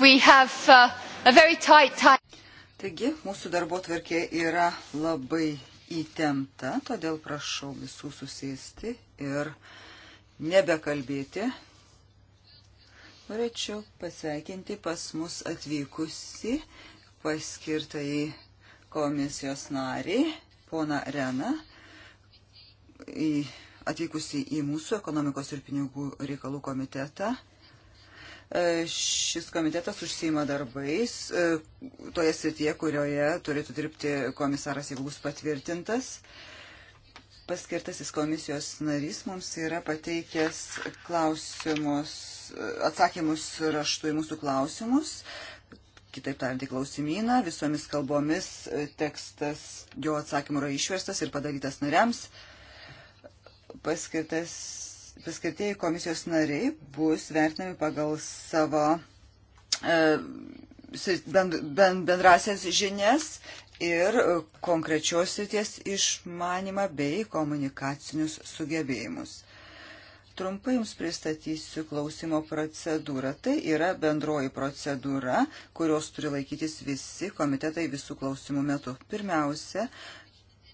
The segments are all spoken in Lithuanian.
Uh, Taigi, mūsų darbo tvarkė yra labai įtempta, todėl prašau visų susėsti ir nebekalbėti. Norėčiau pasveikinti pas mus atvykusi paskirtą į komisijos narį, poną Reną, atvykusi į mūsų ekonomikos ir pinigų reikalų komitetą E, šis komitetas užsima darbais e, toje srityje, kurioje turėtų dirbti komisaras, jeigu bus patvirtintas. Paskirtasis komisijos narys mums yra pateikęs klausimus, e, atsakymus raštu į mūsų klausimus, kitaip tariant, į klausimyną, visomis kalbomis tekstas jo atsakymų yra išverstas ir padarytas nariams. Paskirtas paskirtieji komisijos nariai bus vertinami pagal savo e, bend, bend, bendrasias žinias ir konkrečios srities išmanimą bei komunikacinius sugebėjimus. Trumpai Jums pristatysiu klausimo procedūrą. Tai yra bendroji procedūra, kurios turi laikytis visi komitetai visų klausimų metu. Pirmiausia,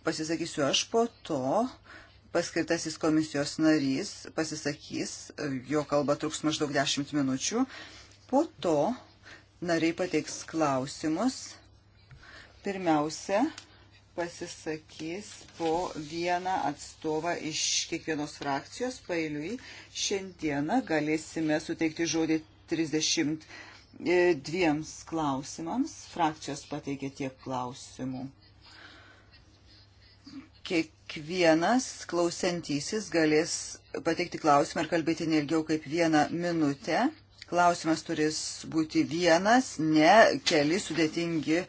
pasisakysiu aš po to, paskirtasis komisijos narys pasisakys, jo kalba truks maždaug 10 minučių. Po to nariai pateiks klausimus. Pirmiausia, pasisakys po vieną atstovą iš kiekvienos frakcijos pailiui. Šiandieną galėsime suteikti žodį 32 e, klausimams. Frakcijos pateikė tiek klausimų kiekvienas klausiantysis galės pateikti klausimą ir kalbėti nelgiau kaip vieną minutę. Klausimas turės būti vienas, ne keli sudėtingi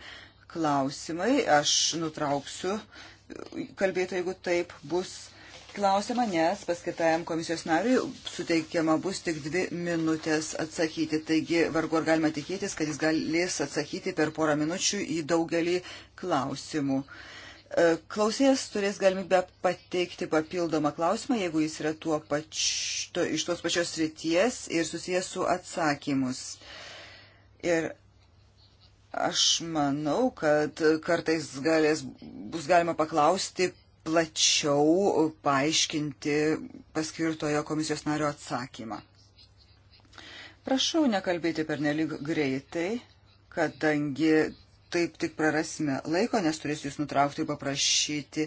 klausimai. Aš nutrauksiu kalbėtų, jeigu taip bus klausimą, nes paskitajam komisijos nariui suteikiama bus tik dvi minutės atsakyti. Taigi vargu ar galima tikėtis, kad jis galės atsakyti per porą minučių į daugelį klausimų. Uh, E, klausėjas turės galimybę pateikti papildomą klausimą, jeigu jis yra tuo pač, to, iš tos pačios ryties ir susijęs su atsakymus. Ir aš manau, kad kartais galės, bus galima paklausti plačiau, paaiškinti paskirtojo komisijos nario atsakymą. Prašau nekalbėti per nelik greitai, kadangi taip tik prarasime laiko, nes turėsiu jūs nutraukti ir paprašyti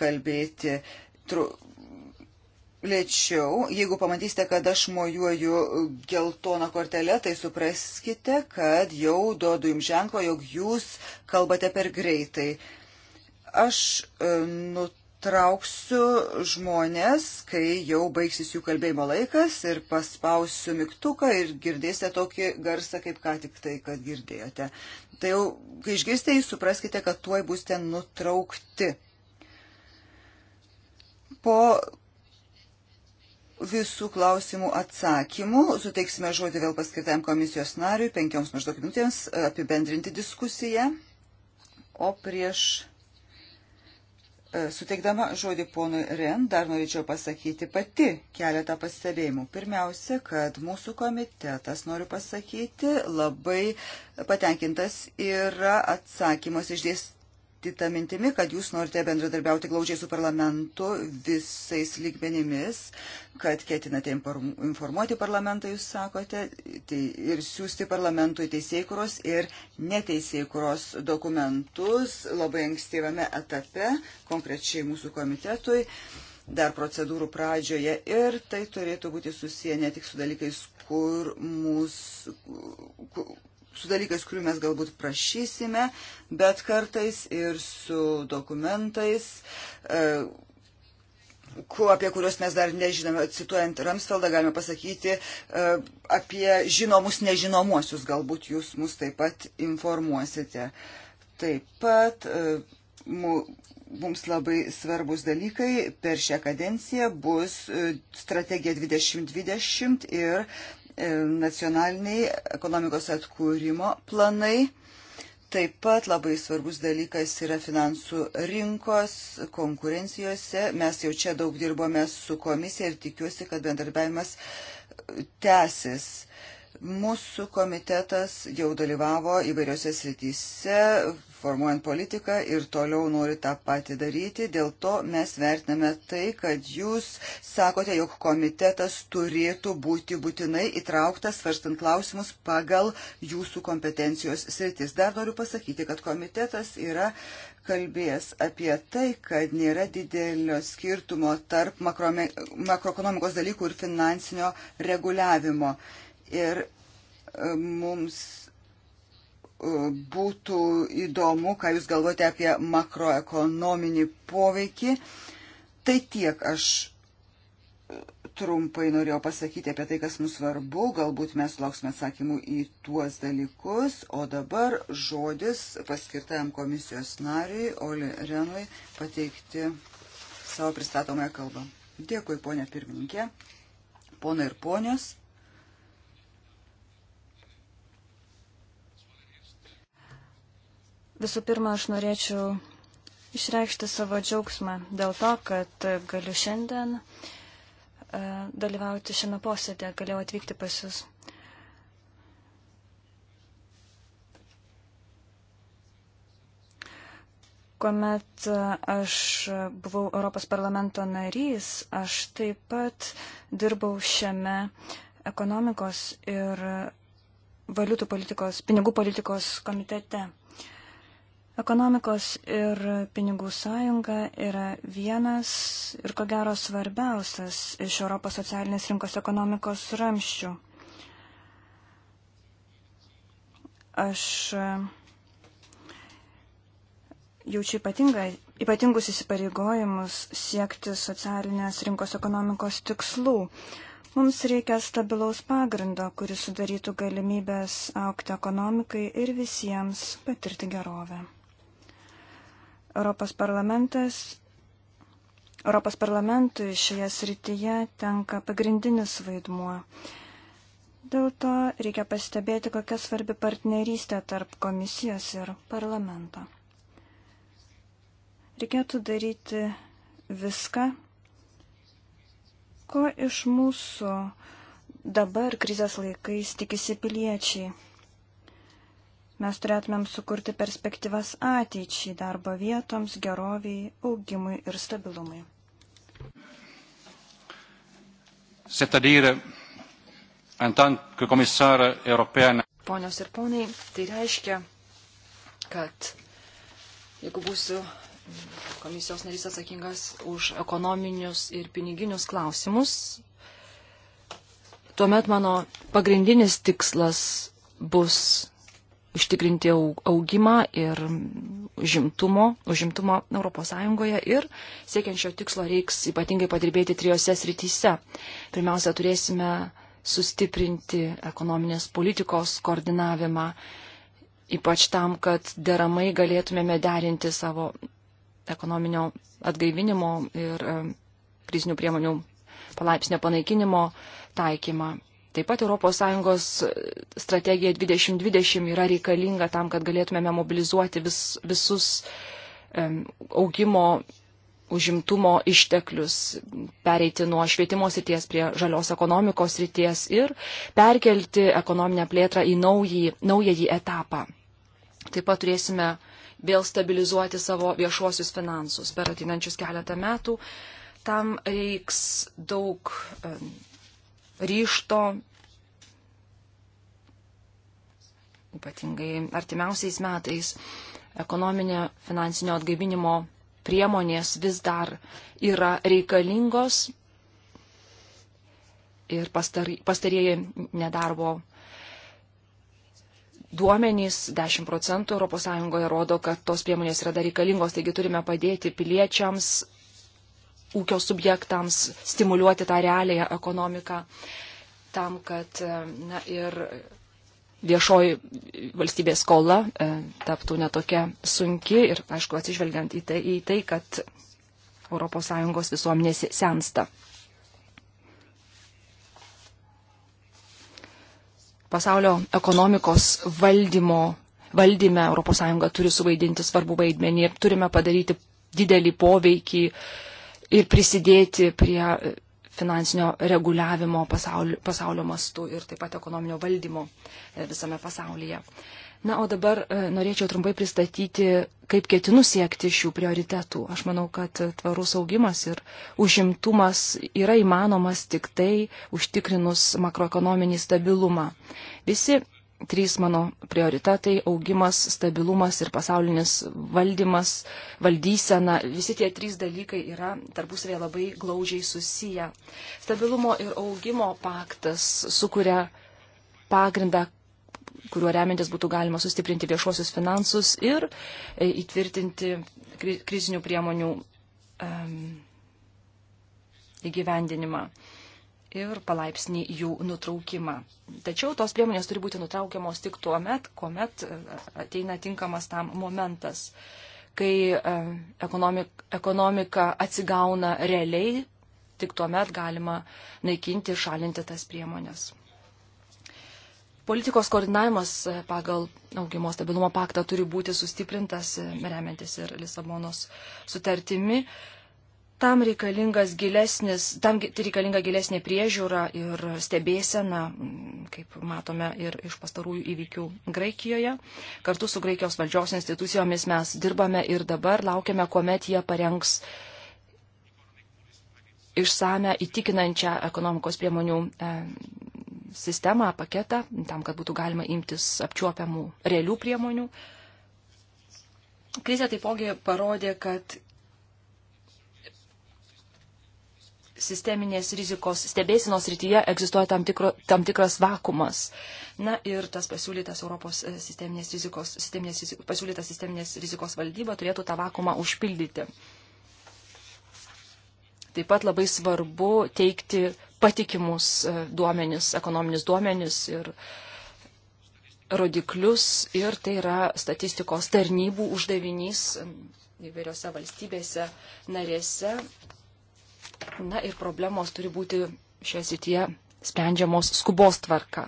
kalbėti tru... lėčiau. Jeigu pamatysite, kad aš mojuoju geltoną kortelę, tai supraskite, kad jau duodu jums ženklą, jog jūs kalbate per greitai. Aš e, nutraukti trauksiu žmonės, kai jau baigsis jų kalbėjimo laikas ir paspausiu mygtuką ir girdėsite tokį garsą, kaip ką tik tai, kad girdėjote. Tai jau, kai išgirsite, jūs supraskite, kad tuoj būsite nutraukti. Po visų klausimų atsakymų suteiksime žodį vėl paskirtam komisijos nariui, penkioms maždaug minutėms apibendrinti diskusiją. O prieš E, suteikdama žodį ponui Ren, dar norėčiau pasakyti pati keletą pastebėjimų. Pirmiausia, kad mūsų komitetas, noriu pasakyti, labai patenkintas yra atsakymas išdėstytas tą mintimi, kad jūs norite bendradarbiauti glaudžiai su parlamentu visais lygmenimis, kad ketinate informuoti parlamentą, jūs sakote, tai ir siūsti parlamentui teisėkuros ir neteisėkuros dokumentus labai ankstyvame etape, konkrečiai mūsų komitetui dar procedūrų pradžioje ir tai turėtų būti susiję ne tik su dalykais, kur mūsų, su dalykais, kurių mes galbūt prašysime, bet kartais ir su dokumentais, e, ku, apie kuriuos mes dar nežinome, cituojant Ramsfeldą, galime pasakyti e, apie žinomus nežinomuosius, galbūt jūs mus taip pat informuosite. Taip pat e, mums labai svarbus dalykai per šią kadenciją bus strategija 2020 ir nacionaliniai ekonomikos atkūrimo planai. Taip pat labai svarbus dalykas yra finansų rinkos konkurencijose. Mes jau čia daug dirbome su komisija ir tikiuosi, kad bendarbiavimas tęsis. Mūsų komitetas jau dalyvavo įvairiose srityse, formuojant politiką ir toliau nori tą patį daryti. Dėl to mes vertiname tai, kad jūs sakote, jog komitetas turėtų būti būtinai įtrauktas, svarstant klausimus pagal jūsų kompetencijos sritis. Dar noriu pasakyti, kad komitetas yra kalbės apie tai, kad nėra didelio skirtumo tarp makroekonomikos dalykų ir finansinio reguliavimo ir e, mums e, būtų įdomu, ką Jūs galvote apie makroekonominį poveikį. Tai tiek aš e, trumpai norėjau pasakyti apie tai, kas mums svarbu. Galbūt mes lauksime atsakymų į tuos dalykus. O dabar žodis paskirtajam komisijos nariui Oli Renlai pateikti savo pristatomąją kalbą. Dėkui, ponė pirmininkė, ponai ir ponios. Visų pirma, aš norėčiau išreikšti savo džiaugsmą dėl to, kad galiu šiandien e, dalyvauti šiame posėdė, galėjau atvykti pas Jūs. Kuomet e, aš buvau Europos parlamento narys, aš taip pat dirbau šiame ekonomikos ir valiutų politikos, pinigų politikos komitete. Ekonomikos ir pinigų sąjunga yra vienas ir ko gero svarbiausias iš Europos socialinės rinkos ekonomikos ramščių. Aš e, jaučiu ypatingą, ypatingus įsipareigojimus siekti socialinės rinkos ekonomikos tikslų. Mums reikia stabilaus pagrindo, kuris sudarytų galimybės aukti ekonomikai ir visiems patirti gerovę. Europos parlamentas. Europos parlamentui šioje srityje tenka pagrindinis vaidmuo. Dėl to reikia pastebėti, kokia svarbi partnerystė tarp komisijos ir parlamento. Reikėtų daryti viską, ko iš mūsų dabar krizės laikais tikisi piliečiai. Mes turėtumėm sukurti perspektyvas ateičiai darbo vietoms, geroviai, augimui ir stabilumui. Ponios ir ponai, tai reiškia, kad jeigu būsiu komisijos narys atsakingas už ekonominius ir piniginius klausimus, tuomet mano pagrindinis tikslas bus užtikrinti augimą ir žimtumo, užimtumo ES ir siekiant šio tikslo reiks ypatingai padirbėti trijose srityse. Pirmiausia, turėsime sustiprinti ekonominės politikos koordinavimą, ypač tam, kad deramai galėtumėme derinti savo ekonominio atgaivinimo ir e, krizinių priemonių palaipsnio panaikinimo taikymą. Taip pat ES strategija 2020 yra reikalinga tam, kad galėtumėme mobilizuoti vis, visus um, augimo užimtumo išteklius, pereiti nuo švietimo srities prie žalios ekonomikos srities ir perkelti ekonominę plėtrą į naująjį, naująjį etapą. Taip pat turėsime vėl stabilizuoti savo viešuosius finansus per ateinančius keletą metų. Tam reiks daug ryšto, ypatingai artimiausiais metais, ekonominio finansinio atgaivinimo priemonės vis dar yra reikalingos ir pastarieji nedarbo duomenys 10 procentų ES rodo, kad tos priemonės yra dar reikalingos, taigi turime padėti piliečiams ūkio subjektams stimuliuoti tą realiąją ekonomiką, tam, kad e, na, ir viešoji valstybės skola e, taptų netokia sunki ir, aišku, atsižvelgiant į tai, į tai kad ES visuomenė sensta. Pasaulio ekonomikos valdymo, valdyme ES turi suvaidinti svarbu vaidmenį ir turime padaryti didelį poveikį uh, ir prisidėti prie finansinio reguliavimo pasaulio, pasaulio mastu ir taip pat ekonominio valdymo e, visame pasaulyje. Na, o dabar e, norėčiau trumpai pristatyti, kaip ketinu siekti šių prioritetų. Aš manau, kad tvarus augimas ir užimtumas yra įmanomas tik tai užtikrinus makroekonominį stabilumą. Visi trys mano prioritetai - augimas, stabilumas ir pasaulinis valdymas, valdysena. Visi tie trys dalykai yra tarpusavėje labai glaužiai susiję. Stabilumo ir augimo paktas sukuria pagrindą, kuriuo remintis būtų galima sustiprinti viešuosius finansus ir e, įtvirtinti krizinių priemonių um, įgyvendinimą ir palaipsnį jų nutraukimą. Tačiau tos priemonės turi būti nutraukiamos tik tuo met, kuomet e, ateina tinkamas tam momentas, kai e, ekonomika atsigauna realiai, tik tuo met galima naikinti ir šalinti tas priemonės. Politikos koordinavimas e, pagal augimo stabilumo paktą turi būti sustiprintas, remiantis ir Lisabonos sutartimi. Tam, gilesnis, tam tai reikalinga gilesnė priežiūra ir stebėsena, mm, kaip matome ir iš pastarųjų įvykių Graikijoje. Kartu su Graikijos valdžios institucijomis mes dirbame ir dabar laukiame, kuomet jie parengs išsame įtikinančią ekonomikos priemonių e, sistemą, paketą, tam, kad būtų galima imtis apčiuopiamų realių priemonių. Krizė taipogi parodė, kad sisteminės rizikos stebėsinos rytyje egzistuoja tam, tikro, tam tikras vakumas. Na ir tas pasiūlytas Europos e, sisteminės rizikos, sisteminės rizikos, pasiūlytas sisteminės rizikos valdyba turėtų tą vakumą užpildyti. Taip pat labai svarbu teikti patikimus e, duomenis, ekonominius duomenis ir rodiklius ir tai yra statistikos tarnybų uždavinys įvairiose valstybėse narėse Na ir problemos turi būti šioje srityje sprendžiamos skubos tvarka.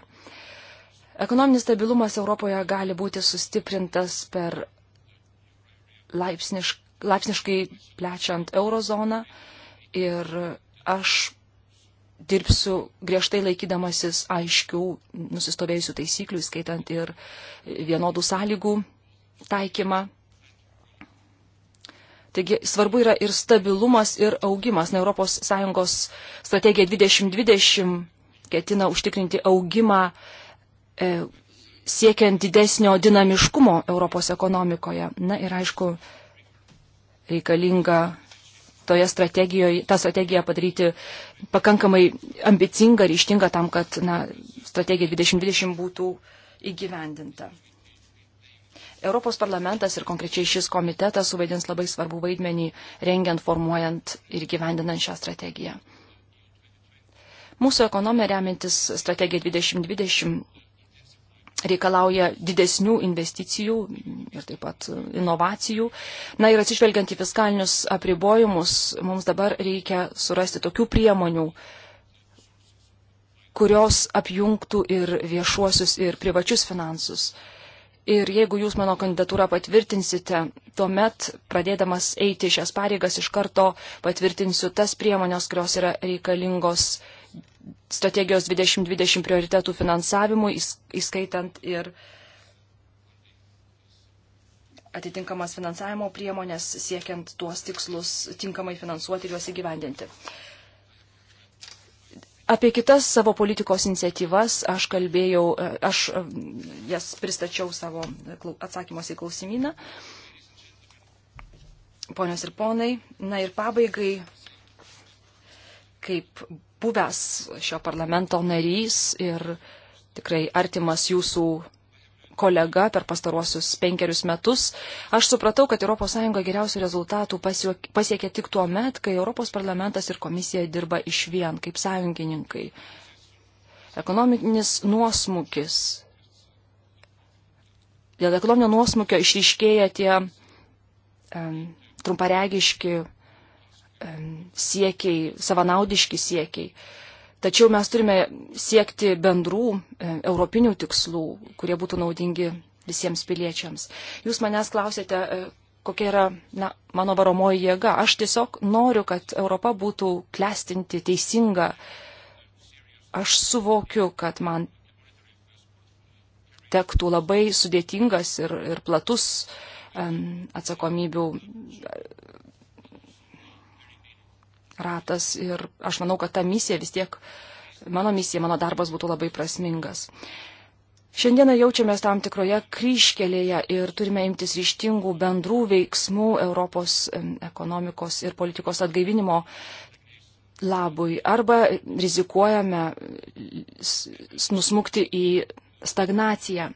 Ekonominis stabilumas Europoje gali būti sustiprintas per laipsniš, laipsniškai plečiant eurozoną ir aš dirbsiu griežtai laikydamasis aiškių nusistovėjusių taisyklių, skaitant ir vienodų sąlygų taikymą. Taigi svarbu yra ir stabilumas, ir augimas. Na, ES strategija 2020 ketina užtikrinti augimą e, siekiant didesnio dinamiškumo Europos ekonomikoje. Na ir aišku, reikalinga toje strategijoje, tą strategiją padaryti pakankamai ambicingą, ryštingą tam, kad na, strategija 2020 būtų įgyvendinta. Europos parlamentas ir konkrečiai šis komitetas suvaidins labai svarbų vaidmenį rengiant, formuojant ir gyvendinant šią strategiją. Mūsų ekonomė remintis strategija 2020 reikalauja didesnių investicijų ir taip pat inovacijų. Na ir atsižvelgiant į fiskalinius apribojimus, mums dabar reikia surasti tokių priemonių, kurios apjungtų ir viešuosius, ir privačius finansus. Ir jeigu jūs mano kandidatūrą patvirtinsite, tuomet, pradėdamas eiti šias pareigas, iš karto patvirtinsiu tas priemonės, kurios yra reikalingos strategijos 2020 prioritetų finansavimui, įskaitant ir atitinkamas finansavimo priemonės, siekiant tuos tikslus tinkamai finansuoti ir juos įgyvendinti. Apie kitas savo politikos iniciatyvas aš kalbėjau, e, aš e, jas pristačiau savo e, atsakymuose į klausimyną. Ponios ir ponai, na ir pabaigai, kaip buvęs šio parlamento narys ir tikrai artimas jūsų kolega per pastaruosius penkerius metus, aš supratau, kad ES geriausių rezultatų pasiekia tik tuo met, kai Europos parlamentas ir komisija dirba iš vien kaip sąjungininkai. Ekonominis nuosmukis. Dėl ekonominio nuosmukio išryškėja tie um, trumparegiški um, siekiai, savanaudiški siekiai. Uh, Tačiau mes turime siekti bendrų e, europinių tikslų, kurie būtų naudingi visiems piliečiams. Jūs manęs klausėte, e, kokia yra na, mano varomoji jėga. Aš tiesiog noriu, kad Europa būtų klestinti, teisinga. Aš suvokiu, kad man tektų labai sudėtingas ir, ir platus atsakomybių ratas ir aš manau, kad ta misija vis tiek, mano misija, mano darbas būtų labai prasmingas. Šiandieną jaučiamės tam tikroje kryškelėje ir turime imtis ryštingų bendrų veiksmų Europos ekonomikos ir politikos atgaivinimo labui arba rizikuojame nusmukti į stagnaciją.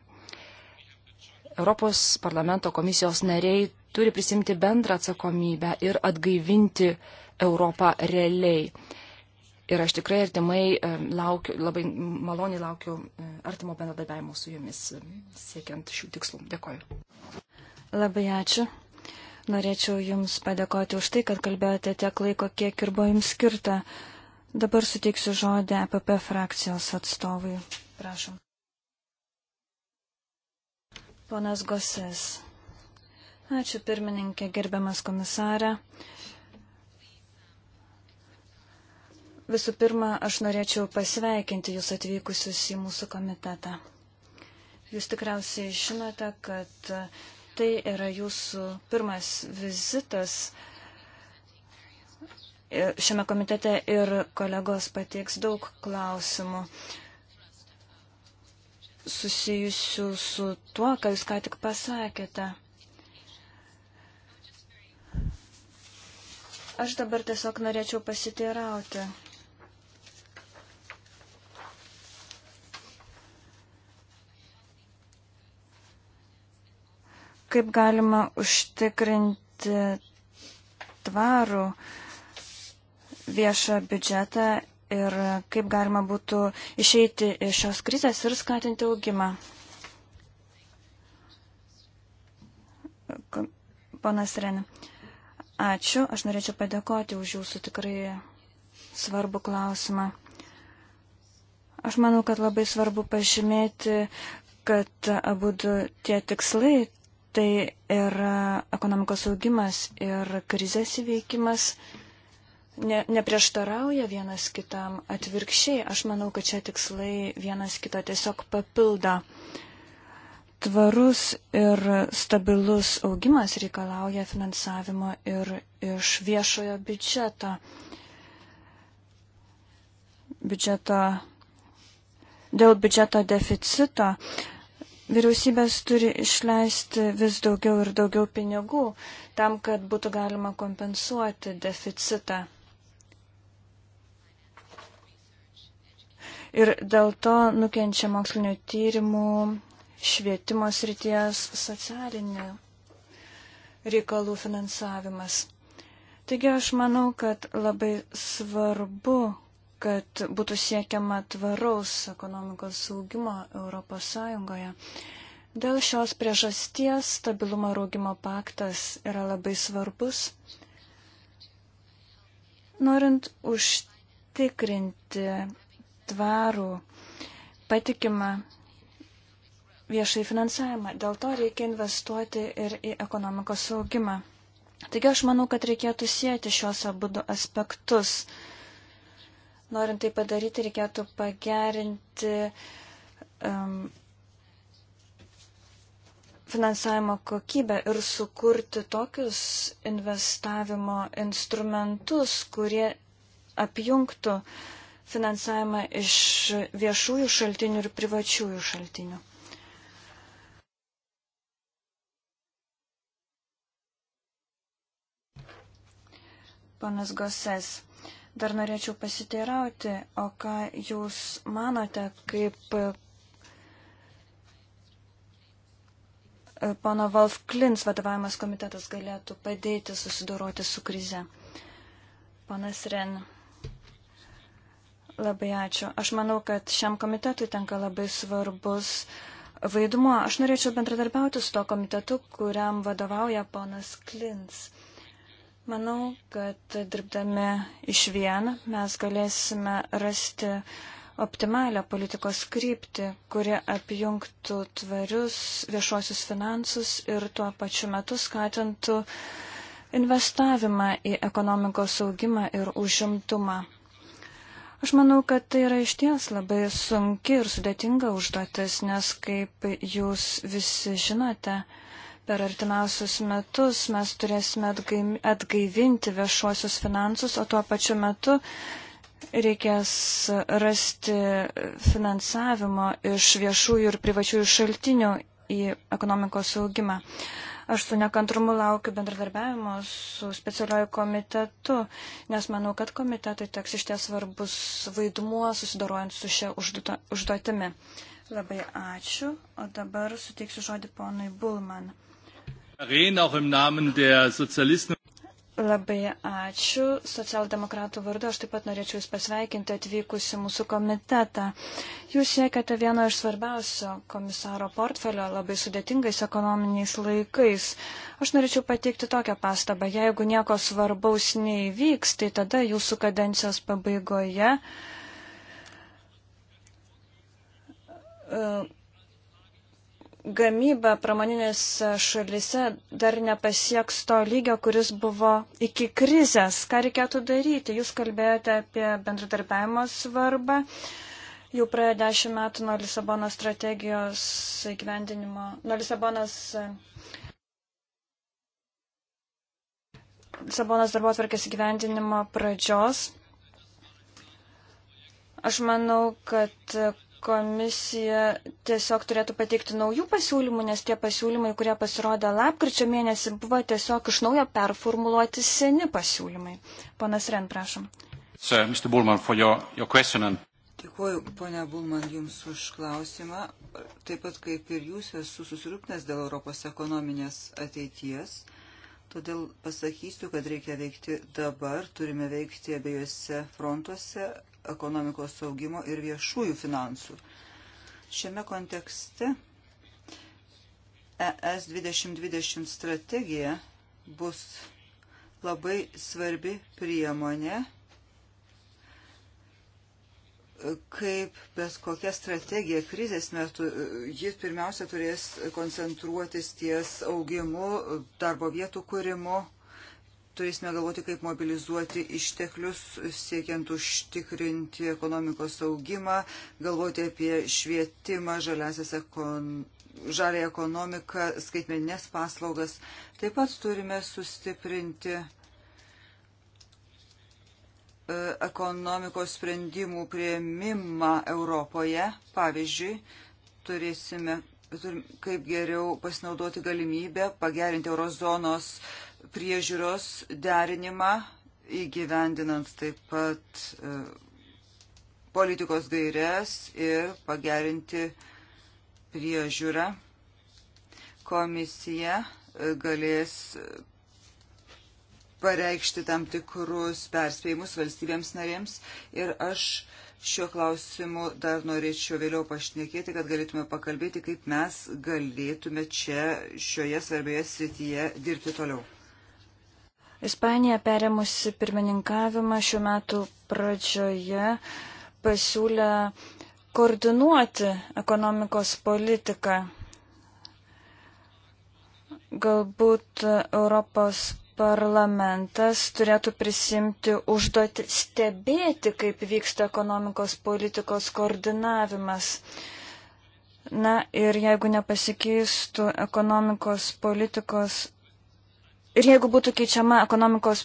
Europos parlamento komisijos nariai turi prisimti bendrą atsakomybę ir atgaivinti uh, Europą realiai. Ir aš tikrai artimai e, laukiu, labai maloniai laukiu e, artimo bendradarbiavimo su jumis, e, siekiant šių tikslų. Dėkoju. Labai ačiū. Norėčiau Jums padėkoti už tai, kad kalbėjote tiek laiko, kiek ir buvo Jums skirta. Dabar suteiksiu žodį APP frakcijos atstovui. Prašom. Ponas Gosės. Ačiū pirmininkė, gerbiamas komisarė. Visų pirma, aš norėčiau pasveikinti Jūs atvykusius į mūsų komitetą. Jūs tikriausiai žinote, kad tai yra Jūsų pirmas vizitas šiame komitete ir kolegos pateiks daug klausimų susijusių su tuo, ką Jūs ką tik pasakėte. Aš dabar tiesiog norėčiau pasiteirauti, kaip galima užtikrinti tvarų viešą biudžetą ir kaip galima būtų išeiti iš šios krizės ir skatinti augimą. Ponas Renė, ačiū. Aš norėčiau padėkoti už jūsų tikrai svarbų klausimą. Aš manau, kad labai svarbu pažymėti, kad abu tie tikslai Tai yra ekonomikos augimas ir krizės įveikimas ne, neprieštarauja vienas kitam atvirkščiai. Aš manau, kad čia tikslai vienas kitą tiesiog papildo. Tvarus ir stabilus augimas reikalauja finansavimo ir iš viešojo biudžeto. biudžeto dėl biudžeto deficito Vyriausybės turi išleisti vis daugiau ir daugiau pinigų tam, kad būtų galima kompensuoti deficitą. Ir dėl to nukenčia mokslinio tyrimų, švietimo srities, socialinė reikalų finansavimas. Taigi aš manau, kad labai svarbu, kad būtų siekiama tvaraus ekonomikos augimo ES. Dėl šios priežasties stabilumo ir augimo paktas yra labai svarbus. Norint užtikrinti tvarų, patikimą viešai finansavimą, dėl to reikia investuoti ir į ekonomikos augimą. Taigi aš manau, kad reikėtų sieti šios abu aspektus Norint tai padaryti, reikėtų pagerinti um, finansavimo kokybę ir sukurti tokius investavimo instrumentus, kurie apjungtų finansavimą iš viešųjų šaltinių ir privačiųjų šaltinių. Panas Goses. Dar norėčiau pasiteirauti, o ką Jūs manote, kaip e, pono Valf Klins vadovavimas komitetas galėtų padėti susidoroti su krize? Ponas Ren. Labai ačiū. Aš manau, kad šiam komitetui tenka labai svarbus vaidmuo. Aš norėčiau bendradarbiauti su to komitetu, kuriam vadovauja ponas Klins. Manau, kad dirbdami iš vien mes galėsime rasti optimalią politikos kryptį, kuri apjungtų tvarius viešuosius finansus ir tuo pačiu metu skatintų investavimą į ekonomikos augimą ir užimtumą. Aš manau, kad tai yra išties labai sunki ir sudėtinga užduotis, nes kaip jūs visi žinote, Per artimiausius metus mes turėsime atgaivinti viešuosius finansus, o tuo pačiu metu reikės rasti finansavimo iš viešųjų ir privačiųjų šaltinių į ekonomikos augimą. Aš su nekantrumu laukiu bendradarbiavimo su specialiuoju komitetu, nes manau, kad komitetai teks iš ties svarbus vaidmuo susidorojant su šia užduotimi. Labai ačiū, o dabar suteiksiu žodį ponui Bulman. Labai ačiū. Socialdemokratų vardu aš taip pat norėčiau Jūs pasveikinti atvykusi mūsų komitetą. Jūs siekiate vieno iš svarbiausio komisaro portfelio labai sudėtingais ekonominiais laikais. Aš norėčiau pateikti tokią pastabą. Jeigu nieko svarbaus neįvyks, tai tada Jūsų kadencijos pabaigoje. Uh, gamyba pramoninės šalise dar nepasieks to lygio, kuris buvo iki krizės. Ką reikėtų daryti? Jūs kalbėjote apie bendradarbiavimo svarbą. Jau praėjo dešimt metų nuo Lisabono strategijos įgyvendinimo, nuo Lisabonas. Lisabonas darbo atvarkės įgyvendinimo pradžios. Aš manau, kad komisija tiesiog turėtų pateikti naujų pasiūlymų, nes tie pasiūlymai, kurie pasirodė lapkričio mėnesį, buvo tiesiog iš naujo performuluoti seni pasiūlymai. Ponas Ren, prašom. Sir, Mr. Bullman, for your, your question and Dėkuoju, ponia Bulman, Jums už klausimą. Taip pat kaip ir Jūs esu susirūpnęs dėl Europos ekonominės ateities. Todėl pasakysiu, kad reikia veikti dabar, turime veikti abiejose frontuose ekonomikos saugimo ir viešųjų finansų. Šiame kontekste ES 2020 strategija bus labai svarbi priemonė, kaip bet kokia strategija krizės metu, jis pirmiausia turės koncentruotis ties augimu, darbo vietų kūrimu, turėsime galvoti, kaip mobilizuoti išteklius, siekiant užtikrinti ekonomikos augimą, galvoti apie švietimą, ekon... žalę ekonomiką, skaitmeninės paslaugas. Taip pat turime sustiprinti e, ekonomikos sprendimų prieimimą Europoje. Pavyzdžiui, turėsime turim kaip geriau pasinaudoti galimybę pagerinti eurozonos priežiūros derinimą, įgyvendinant taip pat e, politikos gairias ir pagerinti priežiūrą. Komisija e, galės pareikšti tam tikrus perspėjimus valstybėms narėms ir aš šiuo klausimu dar norėčiau vėliau pašnekėti, kad galėtume pakalbėti, kaip mes galėtume čia šioje svarbioje srityje dirbti toliau. Ispanija perėmusi pirmininkavimą šiuo metu pradžioje pasiūlė koordinuoti ekonomikos politiką. Galbūt Europos parlamentas turėtų prisimti užduoti stebėti, kaip vyksta ekonomikos politikos koordinavimas. Na ir jeigu nepasikeistų ekonomikos politikos Ir jeigu būtų keičiama ekonomikos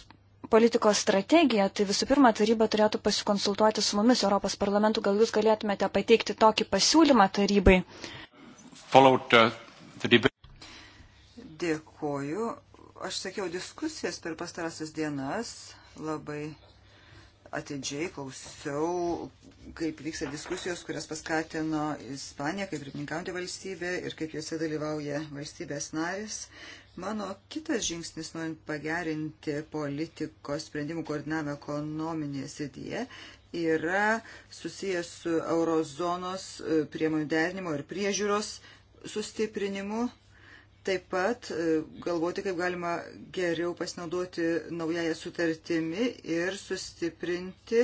politikos strategija, tai visų pirma taryba turėtų pasikonsultuoti su mumis Europos parlamentu. Gal jūs galėtumėte pateikti tokį pasiūlymą tarybai? Uh, Dėkoju. Aš sakiau diskusijas per pastarasias dienas. Labai atidžiai klausiau, kaip vyksta diskusijos, kurias paskatino Ispanija kaip pirmininkaujantį valstybę ir kaip juose dalyvauja valstybės narės. Mano kitas žingsnis, norint pagerinti politikos sprendimų koordinavimą ekonominėje srityje, yra susijęs su eurozonos e, priemonių derinimo ir priežiūros sustiprinimu taip pat e, galvoti, kaip galima geriau pasinaudoti naująją sutartimi ir sustiprinti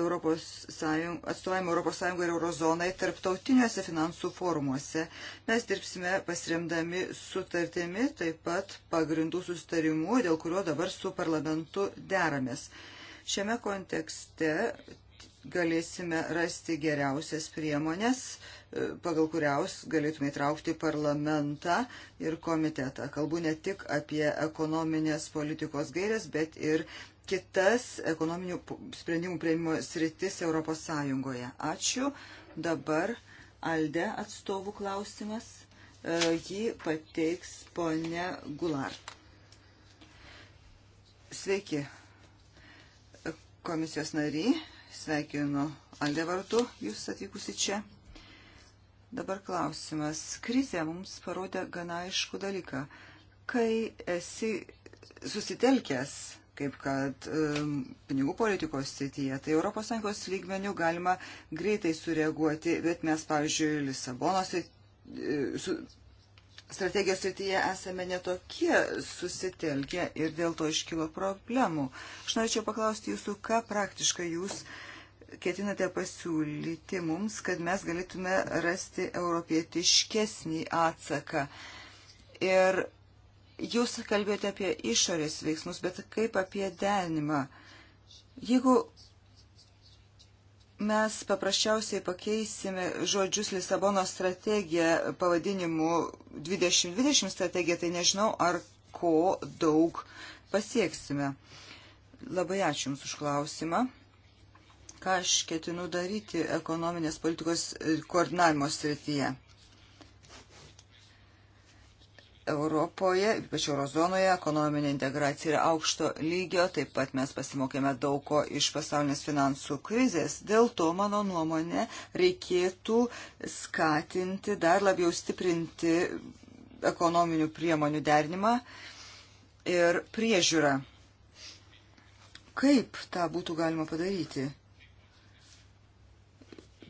Europos Sąjung, atstovavimą ES ir eurozonai tarptautiniuose finansų forumuose. Mes dirbsime pasiremdami sutartimi, taip pat pagrindų sustarimu, dėl kurio dabar su parlamentu deramės. Šiame kontekste galėsime rasti geriausias priemonės pagal kuriaus galėtume įtraukti parlamentą ir komitetą. Kalbu ne tik apie ekonominės politikos gairias, bet ir kitas ekonominių sprendimų prieimimo sritis Europos Sąjungoje. Ačiū. Dabar Alde atstovų klausimas. E, jį pateiks ponė Gular. Sveiki, e, komisijos nariai. Sveikinu Alde vardu jūs atvykusi čia. Dabar klausimas. Krizė mums parodė gana aišku dalyką. Kai esi susitelkęs kaip kad um, pinigų politikos sityje. Tai ES lygmenių galima greitai sureaguoti, bet mes, pavyzdžiui, Lisabonos e, su, strategijos srityje esame netokie susitelkę ir dėl to iškilo problemų. Aš norėčiau paklausti jūsų, ką praktiškai jūs uh, ketinate pasiūlyti mums, kad mes galėtume rasti europietiškesnį atsaką? Ir jūs kalbėjote apie išorės veiksmus, bet kaip apie denimą? Jeigu mes paprasčiausiai pakeisime žodžius Lisabono strategiją pavadinimu 2020 strategija, tai nežinau, ar ko daug pasieksime. Labai ačiū Jums už klausimą ką aš ketinu daryti ekonominės politikos koordinavimo srityje. Europoje, ypač eurozonoje, ekonominė integracija yra aukšto lygio, taip pat mes pasimokėme daug ko iš pasaulinės finansų krizės. Dėl to, mano nuomonė, reikėtų skatinti, dar labiau stiprinti ekonominių priemonių derinimą ir priežiūrą. Kaip tą būtų galima padaryti?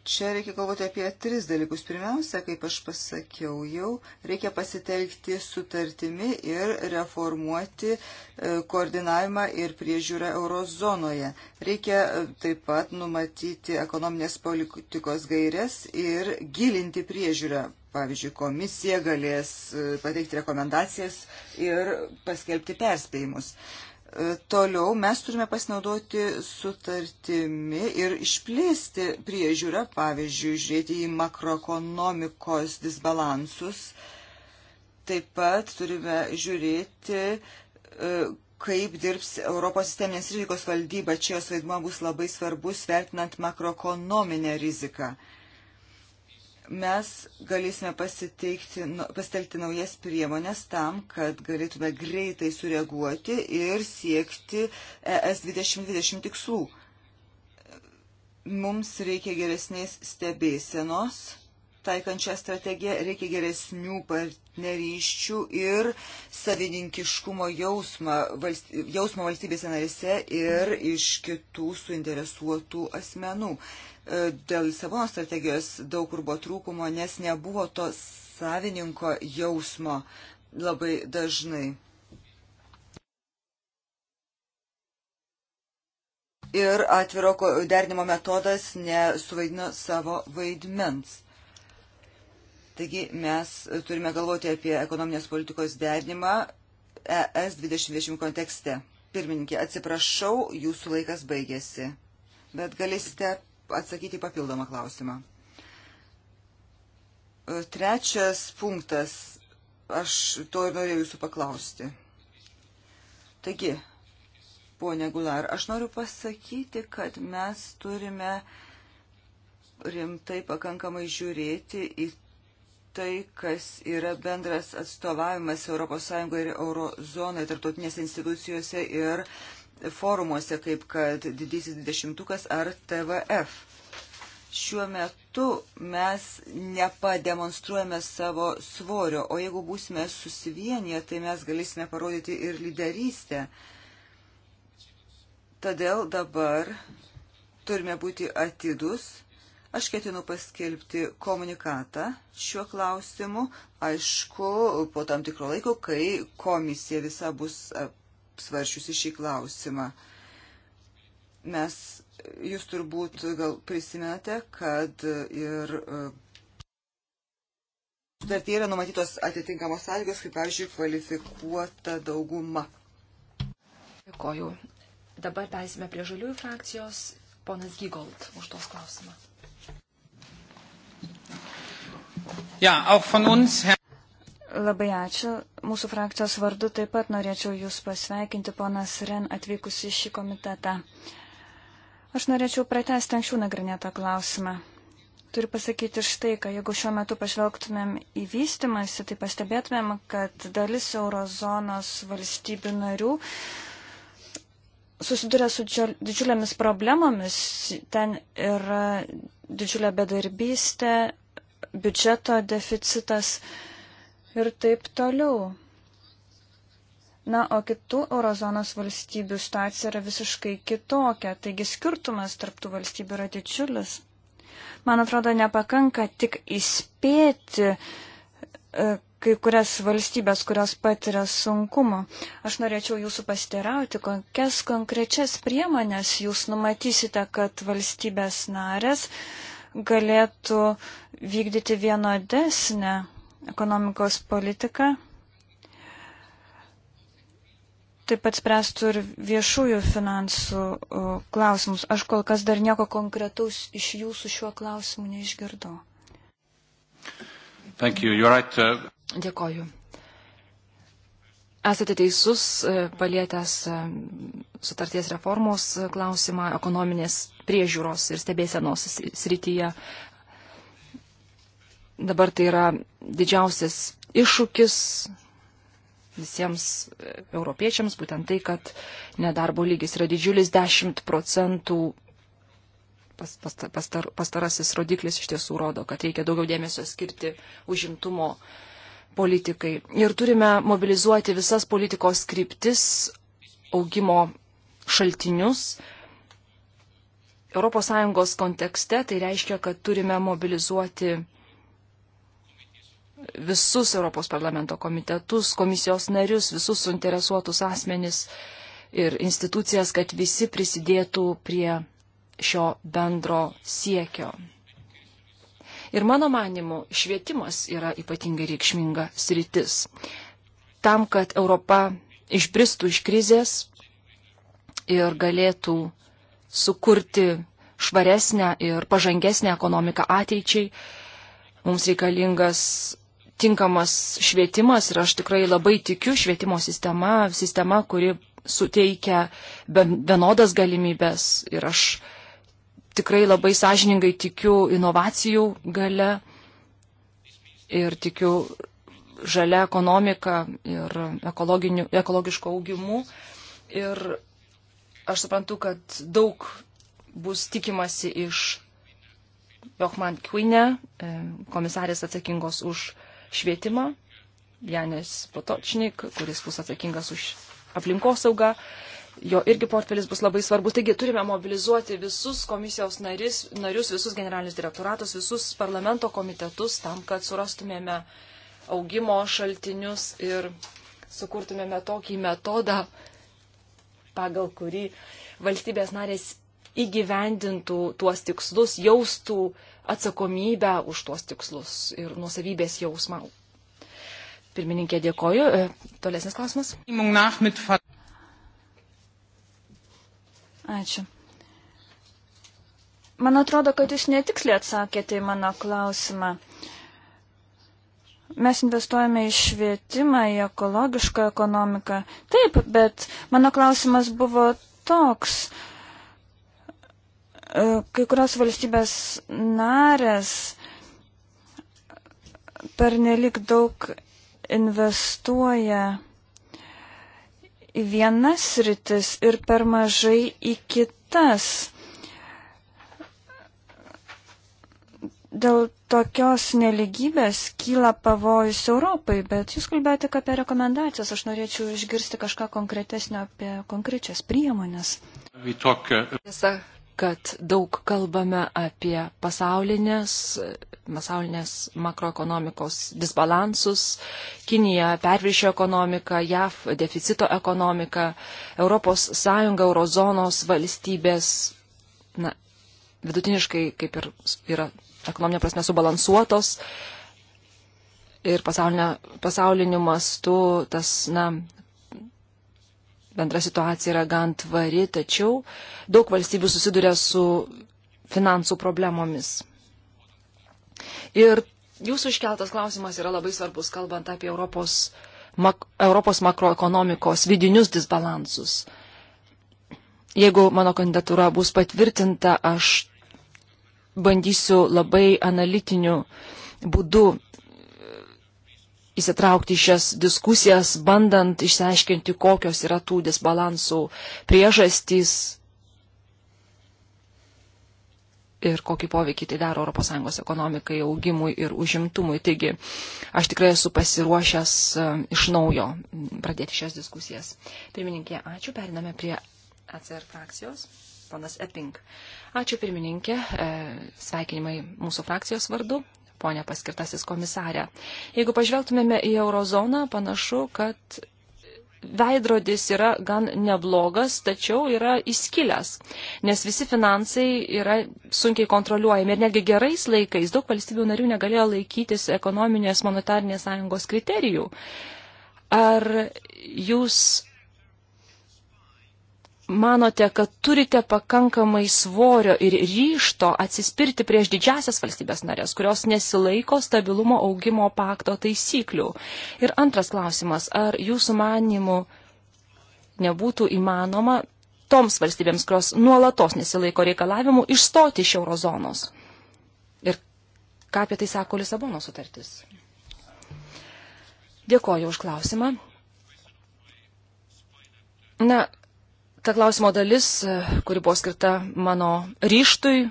Čia reikia galvoti apie tris dalykus. Pirmiausia, kaip aš pasakiau jau, reikia pasitelkti sutartimi ir reformuoti e, koordinavimą ir priežiūrą eurozonoje. Reikia e, taip pat numatyti ekonominės politikos gairias ir gilinti priežiūrą. Pavyzdžiui, komisija galės e, pateikti rekomendacijas ir paskelbti perspėjimus. Toliau mes turime pasinaudoti sutartimi ir išplėsti priežiūrą, pavyzdžiui, žiūrėti į makroekonomikos disbalansus. Taip pat turime žiūrėti, e, kaip dirbs Europos sisteminės rizikos valdyba. Čia jos vaidmo bus labai svarbus, vertinant makroekonominę riziką. Uh, mes galėsime nu, pasitelkti naujas priemonės tam, kad galėtume greitai sureaguoti ir siekti ES 2020 tikslų. Mums reikia geresnės stebėsenos, taikant šią strategiją, reikia geresnių partneryščių ir savininkiškumo jausmą, valst, jausmo valstybėse narėse ir iš kitų suinteresuotų asmenų. Uh, E, dėl Lisabonos strategijos daug kur buvo trūkumo, nes nebuvo to savininko jausmo labai dažnai. Ir atviro derinimo metodas nesuvaidino savo vaidmens. Taigi mes turime galvoti apie ekonominės politikos derinimą ES 2020 kontekste. Pirmininkė, atsiprašau, jūsų laikas baigėsi, bet galėsite atsakyti papildomą klausimą. E, trečias punktas. Aš to ir norėjau jūsų paklausti. Taigi, ponė Gular, aš noriu pasakyti, kad mes turime rimtai pakankamai žiūrėti į tai, kas yra bendras atstovavimas ES ir eurozonai tarptautinėse institucijose ir uh, forumuose, kaip kad Didysis dvidešimtukas ar TVF. Šiuo metu mes nepademonstruojame savo svorio, o jeigu būsime susivienyje, tai mes galėsime parodyti ir lyderystę. Todėl dabar turime būti atidus. Aš ketinu paskelbti komunikatą šiuo klausimu, aišku, po tam tikro laiko, kai komisija visa bus svaršiusi šį klausimą. Mes, jūs turbūt gal prisimenate, kad ir e, sutartyje yra numatytos atitinkamos sąlygos, kaip pavyzdžiui, kvalifikuota dauguma. Dėkoju. Dabar peisime prie žaliųjų frakcijos. Ponas Gygold už tos klausimą. Ja, auch von uns, Herr Labai ačiū. Mūsų frakcijos vardu taip pat norėčiau Jūs pasveikinti, ponas Ren, atvykus į šį komitetą. Aš norėčiau pratesti anksčiau nagrinėtą klausimą. Turiu pasakyti štai, kad jeigu šiuo metu pažvelgtumėm į vystimąsi, tai pastebėtumėm, kad dalis eurozonos valstybių narių susiduria su didžiulėmis problemomis. Ten yra didžiulė bedarbystė, biudžeto deficitas ir taip toliau. Na, o kitų eurozonos valstybių situacija yra visiškai kitokia, taigi skirtumas tarptų valstybių yra didžiulis. Man atrodo, nepakanka tik įspėti e, kai kurias valstybės, kurios patiria sunkumu. Aš norėčiau jūsų pasiteirauti, kokias konkrečias priemonės jūs numatysite, kad valstybės narės galėtų vykdyti vienodesnę ekonomikos politiką. Taip pat spręstų ir viešųjų finansų klausimus. Aš kol kas dar nieko konkretaus iš jūsų šiuo klausimu neišgirdau. You. Right. Uh, Dėkoju. Esate teisus, e, palietęs e, sutarties reformos e, klausimą ekonominės priežiūros ir stebėsenos srityje. Dabar tai yra didžiausias iššūkis visiems europiečiams, būtent tai, kad nedarbo lygis yra didžiulis 10 procentų. Pastar, pastar, pastarasis rodiklis iš tiesų rodo, kad reikia daugiau dėmesio skirti užimtumo politikai. Ir turime mobilizuoti visas politikos kryptis, augimo šaltinius. ES kontekste tai reiškia, kad turime mobilizuoti visus Europos parlamento komitetus, komisijos narius, visus suinteresuotus asmenis ir institucijas, kad visi prisidėtų prie šio bendro siekio. Ir mano manimu, švietimas yra ypatingai reikšminga sritis. Tam, kad Europa išbristų iš krizės ir galėtų sukurti švaresnę ir pažangesnę ekonomiką ateičiai, mums reikalingas tinkamas švietimas ir aš tikrai labai tikiu švietimo sistema, sistema, kuri suteikia vienodas galimybės ir aš tikrai labai sąžiningai tikiu inovacijų gale ir tikiu žalia ekonomika ir ekologiško augimu. Ir aš suprantu, kad daug bus tikimasi iš Jochman Kvinė, e, komisarės atsakingos už švietimą, Janis Potočnik, kuris bus atsakingas už aplinkosaugą. Jo irgi portfelis bus labai svarbus. Taigi turime mobilizuoti visus komisijos naris, narius, visus generalinius direktoratus, visus parlamento komitetus tam, kad surastumėme augimo šaltinius ir sukurtumėme tokį metodą, pagal kurį valstybės narės įgyvendintų tuos tikslus, jaustų atsakomybę už tuos tikslus ir nuosavybės jausmą. Pirmininkė dėkoju. E, tolesnis klausimas. Ačiū. Man atrodo, kad jūs netiksliai atsakėte į mano klausimą. Mes investuojame į švietimą, į ekologišką ekonomiką. Taip, bet mano klausimas buvo toks. Uh, E, kai kurios valstybės narės per nelik daug investuoja į vienas rytis ir per mažai į kitas. Dėl tokios neligybės kyla pavojus Europai, bet jūs kalbėjote tik apie rekomendacijas. Aš norėčiau išgirsti kažką konkretesnio apie konkrečias priemonės. Visa kad daug kalbame apie pasaulinės, pasaulinės makroekonomikos disbalansus, Kinija perviršio ekonomika, JAV deficito ekonomika, ES, eurozonos valstybės, na, vidutiniškai kaip ir yra ekonominė prasme subalansuotos. Ir pasaulinio, pasauliniu mastu tas, na, bendra situacija yra gan tvari, tačiau daug valstybių susiduria su finansų problemomis. Ir jūsų iškeltas klausimas yra labai svarbus, kalbant apie Europos, mak, Europos makroekonomikos vidinius disbalansus. Jeigu mano kandidatūra bus patvirtinta, aš bandysiu labai analitiniu būdu įsitraukti į šias diskusijas, bandant išsiaiškinti, kokios yra tų disbalansų priežastys ir kokį poveikį tai daro ES ekonomikai, augimui ir užimtumui. Taigi aš tikrai esu pasiruošęs e, iš naujo pradėti šias diskusijas. Pirmininkė, ačiū. Periname prie ACR frakcijos. Ponas Epping. Ačiū pirmininkė. E, sveikinimai mūsų frakcijos vardu ponė paskirtasis komisarė. Jeigu pažvelgtumėme į eurozoną, panašu, kad veidrodis yra gan neblogas, tačiau yra įskilęs, nes visi finansai yra sunkiai kontroliuojami ir netgi gerais laikais daug valstybių narių negalėjo laikytis ekonominės monetarnės sąjungos kriterijų. Ar jūs manote, kad turite pakankamai svorio ir ryšto atsispirti prieš didžiasias valstybės narės, kurios nesilaiko stabilumo augimo pakto taisyklių? Ir antras klausimas, ar jūsų manimu nebūtų įmanoma toms valstybėms, kurios nuolatos nesilaiko reikalavimų, išstoti iš eurozonos? Ir ką apie tai sako Lisabono sutartis? Dėkoju už klausimą. Na, ta klausimo dalis, kuri buvo skirta mano ryštui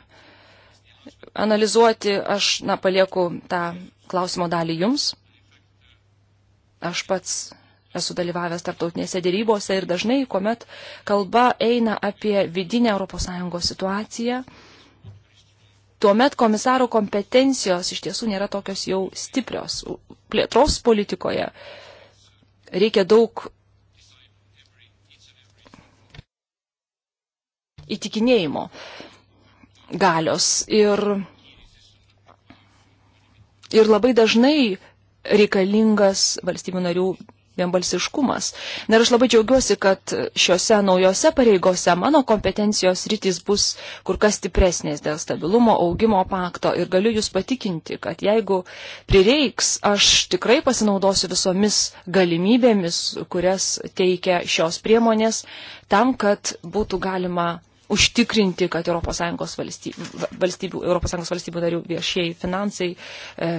analizuoti, aš, na, palieku tą klausimo dalį jums. Aš pats esu dalyvavęs tarptautinėse dėrybose ir dažnai, kuomet kalba eina apie vidinę ES situaciją, tuomet komisaro kompetencijos iš tiesų nėra tokios jau stiprios. Plėtros politikoje reikia daug įtikinėjimo galios. Ir, ir labai dažnai reikalingas valstybių narių vienbalsiškumas. Na ir aš labai džiaugiuosi, kad šiuose naujose pareigose mano kompetencijos rytis bus kur kas stipresnės dėl stabilumo augimo pakto ir galiu Jūs patikinti, kad jeigu prireiks, aš tikrai pasinaudosiu visomis galimybėmis, kurias teikia šios priemonės, tam, kad būtų galima užtikrinti, kad ES valstybių, valstybių, ES valstybių narių viešieji finansai e,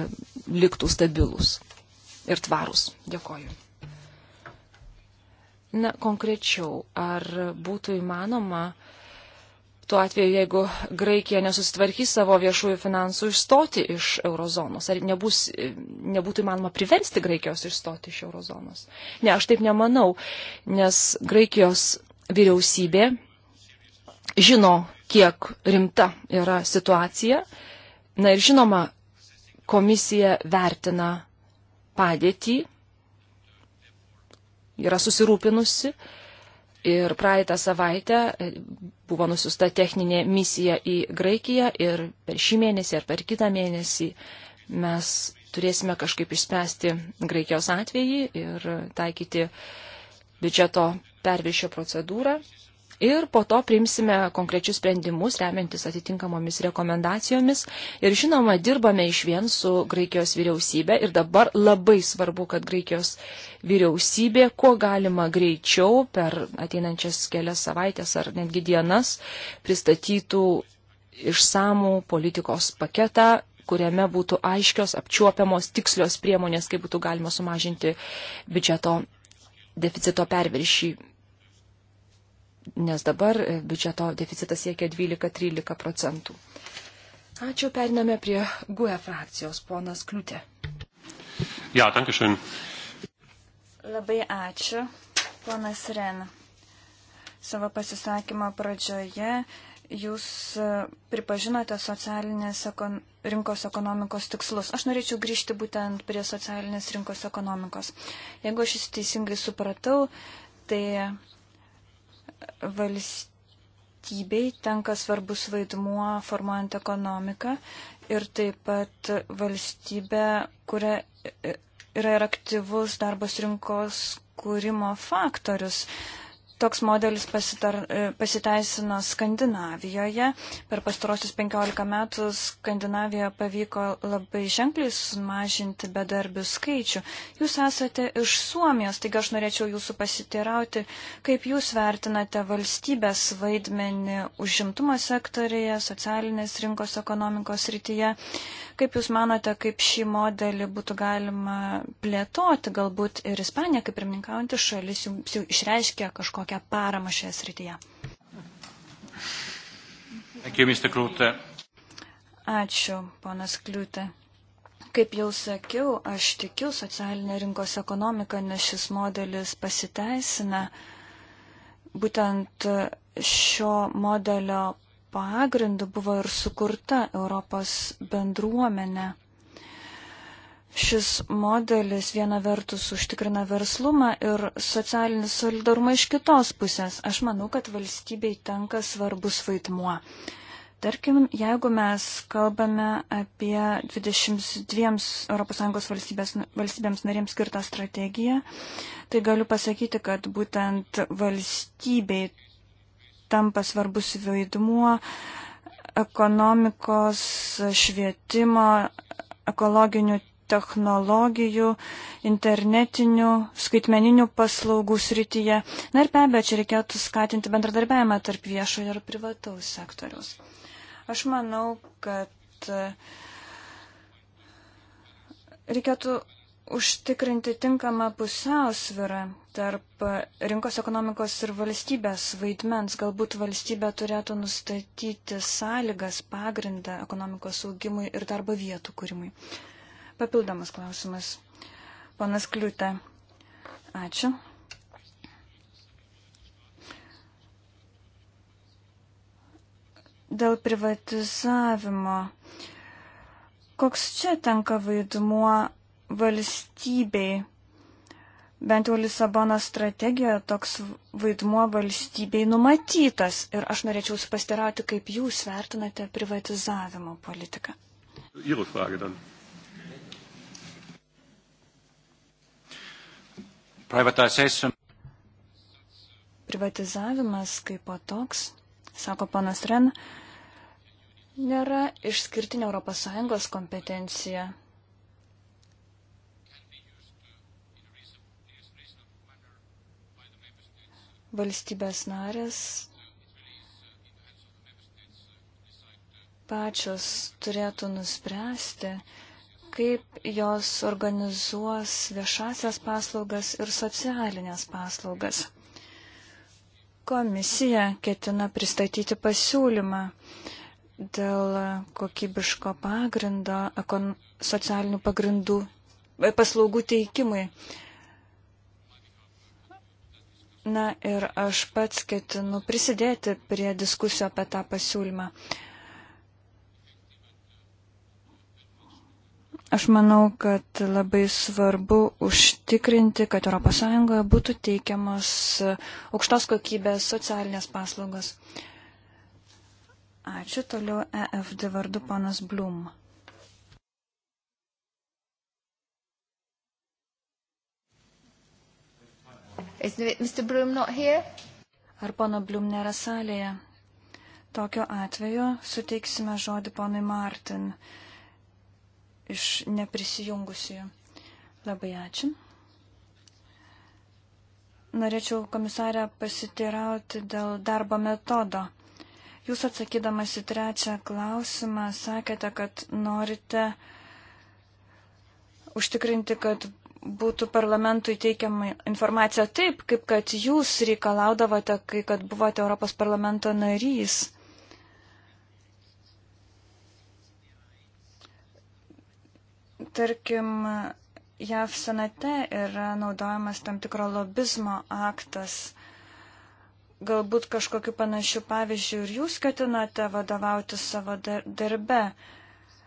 liktų stabilus ir tvarus. Dėkoju. Na, konkrečiau, ar būtų įmanoma tuo atveju, jeigu Graikija nesusitvarkys savo viešųjų finansų išstoti iš eurozonos? Ar nebus, nebūtų įmanoma priversti Graikijos išstoti iš eurozonos? Ne, aš taip nemanau, nes Graikijos vyriausybė žino, kiek rimta yra situacija. Na ir žinoma, komisija vertina padėtį, yra susirūpinusi ir praeitą savaitę e, buvo nusiusta techninė misija į Graikiją ir per šį mėnesį ar per kitą mėnesį mes turėsime kažkaip išspręsti Graikijos atvejį ir taikyti biudžeto pervišio procedūrą ir po to priimsime konkrečius sprendimus, remiantis atitinkamomis rekomendacijomis. Ir žinoma, dirbame iš vien su Graikijos vyriausybė ir dabar labai svarbu, kad Graikijos vyriausybė kuo galima greičiau per ateinančias kelias savaitės ar netgi dienas pristatytų išsamų politikos paketą kuriame būtų aiškios, apčiuopiamos, tikslios priemonės, kaip būtų galima sumažinti biudžeto deficito perviršį nes dabar e, biudžeto deficitas siekia 12-13 procentų. Ačiū, periname prie GUE frakcijos, ponas Kliūtė. Ja, dankeschön. Labai ačiū, ponas Ren. Savo pasisakymo pradžioje jūs e, pripažinote socialinės ekon rinkos ekonomikos tikslus. Aš norėčiau grįžti būtent prie socialinės rinkos ekonomikos. Jeigu aš jūs teisingai supratau, tai valstybei tenka svarbus vaidmuo formuojant ekonomiką ir taip pat valstybė, kuria yra ir aktyvus darbos rinkos kūrimo faktorius. Uh, Toks modelis pasitar, e, pasiteisino Skandinavijoje. Per pastarosius 15 metų Skandinavijoje pavyko labai ženkliai sumažinti bedarbių skaičių. Jūs esate iš Suomijos, taigi aš norėčiau jūsų pasiteirauti, kaip jūs vertinate valstybės vaidmenį užimtumo sektorėje, socialinės rinkos ekonomikos rytyje, Kaip Jūs manote, kaip šį modelį būtų galima plėtoti, galbūt ir Ispanija, kaip pirmininkaujantį šalis, jums jau išreiškia kažkokią paramą šioje srityje? You, Ačiū, ponas Kliūtė. Kaip jau sakiau, aš tikiu socialinę rinkos ekonomiką, nes šis modelis pasiteisina. Būtent šio modelio pagrindu buvo ir sukurta Europos bendruomenė. Šis modelis viena vertus užtikrina verslumą ir socialinį solidarumą iš kitos pusės. Aš manau, kad valstybei tenka svarbus vaidmuo. Tarkim, jeigu mes kalbame apie 22 ES valstybės, valstybėms narėms skirtą strategiją, tai galiu pasakyti, kad būtent valstybei tampa svarbus vaidmuo ekonomikos, švietimo, ekologinių technologijų, internetinių, skaitmeninių paslaugų srityje. Na ir be abejo, čia reikėtų skatinti bendradarbiavimą tarp viešojo ir privataus sektoriaus. Aš manau, kad e, reikėtų užtikrinti tinkamą pusiausvyrą tarp rinkos ekonomikos ir valstybės vaidmens. Galbūt valstybė turėtų nustatyti sąlygas pagrindą ekonomikos augimui ir darbo vietų kūrimui. Papildomas klausimas. Panas Kliūtė. Ačiū. Dėl privatizavimo. Koks čia tenka vaidmuo valstybei? bent jau Lisabono strategijoje toks vaidmuo valstybei numatytas. Ir aš norėčiau supastirauti, kaip jūs vertinate privatizavimo politiką. Jūsų frage dan. Privatization. Privatizavimas kaip po toks, sako panas Ren, nėra išskirtinė ES kompetencija. valstybės narės pačios turėtų nuspręsti, kaip jos organizuos viešasias paslaugas ir socialinės paslaugas. Komisija ketina pristatyti pasiūlymą dėl kokybiško pagrindo, socialinių pagrindų e, paslaugų teikimui. Na ir aš pats ketinu prisidėti prie diskusijų apie tą pasiūlymą. Aš manau, kad labai svarbu užtikrinti, kad ES būtų teikiamas aukštos kokybės socialinės paslaugos. Ačiū toliau EFD vardu ponas Blum. Is Mr. Bloom not here? Ar pono Bloom nėra salėje? Tokiu atveju suteiksime žodį ponui Martin iš neprisijungusių. Labai ačiū. Norėčiau komisarę pasitirauti dėl darbo metodo. Jūs atsakydamas į trečią klausimą sakėte, kad norite užtikrinti, kad būtų parlamentui teikiama informacija taip, kaip kad jūs reikalaudavote, kai kad buvote Europos parlamento narys. Tarkim, JAV senate yra naudojamas tam tikro lobizmo aktas galbūt kažkokiu panašiu pavyzdžiu ir jūs ketinate vadovauti savo darbe.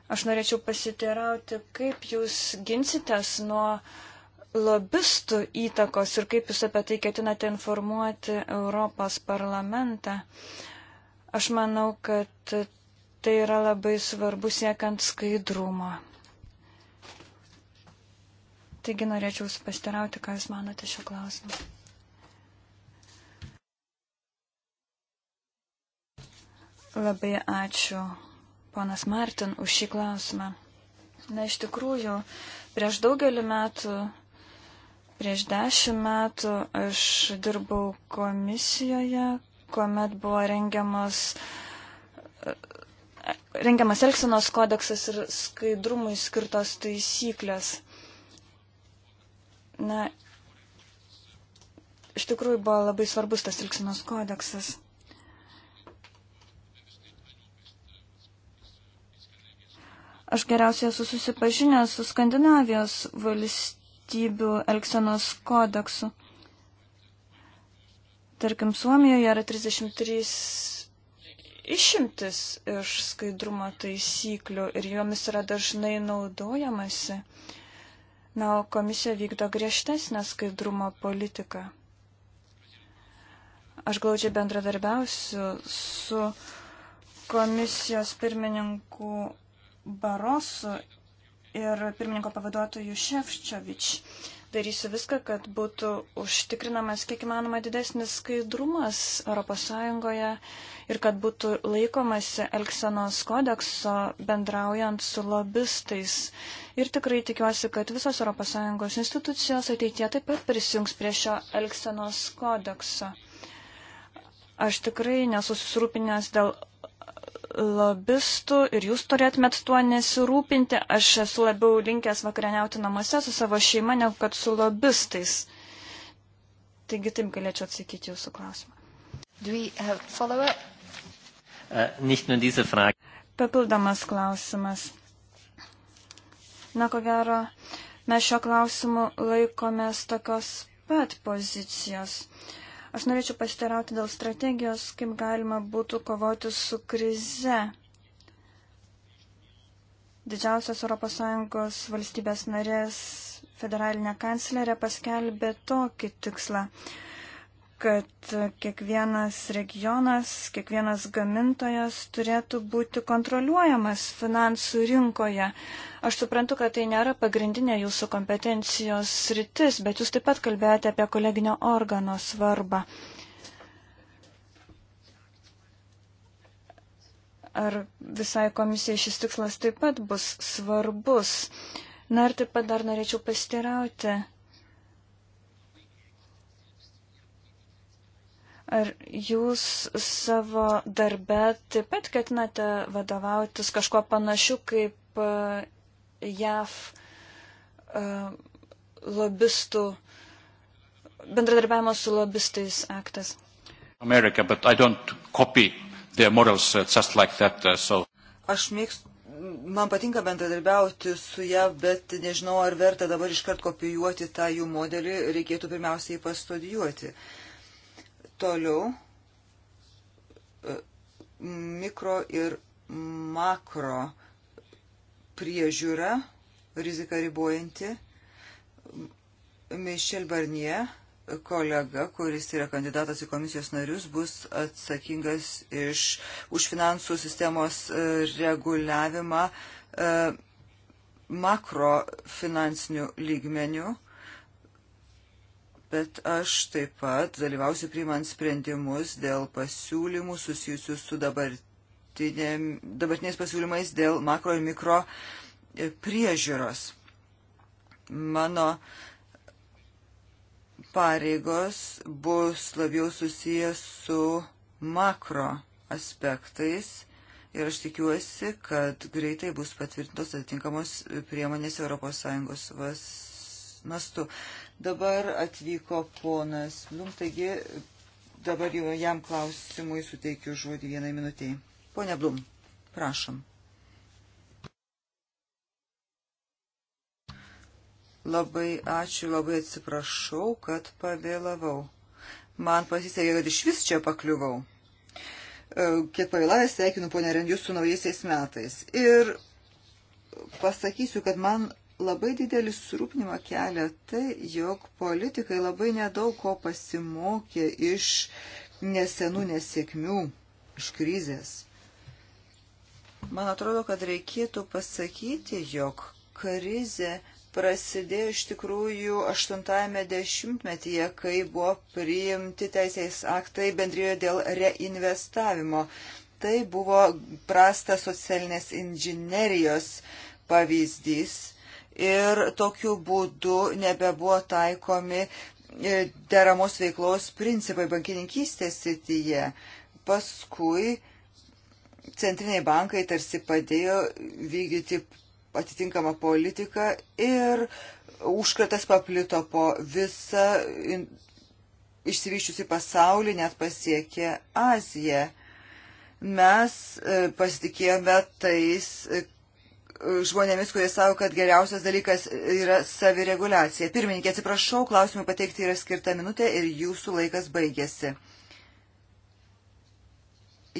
Aš norėčiau pasiteirauti, kaip jūs ginsitės nuo lobistų įtakos ir kaip jūs apie tai ketinate informuoti Europos parlamentą. Aš manau, kad tai yra labai svarbu siekiant skaidrumo. Taigi norėčiau jūs pasiteirauti, ką jūs manote šio klausimu. Labai ačiū ponas Martin už šį klausimą. Na, iš tikrųjų, prieš daugelį metų, prieš dešimt metų aš dirbau komisijoje, kuomet buvo rengiamas, rengiamas Elksinos kodeksas ir skaidrumui skirtos taisyklės. Na, iš tikrųjų buvo labai svarbus tas Elksinos kodeksas. Aš geriausiai esu susipažinęs su Skandinavijos valstybių elgsenos kodeksu. Tarkim, Suomijoje yra 33 išimtis iš skaidrumo taisyklių ir jomis yra dažnai naudojamasi. Na, o komisija vykdo griežtesnę skaidrumo politiką. Aš glaudžiai bendradarbiausiu su komisijos pirmininku Barosu ir pirmininko pavaduotoju Ševčiovič. Darysiu viską, kad būtų užtikrinamas kiek įmanoma didesnis skaidrumas ES ir kad būtų laikomasi Elksenos kodekso bendraujant su lobistais. Ir tikrai tikiuosi, kad visos ES institucijos ateitie taip pat prisijungs prie šio Elksenos kodekso. Aš tikrai nesusirūpinęs dėl lobistų ir jūs turėtumėt tuo nesirūpinti. Aš esu labiau linkęs vakarieniauti namuose su savo šeima, negu kad su lobistais. Taigi taip galėčiau atsakyti jūsų klausimą. Uh, Papildomas klausimas. Na, ko gero, mes šio klausimu laikomės tokios pat pozicijos. Uh, Aš norėčiau pasitarauti dėl strategijos, kaip galima būtų kovoti su krize. Didžiausias ES valstybės narės federalinė kanclerė paskelbė tokį tikslą kad kiekvienas regionas, kiekvienas gamintojas turėtų būti kontroliuojamas finansų rinkoje. Aš suprantu, kad tai nėra pagrindinė jūsų kompetencijos sritis, bet jūs taip pat kalbėjote apie koleginio organo svarbą. Ar visai komisijai šis tikslas taip pat bus svarbus? Na ir taip pat dar norėčiau pasitirauti Ar jūs savo darbe taip pat ketinate vadovautis kažkuo panašiu kaip e, JAV e, lobistų, bendradarbiavimo su lobistais aktas? America, but I don't copy their models uh, just like that, uh, so. Aš mėgstu, man patinka bendradarbiauti su JAV, bet nežinau, ar verta dabar iškart kopijuoti tą jų modelį, reikėtų pirmiausiai pastudijuoti. Uh, Toliau e, mikro ir makro priežiūra, rizika ribojanti. Mišel Barnie, kolega, kuris yra kandidatas į komisijos narius, bus atsakingas iš, už finansų sistemos e, reguliavimą e, makro finansinių lygmenių bet aš taip pat dalyvausiu priimant sprendimus dėl pasiūlymų susijusių su dabartiniais pasiūlymais dėl makro ir mikro e, priežiūros. Mano pareigos bus labiau susijęs su makro aspektais ir aš tikiuosi, kad greitai bus patvirtintos atitinkamos priemonės ES mastu. Dabar atvyko ponas Blum, taigi dabar jau jam klausimui suteikiu žodį vienai minutiai. Pone Blum, prašom. Labai ačiū, labai atsiprašau, kad pavėlavau. Man pasisekė, kad iš vis čia pakliuvau. E, kiek pavėlavęs sveikinu, ponė Rendžius, su naujaisiais metais. Ir pasakysiu, kad man labai didelį surūpnimą kelia tai, jog politikai labai nedaug ko pasimokė iš nesenų nesėkmių, iš krizės. Man atrodo, kad reikėtų pasakyti, jog krizė prasidėjo iš tikrųjų 80-ame dešimtmetyje, kai buvo priimti teisės aktai bendrijoje dėl reinvestavimo. Tai buvo prastas socialinės inžinerijos pavyzdys ir tokiu būdu nebebuvo taikomi e, deramos veiklos principai bankininkystės sityje. Paskui centriniai bankai tarsi padėjo vykdyti atitinkamą politiką ir užkratas paplito po visą išsivyščiusi pasaulį, net pasiekė Aziją. Mes e, pasitikėjome tais žmonėmis, kurie savo, kad geriausias dalykas yra savireguliacija. Pirmininkė, atsiprašau, klausimui pateikti yra skirta minutė ir jūsų laikas baigėsi.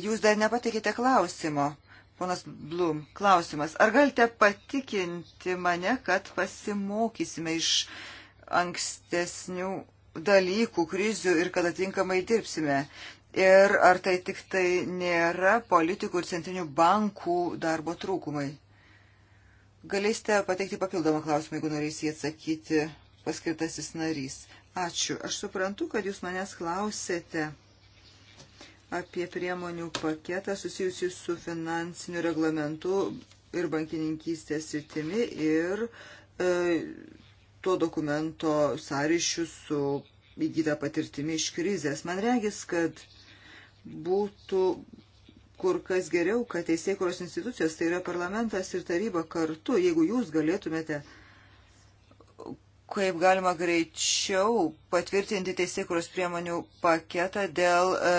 Jūs dar nepateikite klausimo. Ponas Blum, klausimas. Ar galite patikinti mane, kad pasimokysime iš ankstesnių dalykų, krizių ir kad atinkamai dirbsime? Ir ar tai tik tai nėra politikų ir centrinių bankų darbo trūkumai? Galėsite pateikti papildomą klausimą, jeigu norės jį atsakyti paskirtasis narys. Ačiū. Aš suprantu, kad jūs manęs klausėte apie priemonių paketą susijusių su finansiniu reglamentu ir bankininkystės sritimi ir e, to dokumento sąryšių su įgyta patirtimi iš krizės. Man regis, kad būtų kur kas geriau, kad teisėkuros institucijos, tai yra parlamentas ir taryba kartu, jeigu jūs galėtumėte kaip galima greičiau patvirtinti teisėkuros priemonių paketą dėl e,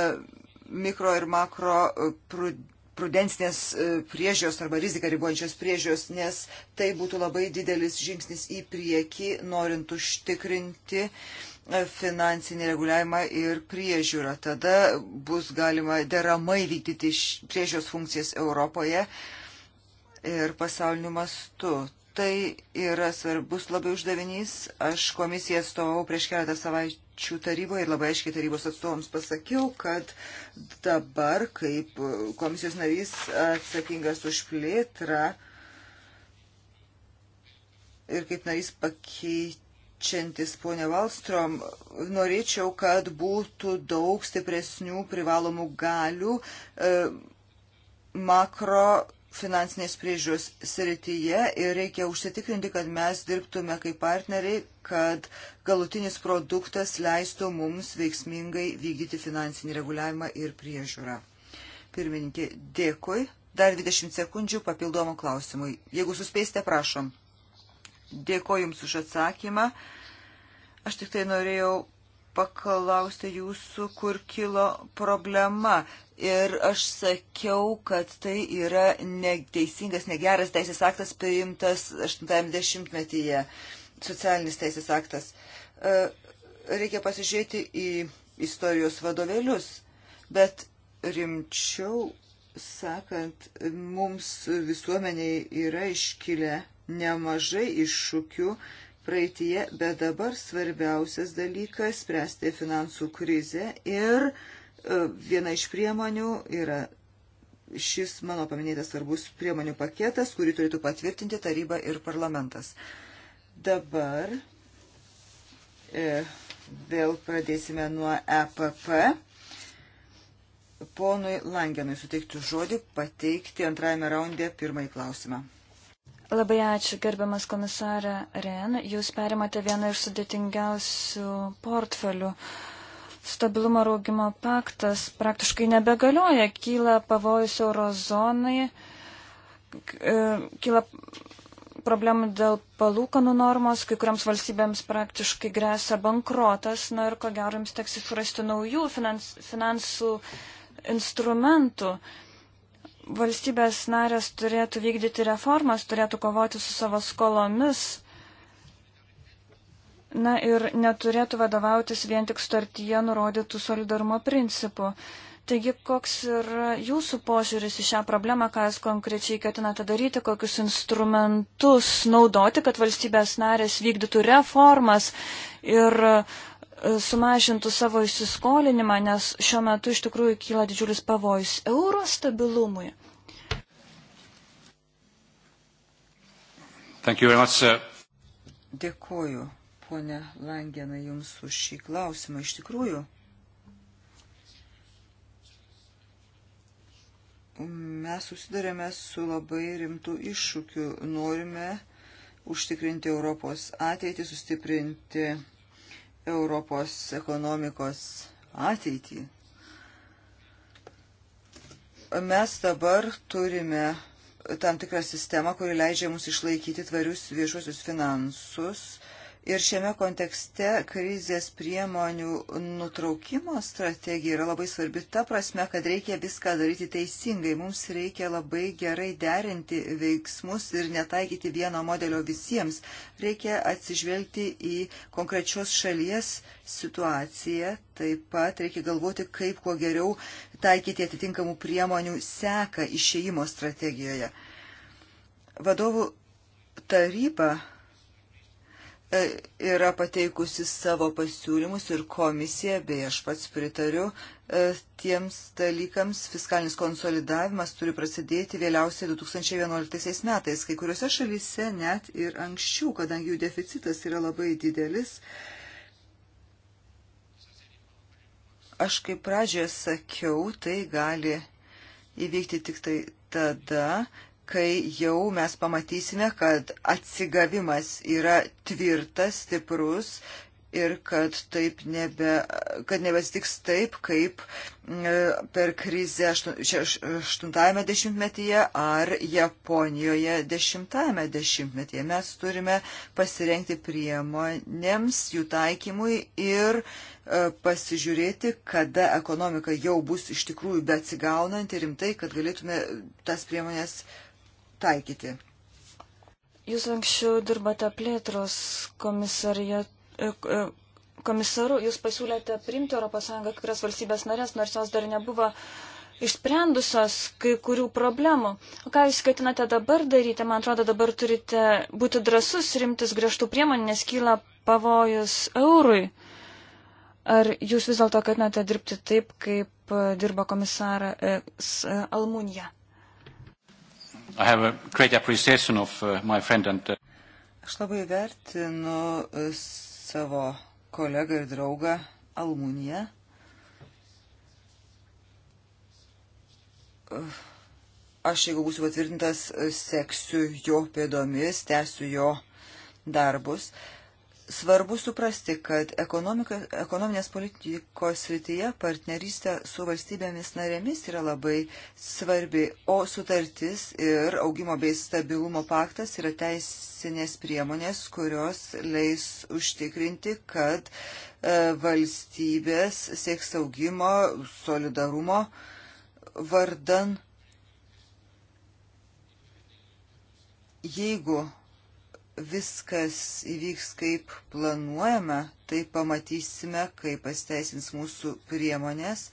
mikro ir makro e, prudensinės e, priežios arba riziką ribojančios priežios, nes tai būtų labai didelis žingsnis į priekį, norint užtikrinti e, finansinį reguliavimą ir priežiūrą. Tada bus galima deramai vykdyti priežiūros funkcijas Europoje ir pasauliniu mastu. Tai yra svarbus labai uždavinys. Aš komisiją atstovau prieš keletą savaičių taryboje ir labai aiškiai tarybos atstovams pasakiau, kad dabar, kaip komisijos narys atsakingas už plėtrą ir kaip narys pakeitė keičiantis ponė Valstrom, norėčiau, kad būtų daug stipresnių privalomų galių e, makro finansinės priežiūros srityje ir reikia užsitikrinti, kad mes dirbtume kaip partneriai, kad galutinis produktas leistų mums veiksmingai vykdyti finansinį reguliavimą ir priežiūrą. Pirmininkė, dėkui. Dar 20 sekundžių papildomų klausimui. Jeigu suspėsite, prašom. Dėkoju Jums už atsakymą. Aš tik tai norėjau paklausti Jūsų, kur kilo problema. Ir aš sakiau, kad tai yra neteisingas, negeras teisės aktas priimtas 80-metyje, socialinis teisės aktas. E, reikia pasižiūrėti į istorijos vadovėlius, bet rimčiau sakant, mums visuomeniai yra iškilę nemažai iššūkių praeitie, bet dabar svarbiausias dalykas - spręsti finansų krizę ir e, viena iš priemonių yra šis mano paminėtas svarbus priemonių paketas, kurį turėtų patvirtinti taryba ir parlamentas. Dabar e, vėl pradėsime nuo EPP. Ponui Langenui suteiktų žodį pateikti antrajame raunde pirmąjį klausimą. Labai ačiū, gerbiamas komisarė Ren. Jūs perimate vieną iš sudėtingiausių portfelių. Stabilumo raugimo paktas praktiškai nebegalioja, kyla pavojus eurozonai, e, kyla problemų dėl palūkanų normos, kai kuriams valstybėms praktiškai grėsia bankrotas, na ir ko gero jums teks įsurasti naujų finans, finansų instrumentų valstybės narės turėtų vykdyti reformas, turėtų kovoti su savo skolomis. Na ir neturėtų vadovautis vien tik startyje nurodytų solidarumo principų. Taigi, koks yra jūsų požiūris į šią problemą, ką jūs konkrečiai ketinate daryti, kokius instrumentus naudoti, kad valstybės narės vykdytų reformas ir uh, sumažintų savo įsiskolinimą, nes šiuo metu iš tikrųjų kyla didžiulis pavojus euro stabilumui. Much, Dėkuoju, ponė Langena, Jums už šį klausimą. Iš tikrųjų, mes susidarėme su labai rimtų iššūkių. Norime užtikrinti Europos ateitį, sustiprinti Europos ekonomikos ateitį. Mes dabar turime tam tikrą sistemą, kuri leidžia mums išlaikyti tvarius viešuosius finansus Ir šiame kontekste krizės priemonių nutraukimo strategija yra labai svarbi ta prasme, kad reikia viską daryti teisingai. Mums reikia labai gerai derinti veiksmus ir netaikyti vieno modelio visiems. Reikia atsižvelgti į konkrečios šalies situaciją. Taip pat reikia galvoti, kaip kuo geriau taikyti atitinkamų priemonių seką išėjimo strategijoje. Vadovų taryba E, yra pateikusi savo pasiūlymus ir komisija, bei aš pats pritariu e, tiems dalykams. Fiskalinis konsolidavimas turi prasidėti vėliausiai 2011 metais, kai kuriuose šalyse net ir anksčiau, kadangi jų deficitas yra labai didelis. Aš kaip pradžioje sakiau, tai gali įvykti tik tai tada, kai jau mes pamatysime, kad atsigavimas yra tvirtas, stiprus ir kad, taip nebe, kad nebestiks taip, kaip e, per krizę 80-ame dešimtmetyje ar Japonijoje 10-ame dešimtmetyje. Mes turime pasirengti priemonėms, jų taikymui ir e, pasižiūrėti, kada ekonomika jau bus iš tikrųjų beatsigaunanti rimtai, kad galėtume tas priemonės uh, taikyti. Jūs anksčiau dirbate plėtros e, e, komisaru, jūs pasiūlėte priimti ES kai kurias valstybės narės, nors jos dar nebuvo išsprendusios kai kurių problemų. O ką jūs ketinate dabar daryti? Man atrodo, dabar turite būti drasus, rimtis griežtų priemonių, nes kyla pavojus eurui. Ar jūs vis dėlto ketinate dirbti taip, kaip dirba komisaras e, Almunija? Uh, and... Uh, aš labai vertinu uh, savo kolegą ir draugą Almuniją. Aš, jeigu būsiu patvirtintas, seksiu jo pėdomis, tęsiu jo darbus. Uh, Svarbu suprasti, kad ekonominės politikos srityje partnerystė su valstybėmis narėmis yra labai svarbi, o sutartis ir augimo bei stabilumo paktas yra teisinės priemonės, kurios leis užtikrinti, kad e, valstybės sieks augimo, solidarumo vardan. Jeigu viskas įvyks kaip planuojama, tai pamatysime, kaip pasteisins mūsų priemonės.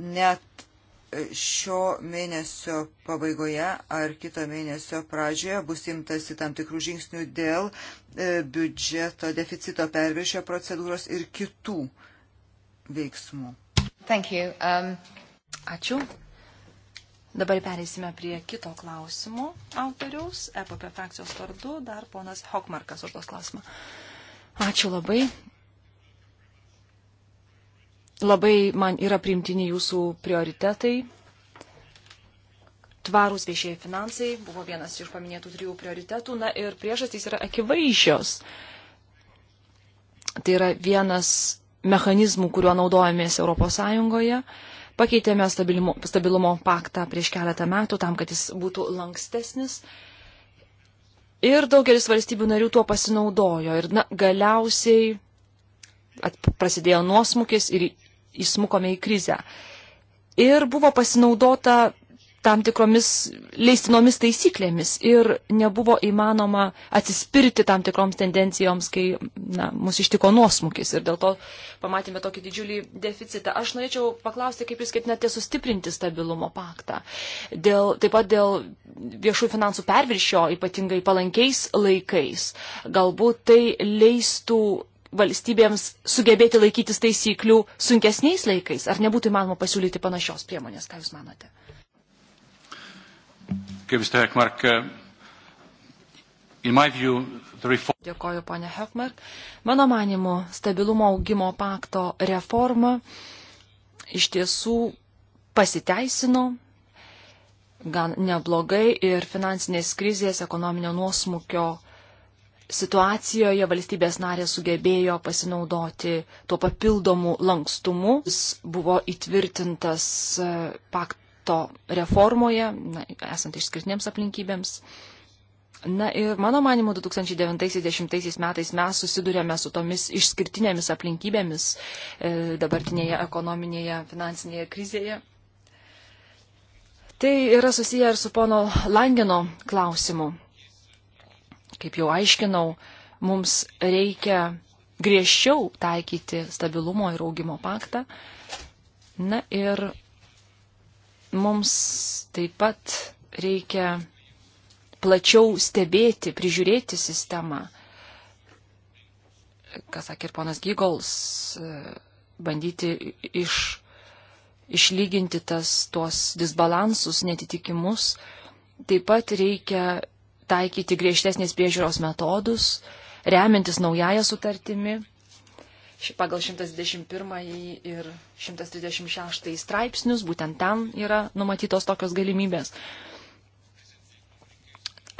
Net e, šio mėnesio pabaigoje ar kito mėnesio pradžioje bus imtasi tam tikrų žingsnių dėl e, biudžeto deficito perviršio procedūros ir kitų veiksmų. Thank you. Um, ačiū. Dabar pereisime prie kito klausimo autoriaus, EPP frakcijos vardu, dar ponas Hokmarkas už tos klausimą. Ačiū labai. Labai man yra primtini jūsų prioritetai. Tvarūs viešieji finansai buvo vienas iš paminėtų trijų prioritetų, na ir priežastys yra akivaizdžios. Tai yra vienas mechanizmų, kuriuo naudojamės Europos Sąjungoje. Uh, Pakeitėme stabilumo, stabilumo paktą prieš keletą metų tam, kad jis būtų lankstesnis. Ir daugelis valstybių narių tuo pasinaudojo. Ir na, galiausiai at, prasidėjo nuosmukis ir įsmukome į krizę. Ir buvo pasinaudota tam tikromis leistinomis taisyklėmis ir nebuvo įmanoma atsispirti tam tikroms tendencijoms, kai na, mus ištiko nuosmukis ir dėl to pamatėme tokį didžiulį deficitą. Aš norėčiau paklausti, kaip jūs ketinate sustiprinti stabilumo paktą. Dėl, taip pat dėl viešų finansų perviršio, ypatingai palankiais laikais, galbūt tai leistų valstybėms sugebėti laikytis taisyklių sunkesniais laikais, ar nebūtų įmanoma pasiūlyti panašios priemonės, ką Jūs manote? you, Mr. Heckmark. In my view, the reform... Dėkoju, ponė Heckmark. Mano manimu, stabilumo augimo pakto reforma iš tiesų pasiteisino gan neblogai ir finansinės krizės, ekonominio nuosmukio situacijoje valstybės narės sugebėjo pasinaudoti tuo papildomu lankstumu. Jis buvo įtvirtintas eh, pakt, biudžeto reformoje, na, esant išskirtinėms aplinkybėms. Na ir mano manimu, 2009-2010 metais mes susidurėme su tomis išskirtinėmis aplinkybėmis e, dabartinėje ekonominėje finansinėje krizėje. Tai yra susiję ir su pono Langeno klausimu. Kaip jau aiškinau, mums reikia griežčiau taikyti stabilumo ir augimo paktą. Na ir mums taip pat reikia plačiau stebėti, prižiūrėti sistemą. Kas sakė ir ponas Gygols, e, bandyti iš, išlyginti tas, tuos disbalansus, netitikimus. Taip pat reikia taikyti griežtesnės priežiūros metodus, remiantis naująją sutartimi pagal 121 ir 136 straipsnius, būtent ten yra numatytos tokios galimybės.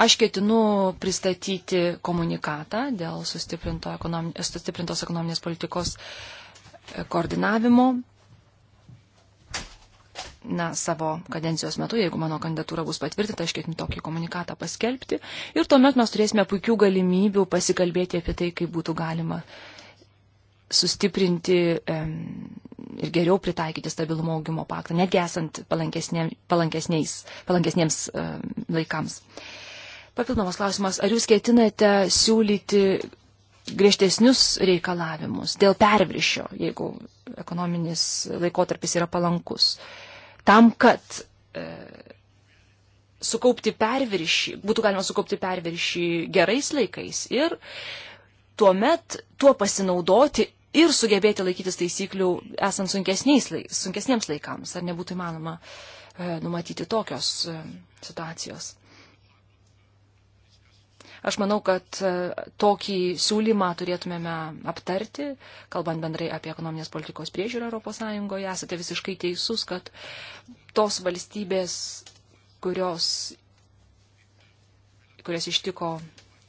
Aš ketinu pristatyti komunikatą dėl sustiprinto ekonomi, sustiprintos ekonominės politikos e, koordinavimo. Na, savo kadencijos metu, jeigu mano kandidatūra bus patvirtinta, aš ketinu tokį komunikatą paskelbti. Ir tuomet mes turėsime puikių galimybių pasikalbėti apie tai, kaip būtų galima uh, sustiprinti ir geriau pritaikyti stabilumo augimo paktą, netgi esant palankesniems laikams. Papildomas klausimas, ar jūs ketinate siūlyti griežtesnius reikalavimus dėl perviršio, jeigu ekonominis laikotarpis yra palankus, tam, kad e, sukaupti perviršį, būtų galima sukaupti perviršį gerais laikais ir tuomet tuo pasinaudoti ir sugebėti laikytis taisyklių esant sunkesniems laikams, ar nebūtų įmanoma e, numatyti tokios e, situacijos. Aš manau, kad e, tokį siūlymą turėtumėme aptarti, kalbant bendrai apie ekonominės politikos priežiūrą ES. Esate visiškai teisus, kad tos valstybės, kurios, kurias ištiko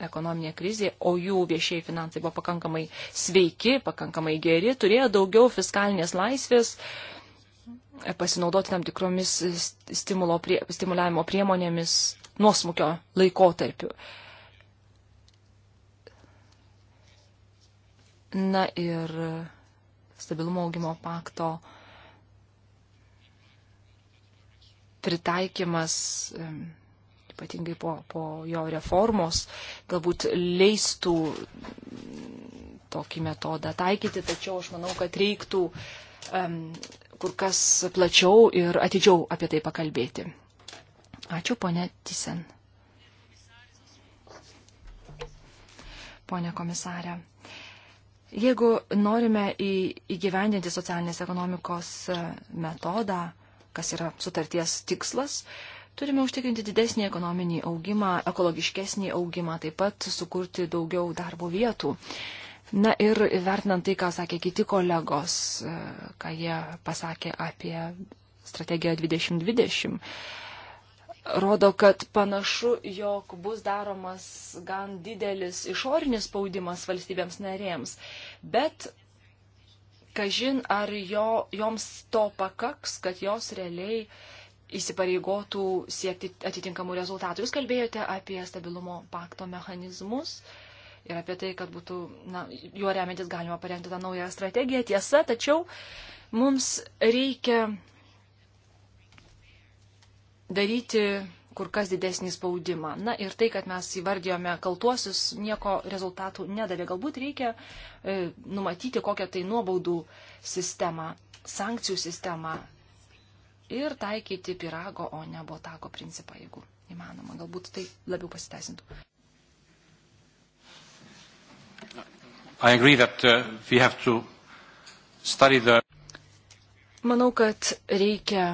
ekonominė krizė, o jų viešieji finansai buvo pakankamai sveiki, pakankamai geri, turėjo daugiau fiskalinės laisvės e, pasinaudoti tam tikromis prie, stimuliavimo priemonėmis nuosmukio laikotarpiu. Na ir stabilumo augimo pakto pritaikymas ypatingai po, po jo reformos, galbūt leistų tokį metodą taikyti, tačiau aš manau, kad reiktų um, kur kas plačiau ir atidžiau apie tai pakalbėti. Ačiū, ponė Tisen. Pone komisarė. Jeigu norime į, įgyvendinti socialinės ekonomikos e, metodą, kas yra sutarties tikslas, Turime užtikrinti didesnį ekonominį augimą, ekologiškesnį augimą, taip pat sukurti daugiau darbo vietų. Na ir vertinant tai, ką sakė kiti kolegos, e, ką jie pasakė apie strategiją 2020, rodo, kad panašu, jog bus daromas gan didelis išorinis spaudimas valstybėms narėms, bet kažin ar jo, joms to pakaks, kad jos realiai uh, įsipareigotų siekti atitinkamų rezultatų. Jūs kalbėjote apie stabilumo pakto mechanizmus ir apie tai, kad būtų, na, juo remiantis galima parengti tą naują strategiją. Tiesa, tačiau mums reikia daryti kur kas didesnį spaudimą. Na ir tai, kad mes įvardijome kaltuosius, nieko rezultatų nedavė. Galbūt reikia e, numatyti kokią tai nuobaudų sistemą, sankcijų sistemą, ir taikyti pirago, o ne botako principą, jeigu įmanoma. Galbūt tai labiau pasiteisintų. That, uh, the... Manau, kad reikia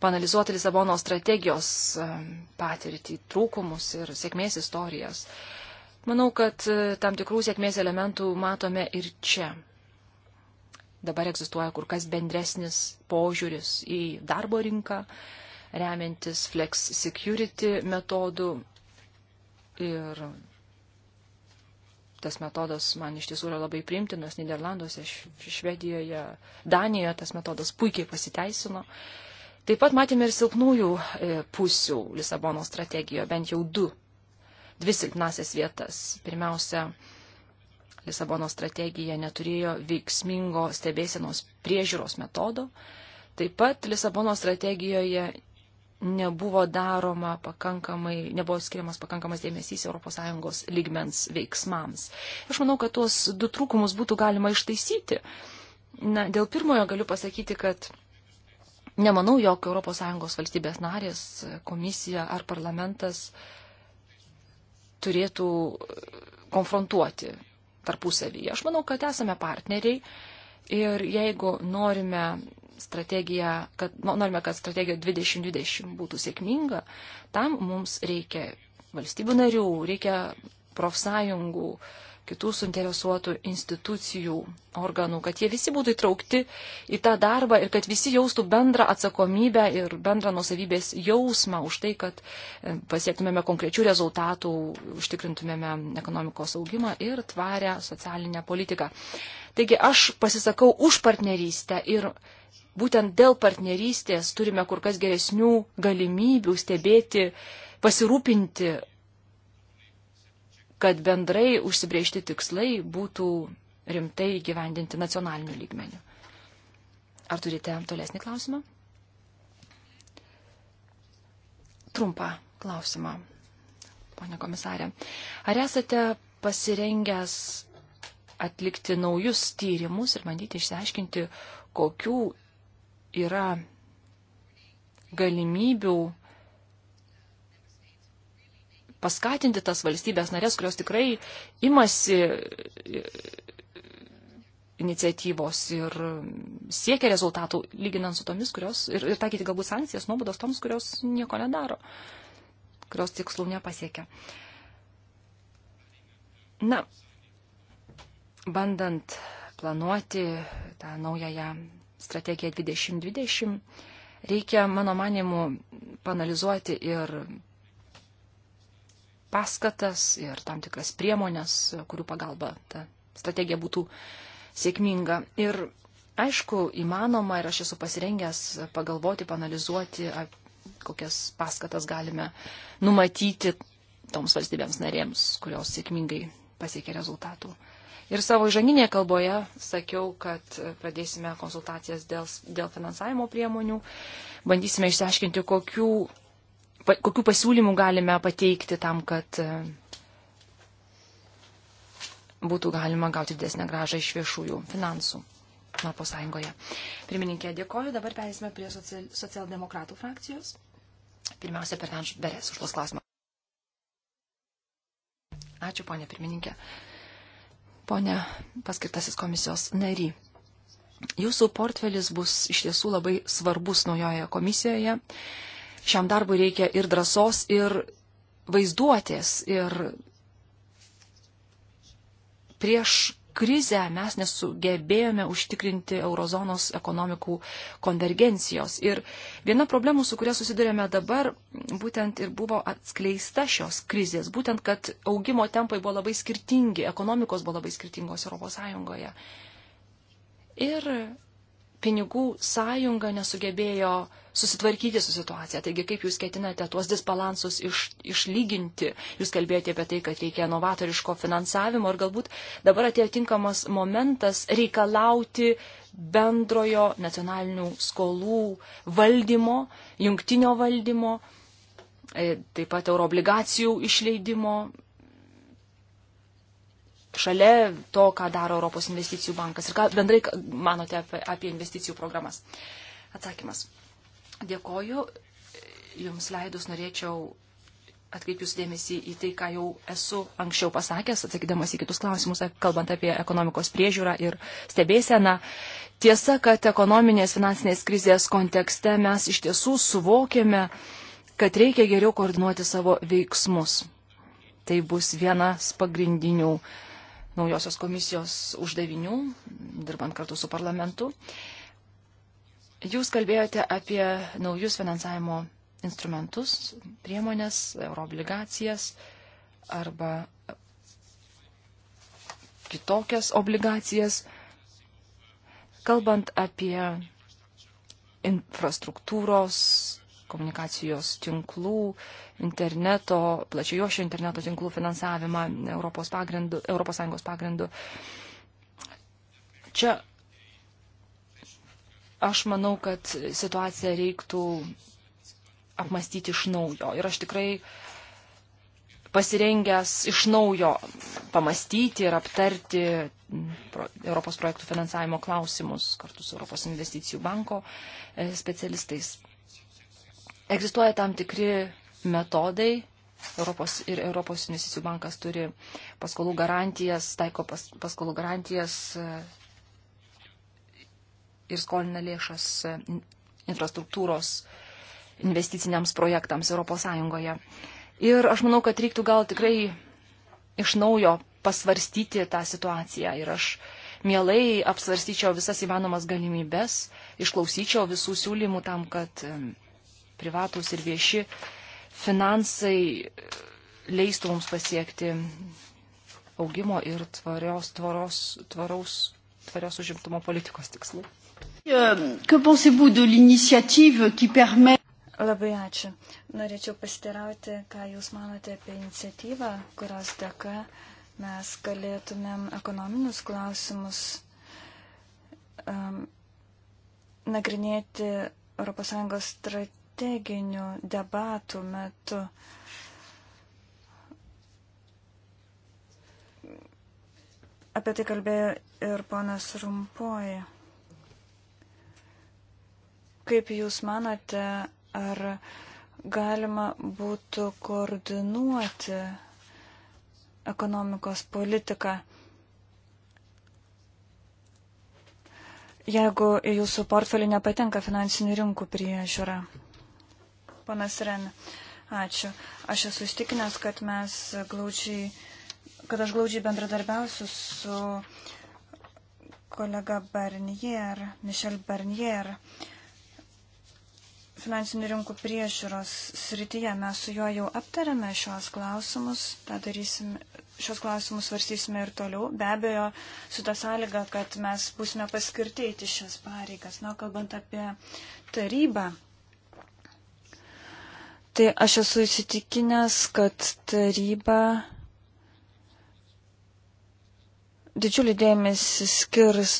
panalizuoti Lisabono strategijos um, patirtį, trūkumus ir sėkmės istorijas. Manau, kad uh, tam tikrų sėkmės elementų matome ir čia. Dabar egzistuoja kur kas bendresnis požiūris į darbo rinką, remiantis flex security metodų. Ir tas metodas man iš tiesų yra labai priimtinas Niderlanduose, Švedijoje, Danijoje tas metodas puikiai pasiteisino. Taip pat matėme ir silpnųjų e, pusių Lisabono strategijoje, bent jau du, dvi silpnasias vietas. Pirmiausia, Lisabono strategija neturėjo veiksmingo stebėsienos priežiūros metodo. Taip pat Lisabono strategijoje nebuvo daroma pakankamai, nebuvo skiriamas pakankamas dėmesys ES lygmens veiksmams. Aš manau, kad tuos du trūkumus būtų galima ištaisyti. Na, dėl pirmojo galiu pasakyti, kad nemanau, jog ES valstybės narės, komisija ar parlamentas turėtų konfrontuoti tarpusavyje. Aš manau, kad esame partneriai ir jeigu norime strategija, kad norime, kad strategija 2020 būtų sėkminga, tam mums reikia valstybių narių, reikia profsąjungų, kitų suinteresuotų institucijų, organų, kad jie visi būtų įtraukti į tą darbą ir kad visi jaustų bendrą atsakomybę ir bendrą nusavybės jausmą už tai, kad e, pasiektumėme konkrečių rezultatų, užtikrintumėme ekonomikos augimą ir tvarę socialinę politiką. Taigi aš pasisakau už partnerystę ir būtent dėl partnerystės turime kur kas geresnių galimybių stebėti, pasirūpinti kad bendrai užsibriežti tikslai būtų rimtai gyvendinti nacionaliniu lygmeniu. Ar turite tolesnį klausimą? Trumpą klausimą, ponia komisarė. Ar esate pasirengęs atlikti naujus tyrimus ir bandyti išsiaiškinti, kokių yra galimybių paskatinti tas valstybės narės, kurios tikrai imasi e, iniciatyvos ir siekia rezultatų, lyginant su tomis, kurios ir, ir taikyti galbūt sankcijas, nuobodas toms, kurios nieko nedaro, kurios tikslų nepasiekia. Na, bandant planuoti tą naująją strategiją 2020, reikia, mano manimu, panalizuoti ir paskatas ir tam tikras priemonės, kurių pagalba ta strategija būtų sėkminga. Ir aišku, įmanoma ir aš esu pasirengęs pagalvoti, panalizuoti, kokias paskatas galime numatyti toms valstybėms narėms, kurios sėkmingai pasiekė rezultatų. Ir savo žaninėje kalboje sakiau, kad pradėsime konsultacijas dėl, dėl finansavimo priemonių, bandysime išsiaiškinti, kokių kokių pasiūlymų galime pateikti tam, kad e, būtų galima gauti didesnę gražą iš viešųjų finansų Europos Sąjungoje. Pirmininkė, dėkoju. Dabar perėsime prie social, socialdemokratų frakcijos. Pirmiausia, per Anš Beres už tos klausimą. Ačiū, ponė pirmininkė. Pone paskirtasis komisijos nary. Jūsų portfelis bus iš tiesų labai svarbus naujoje komisijoje. Uh, šiam darbui reikia ir drąsos, ir vaizduotės. Ir prieš krizę mes nesugebėjome užtikrinti eurozonos ekonomikų konvergencijos. Ir viena problemų, su kuria susidurėme dabar, būtent ir buvo atskleista šios krizės. Būtent, kad augimo tempai buvo labai skirtingi, ekonomikos buvo labai skirtingos ES. Ir pinigų sąjunga nesugebėjo susitvarkyti su situacija. Taigi, kaip jūs ketinate tuos disbalansus iš, išlyginti? Jūs kalbėjote apie tai, kad reikia novatoriško finansavimo ir galbūt dabar atėjo tinkamas momentas reikalauti bendrojo nacionalinių skolų valdymo, jungtinio valdymo, e, taip pat euroobligacijų išleidimo šalia to, ką daro Europos investicijų bankas ir ką bendrai manote apie, apie investicijų programas. Atsakymas. Dėkoju. Jums leidus norėčiau atkreipius dėmesį į tai, ką jau esu anksčiau pasakęs, atsakydamas į kitus klausimus, e, kalbant apie ekonomikos priežiūrą ir stebėseną. Tiesa, kad ekonominės finansinės krizės kontekste mes iš tiesų suvokėme, kad reikia geriau koordinuoti savo veiksmus. Tai bus vienas pagrindinių uh, naujosios komisijos uždavinių, dirbant kartu su parlamentu. Jūs kalbėjote apie naujus finansavimo instrumentus, priemonės, euroobligacijas arba kitokias obligacijas. Kalbant apie infrastruktūros komunikacijos tinklų, interneto, plačiojošio interneto tinklų finansavimą Europos, pagrindu, Europos Sąjungos pagrindu. Čia aš manau, kad situaciją reiktų apmastyti iš naujo. Ir aš tikrai pasirengęs iš naujo pamastyti ir aptarti Europos projektų finansavimo klausimus kartu su Europos investicijų banko e, specialistais. Egzistuoja tam tikri metodai. Europos ir Europos investicijų bankas turi paskolų garantijas, taiko pas, paskolų garantijas e, ir skolina lėšas e, infrastruktūros investiciniams projektams ES. Ir aš manau, kad reiktų gal tikrai iš naujo pasvarstyti tą situaciją. Ir aš mielai apsvarstyčiau visas įmanomas galimybės, išklausyčiau visų siūlymų tam, kad e, privatus ir vieši finansai leistų mums pasiekti augimo ir tvarios, tvaros, tvaraus, tvarios užimtumo politikos tikslų. Euh, Labai ačiū. Norėčiau pasiteirauti, ką Jūs manote apie iniciatyvą, kurios dėka mes galėtumėm ekonominius klausimus um, nagrinėti ES strategiją strateginių debatų metu. Apie tai kalbėjo ir ponas Rumpoji. Kaip Jūs manote, ar galima būtų koordinuoti ekonomikos politiką? jeigu į jūsų portfelį nepatenka finansinių rinkų priežiūra. Panas Ren, ačiū. Aš esu įstikinęs, kad mes glaučiai, kad aš glaudžiai bendradarbiausiu su kolega Barnier, Michel Barnier. Finansinių rinkų priežiūros srityje mes su juo jau aptarėme šios klausimus, tą darysim, šios klausimus svarstysime ir toliau. Be abejo, su ta sąlyga, kad mes būsime paskirti į šias pareigas. Na, kalbant apie tarybą, Tai aš esu įsitikinęs, kad taryba didžiulį dėmesį skirs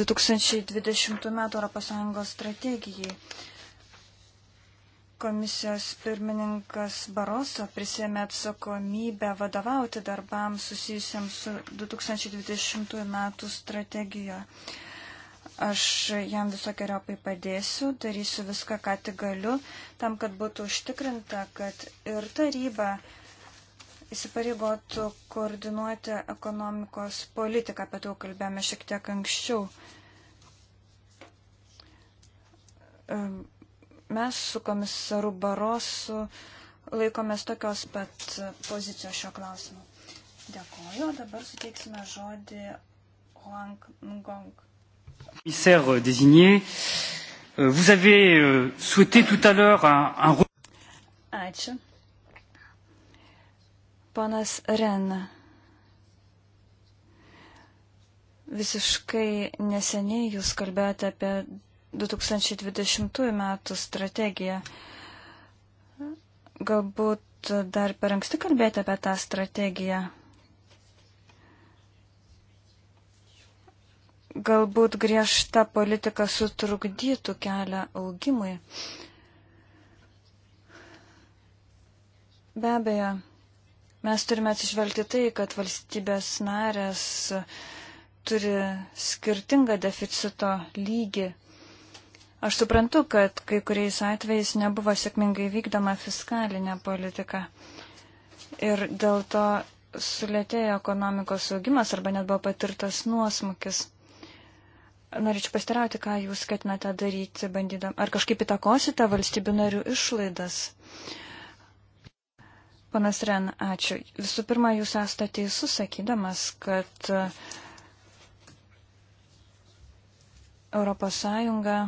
2020 m. ES strategijai. Komisijos pirmininkas Baroso prisėmė atsakomybę vadovauti darbams susijusiam su 2020 m. strategijoje. Aš jam visokiojopai padėsiu, darysiu viską, ką tik galiu, tam, kad būtų užtikrinta, kad ir taryba įsipareigotų koordinuoti ekonomikos politiką, apie tai jau kalbėjome šiek tiek anksčiau. Mes su komisaru Barosu laikomės tokios pat pozicijos šio klausimu. Dėkoju, dabar suteiksime žodį Huang Ngong. Komisarų euh, dezinė. Euh, vous avez euh, souhaité tout à l'heure un... Ačiū. Ponas Rena. Visiškai neseniai jūs kalbėjote apie 2020 metų strategiją. Galbūt dar per anksti kalbėti apie tą strategiją. Galbūt griežta politika sutrukdytų kelią augimui. Be abejo, mes turime atsižvelgti tai, kad valstybės narės turi skirtingą deficito lygį. Aš suprantu, kad kai kuriais atvejais nebuvo sėkmingai vykdoma fiskalinė politika. Ir dėl to sulėtėjo ekonomikos augimas arba net buvo patirtas nuosmukis. Norėčiau pastarauti, ką jūs ketinate daryti, bandydam, ar kažkaip įtakosite valstybių narių išlaidas. Panas Ren, ačiū. Visų pirma, jūs esate teisus, sakydamas, kad Europos Sąjunga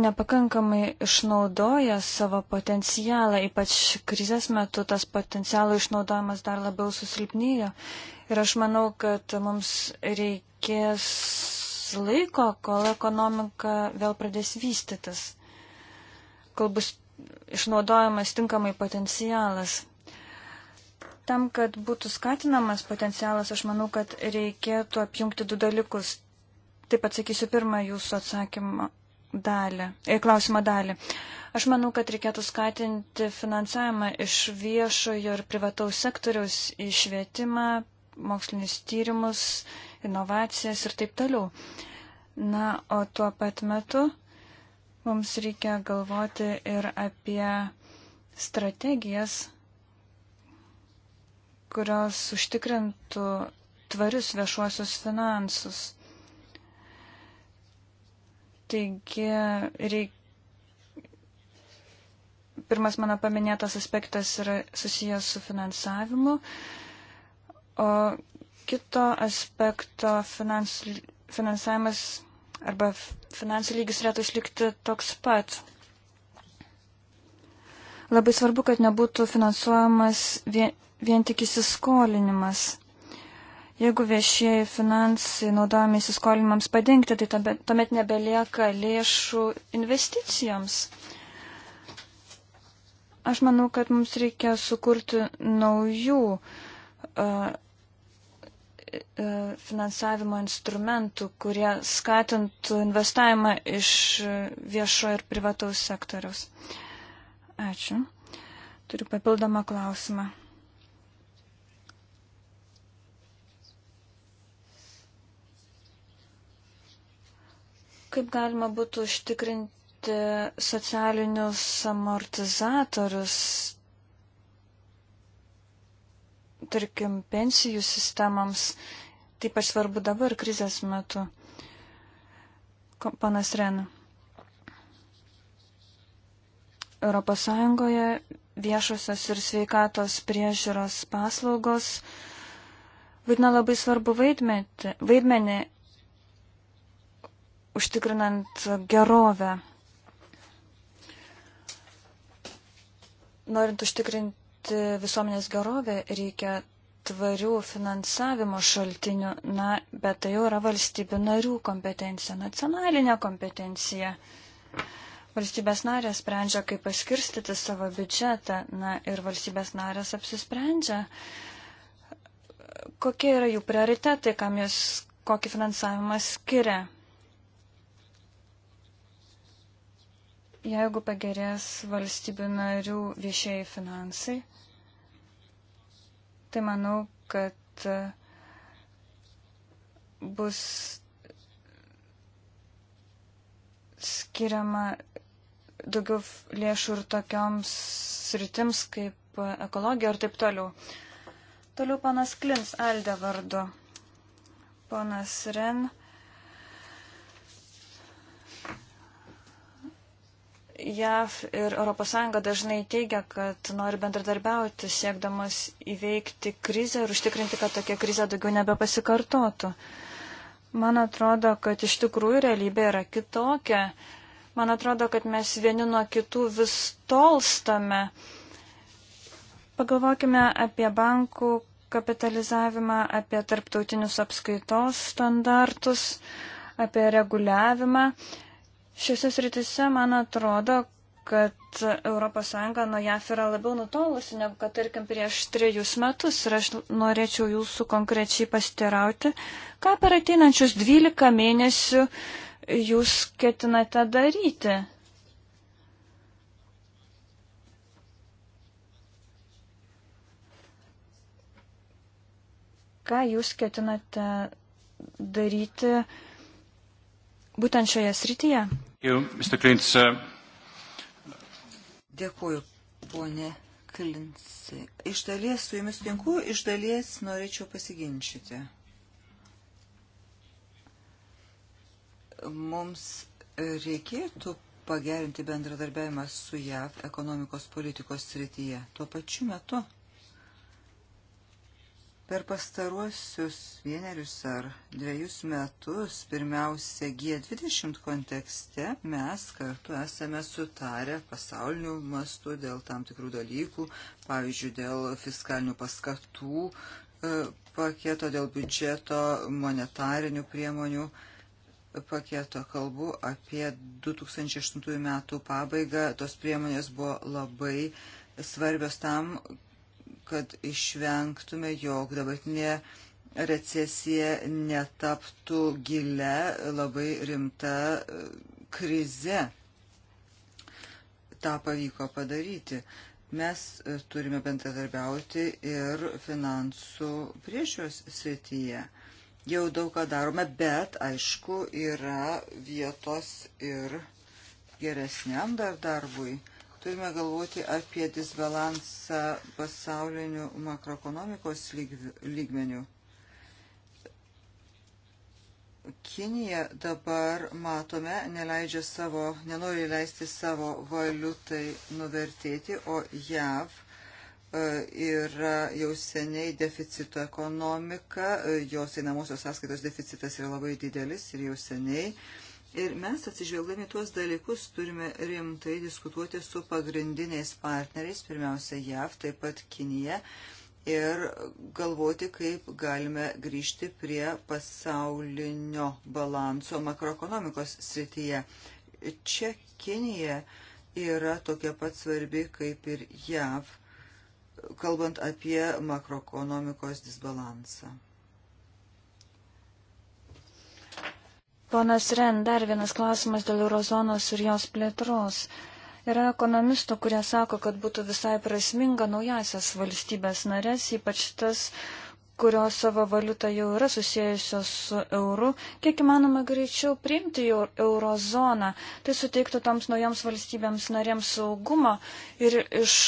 nepakankamai išnaudoja savo potencialą, ypač krizės metu tas potencialo išnaudojimas dar labiau susilpnyjo. Ir aš manau, kad mums reikės laiko, kol ekonomika vėl pradės vystytis, kol bus išnaudojamas tinkamai potencialas. Tam, kad būtų skatinamas potencialas, aš manau, kad reikėtų apjungti du dalykus. Taip atsakysiu pirmą jūsų atsakymą dalį, e, klausimo dalį. Aš manau, kad reikėtų skatinti finansavimą iš viešojo ir privataus sektoriaus į švietimą, mokslinius tyrimus, inovacijas ir taip toliau. Na, o tuo pat metu mums reikia galvoti ir apie strategijas, kurios užtikrintų tvarius viešuosius finansus. Taigi, reik... pirmas mano paminėtas aspektas yra susijęs su finansavimu, o kito aspekto finans... finansavimas arba finansų lygis turėtų išlikti toks pat. Labai svarbu, kad nebūtų finansuojamas vien, vien tik įsiskolinimas. Jeigu viešieji finansai naudojami įsiskolinimams padengti, tai tuomet nebelieka lėšų investicijoms. Aš manau, kad mums reikia sukurti naujų uh, finansavimo instrumentų, kurie skatintų investavimą iš viešo ir privataus sektoriaus. Ačiū. Turiu papildomą klausimą. Kaip galima būtų užtikrinti socialinius amortizatorius, tarkim, pensijų sistemams, taip pat svarbu dabar krizės metu. Panas Renu. Europos Sąjungoje viešosios ir sveikatos priežiūros paslaugos vaidina labai svarbu vaidmenį, vaidmenį užtikrinant gerovę. Norint užtikrinti visuomenės gerovę, reikia tvarių finansavimo šaltinių, na, bet tai jau yra valstybių narių kompetencija, nacionalinė kompetencija. Valstybės narės sprendžia, kaip paskirstyti savo biudžetą, na ir valstybės narės apsisprendžia, kokie yra jų prioritetai, kam jūs kokį finansavimą skiria. jeigu pagerės valstybių narių viešieji finansai, tai manau, kad e, bus skiriama daugiau lėšų ir tokioms sritims kaip ekologija ir taip toliau. Toliau panas Klins Alde vardu. Ponas Ren JAV ir ES dažnai teigia, kad nori bendradarbiauti, siekdamas įveikti krizę ir užtikrinti, kad tokia krizė daugiau nebepasikartotų. Man atrodo, kad iš tikrųjų realybė yra kitokia. Man atrodo, kad mes vieni nuo kitų vis tolstame. Pagalvokime apie bankų kapitalizavimą, apie tarptautinius apskaitos standartus, apie reguliavimą. Šiuose sritise man atrodo, kad ES nuo JAF yra labiau nutolusi negu, kad, tarkim, prieš trejus metus. Ir aš norėčiau jūsų konkrečiai pastirauti, ką per ateinančius 12 mėnesių jūs ketinate daryti. Ką jūs ketinate daryti? būtent šioje srityje? Dėkuoju, ponė Klinsai. Iš dalies su jumis sutinku, iš dalies norėčiau pasiginčyti. Mums reikėtų pagerinti bendradarbiavimą su JAV ekonomikos politikos srityje. Tuo pačiu metu Per pastaruosius vienerius ar dviejus metus, pirmiausia G20 kontekste, mes kartu esame sutarę pasaulinių mastų dėl tam tikrų dalykų, pavyzdžiui, dėl fiskalinių paskatų e, paketo, dėl biudžeto, monetarinių priemonių paketo kalbų apie 2008 metų pabaigą. Tos priemonės buvo labai svarbios tam, kad išvengtume, jog dabartinė recesija netaptų gile labai rimta e, krize. Ta pavyko padaryti. Mes e, turime bendradarbiauti ir finansų priešios srityje jau daug ką darome, bet aišku yra vietos ir geresniam dar darbui. Turime galvoti apie disbalansą pasaulinių makroekonomikos lygmenių. Kinija dabar, matome, neleidžia savo, nenori leisti savo valiutai nuvertėti, o JAV e, yra jau seniai deficito ekonomika, e, jos einamosios sąskaitos deficitas yra labai didelis ir jau seniai Ir mes atsižvelgdami tuos dalykus turime rimtai diskutuoti su pagrindiniais partneriais, pirmiausia JAV, taip pat Kinija, ir galvoti, kaip galime grįžti prie pasaulinio balanso makroekonomikos srityje. Čia Kinija yra tokia pat svarbi kaip ir JAV, kalbant apie makroekonomikos disbalansą. Ponas Ren, dar vienas klausimas dėl eurozonos ir jos plėtros. Yra ekonomistų, kurie sako, kad būtų visai prasminga naujasias valstybės narės, ypač tas, kurios savo valiutą jau yra susijęjusios su euru, kiek įmanoma greičiau priimti jau eurozoną. Tai suteiktų toms naujoms valstybėms narėms saugumo ir iš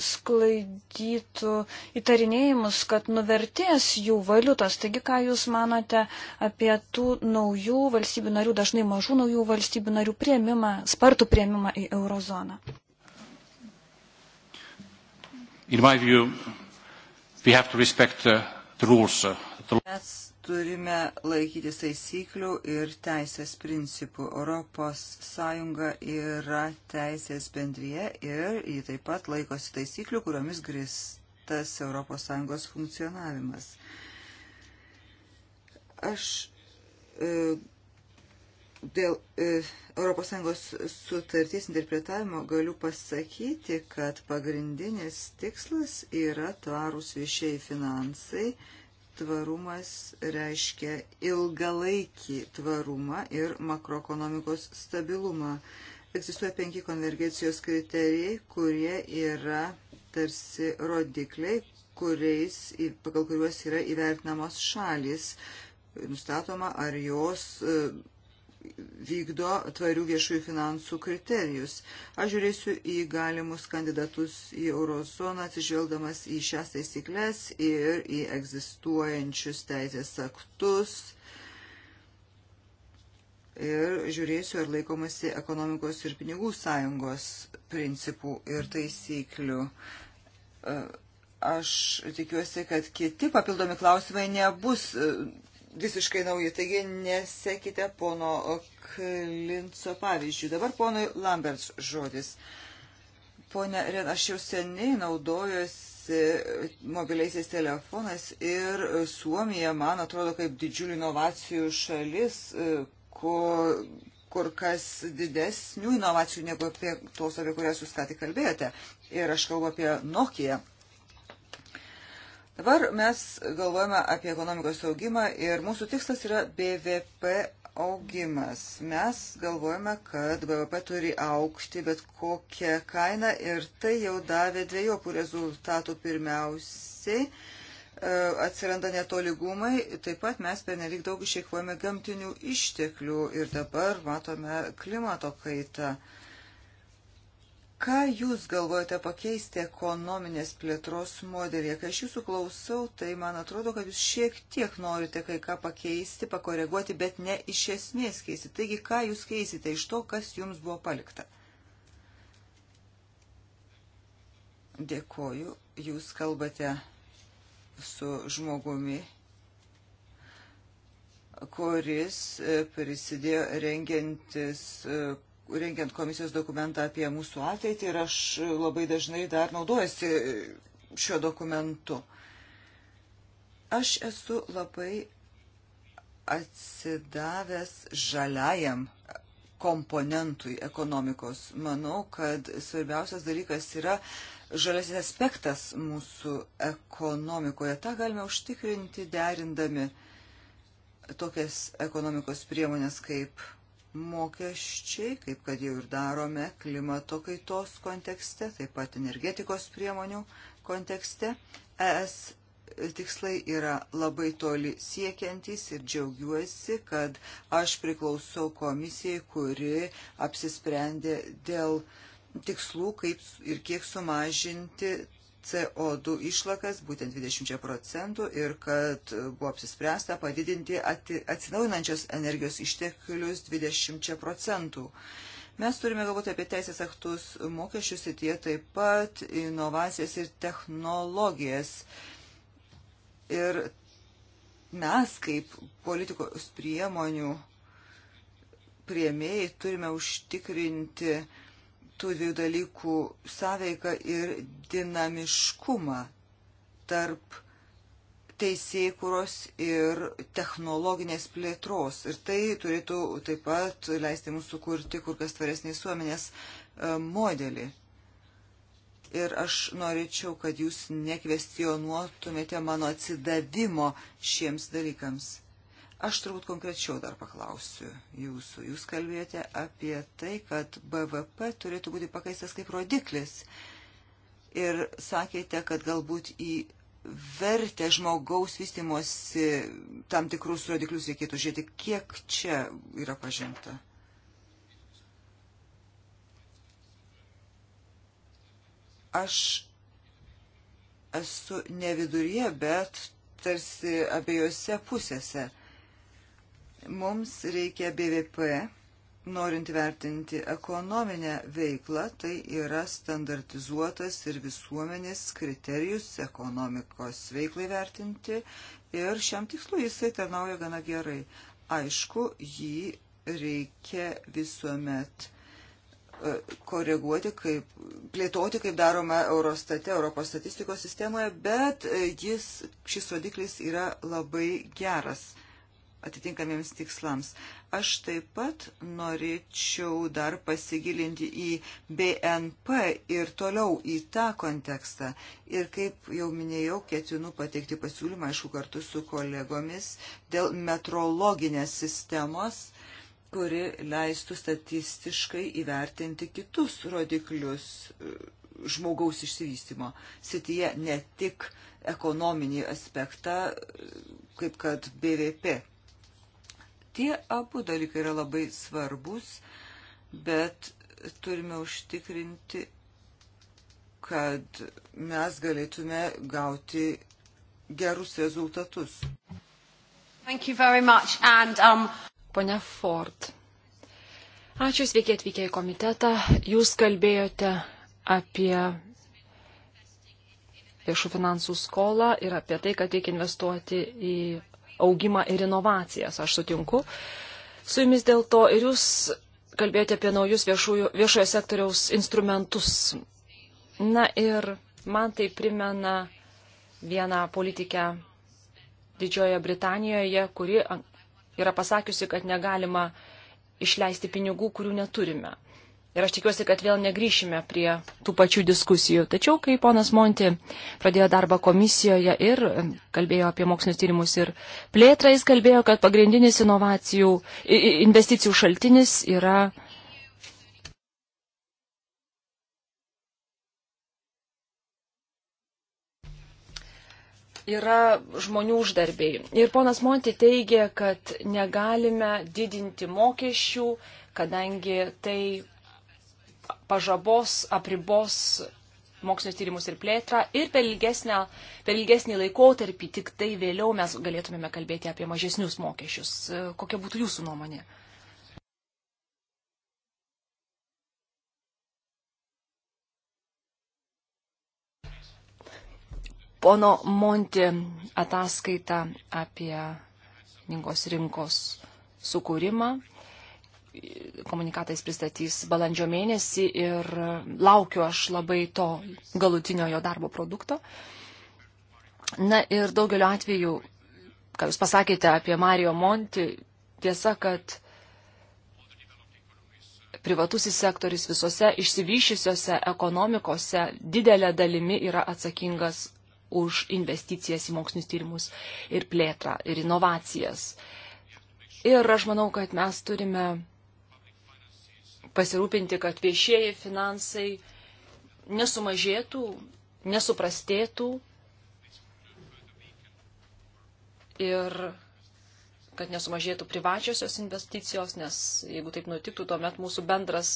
sklaidytų įtarinėjimus, kad nuvertės jų valiutos. Taigi, ką Jūs manote apie tų naujų valstybių narių, dažnai mažų naujų valstybių narių prieimimą, spartų prieimimą į eurozoną? View, respect, uh, the rules, uh, the... Mes turime laikytis taisyklių ir teisės principų. Europos Sąjunga yra teisės bendryje ir ji taip pat laikosi taisyklių, kuriomis gristas Europos Sąjungos funkcionavimas. Aš e, dėl e, Europos Sąjungos sutarties interpretavimo galiu pasakyti, kad pagrindinis tikslas yra tvarūs viešiai finansai. E, tvarumas reiškia ilgalaikį tvarumą ir makroekonomikos stabilumą. Egzistuoja penki konvergencijos kriterijai, kurie yra tarsi rodikliai, kuriais, pagal kuriuos yra įvertinamos šalis. Nustatoma, ar jos e, vykdo tvarių viešųjų finansų kriterijus. Aš žiūrėsiu į galimus kandidatus į eurozoną, atsižvelgdamas į šias taisyklės ir į egzistuojančius teisės aktus. Ir žiūrėsiu, ar laikomasi ekonomikos ir pinigų sąjungos principų ir taisyklių e, aš tikiuosi, kad kiti papildomi klausimai nebus e, visiškai nauji, taigi nesekite pono Klinco pavyzdžių. Dabar ponui Lamberts žodis. Pone Ren, aš jau seniai naudojuosi mobiliaisiais telefonais ir Suomija, man atrodo, kaip didžiulių inovacijų šalis, e, kur, kur kas didesnių inovacijų negu apie tos, apie kurias jūs ką tik kalbėjote. Ir aš kalbu apie Nokia. Dabar mes galvojame apie ekonomikos augimą ir mūsų tikslas yra BVP augimas. Mes galvojame, kad BVP turi aukti bet kokią kainą ir tai jau davė dviejopų rezultatų pirmiausiai e, atsiranda netoligumai, taip pat mes pernelyg daug išeikvojame gamtinių išteklių ir dabar matome klimato kaitą. Ką Jūs galvojate pakeisti ekonominės plėtros modelį? Kai aš Jūsų klausau, tai man atrodo, kad Jūs šiek tiek norite kai ką pakeisti, pakoreguoti, bet ne iš esmės keisti. Taigi, ką Jūs keisite iš to, kas Jums buvo palikta? Dėkoju, Jūs kalbate su žmogumi, kuris e, prisidėjo rengiantis e, rengiant komisijos dokumentą apie mūsų ateitį ir aš labai dažnai dar naudojuosi šiuo dokumentu. Aš esu labai atsidavęs žaliajam komponentui ekonomikos. Manau, kad svarbiausias dalykas yra žaliasis aspektas mūsų ekonomikoje. Ta galime užtikrinti derindami tokias ekonomikos priemonės kaip mokesčiai, kaip kad jau ir darome klimato kaitos kontekste, taip pat energetikos priemonių kontekste. ES tikslai yra labai toli siekiantys ir džiaugiuosi, kad aš priklausau komisijai, kuri apsisprendė dėl tikslų, kaip ir kiek sumažinti CO2 išlakas būtent 20 procentų ir kad buvo apsispręsta padidinti atsinaujinančios energijos išteklius 20 procentų. Mes turime galvoti apie teisės aktus, mokesčius ir tie taip pat inovacijas ir technologijas. Ir mes kaip politikos priemonių prieimėjai turime užtikrinti uh, tų dviejų dalykų sąveiką ir dinamiškumą tarp teisėkuros ir technologinės plėtros. Ir tai turėtų taip pat leisti mums sukurti kur kas tvaresnį visuomenės e, modelį. Ir aš norėčiau, kad jūs nekvestionuotumėte mano atsidavimo šiems dalykams. Aš turbūt konkrečiau dar paklausiu jūsų. Jūs kalbėjote apie tai, kad BVP turėtų būti pakaistas kaip rodiklis. Ir sakėte, kad galbūt į vertę žmogaus vystimosi tam tikrus rodiklius reikėtų žiūrėti, kiek čia yra pažengta. Aš esu ne viduryje, bet tarsi abiejose pusėse. Mums reikia BVP, norint vertinti ekonominę veiklą, tai yra standartizuotas ir visuomenės kriterijus ekonomikos veiklai vertinti ir šiam tikslui jisai tarnauja gana gerai. Aišku, jį reikia visuomet e, koreguoti, kaip, plėtoti, kaip daroma Eurostate, Europos statistikos sistemoje, bet e, jis, šis rodiklis yra labai geras atitinkamiems tikslams. Aš taip pat norėčiau dar pasigilinti į BNP ir toliau į tą kontekstą. Ir kaip jau minėjau, ketinu pateikti pasiūlymą, aišku, kartu su kolegomis dėl metrologinės sistemos, kuri leistų statistiškai įvertinti kitus rodiklius e, žmogaus išsivystimo sityje, ne tik ekonominį aspektą, e, kaip kad BVP Tie abu dalykai yra labai svarbus, bet turime užtikrinti, kad mes galėtume gauti gerus rezultatus. Thank you very much and um... Pone Ford. Ačiū sveiki atvykę į komitetą. Jūs kalbėjote apie viešų finansų skolą ir apie tai, kad reikia investuoti į augimą ir inovacijas. Aš sutinku su jumis dėl to ir jūs kalbėjote apie naujus viešųjų, viešojo sektoriaus instrumentus. Na ir man tai primena vieną politikę Didžiojoje Britanijoje, kuri yra pasakiusi, kad negalima išleisti pinigų, kurių neturime. Ir aš tikiuosi, kad vėl negryšime prie tų pačių diskusijų. Tačiau, kai ponas Monti pradėjo darbą komisijoje ir kalbėjo apie mokslinius tyrimus ir plėtrą, jis kalbėjo, kad pagrindinis inovacijų, investicijų šaltinis yra. Yra žmonių uždarbiai. Ir ponas Monti teigia, kad negalime didinti mokesčių, kadangi tai pažabos, apribos mokslinius tyrimus ir plėtrą ir per, ilgesnę, per ilgesnį laikotarpį tik tai vėliau mes galėtumėme kalbėti apie mažesnius mokesčius. Kokia būtų jūsų nuomonė? Pono Monti ataskaita apie ningos rinkos sukūrimą komunikatais pristatys balandžio mėnesį ir laukiu aš labai to galutinio jo darbo produkto. Na ir daugeliu atveju, ką Jūs pasakėte apie Mario Monti, tiesa, kad privatusis sektoris visose išsivyšysiose ekonomikose didelė dalimi yra atsakingas už investicijas į mokslinius tyrimus ir plėtrą ir inovacijas. Ir aš manau, kad mes turime pasirūpinti, kad viešieji finansai nesumažėtų, nesuprastėtų ir kad nesumažėtų privačiosios investicijos, nes jeigu taip nutiktų, tuomet mūsų bendras,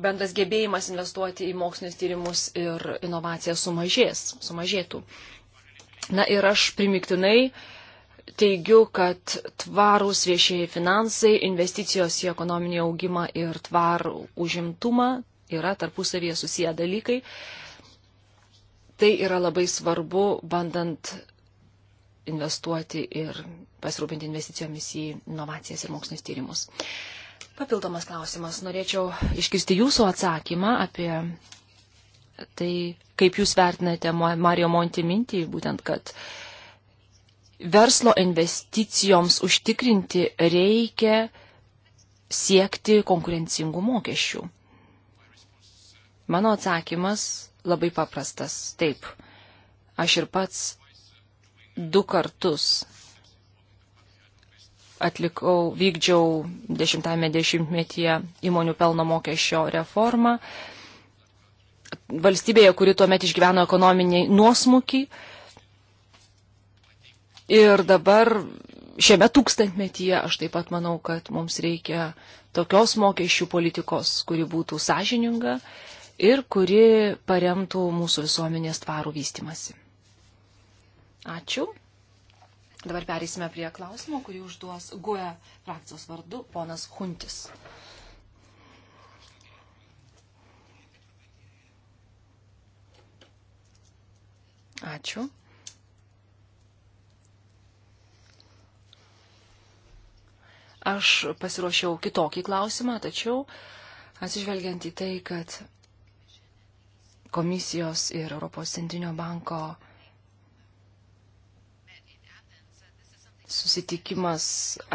bendras gebėjimas investuoti į mokslinius tyrimus ir inovacijas sumažės, sumažėtų. Na ir aš primiktinai uh, teigiu, kad tvarūs viešieji finansai, investicijos į ekonominį augimą ir tvarų užimtumą yra tarpusavėje susiję dalykai. Tai yra labai svarbu, bandant investuoti ir pasirūpinti investicijomis į inovacijas ir mokslinius tyrimus. Papildomas klausimas. Norėčiau iškirsti jūsų atsakymą apie tai, kaip jūs vertinate Mario Monti mintį, būtent, kad uh, verslo investicijoms užtikrinti reikia siekti konkurencingų mokesčių? Mano atsakymas labai paprastas. Taip, aš ir pats du kartus atlikau, vykdžiau dešimtame dešimtmetyje įmonių pelno mokesčio reformą valstybėje, kuri tuomet išgyveno ekonominį nuosmukį. Uh, Ir dabar šiame tūkstantmetyje aš taip pat manau, kad mums reikia tokios mokesčių politikos, kuri būtų sąžininga ir kuri paremtų mūsų visuomenės tvarų vystimasi. Ačiū. Dabar perėsime prie klausimo, kurį užduos GUE frakcijos vardu ponas Huntis. Ačiū. Aš pasiruošiau kitokį klausimą, tačiau atsižvelgiant į tai, kad komisijos ir Europos centrinio banko susitikimas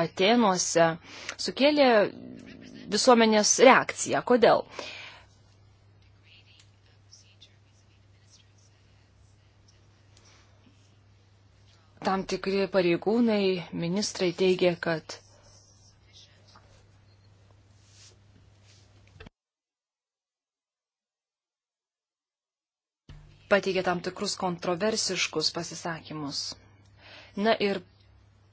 Atenuose sukėlė visuomenės reakciją. Kodėl? Tam tikri pareigūnai, ministrai teigia, kad pateikė tam tikrus kontroversiškus pasisakymus. Na ir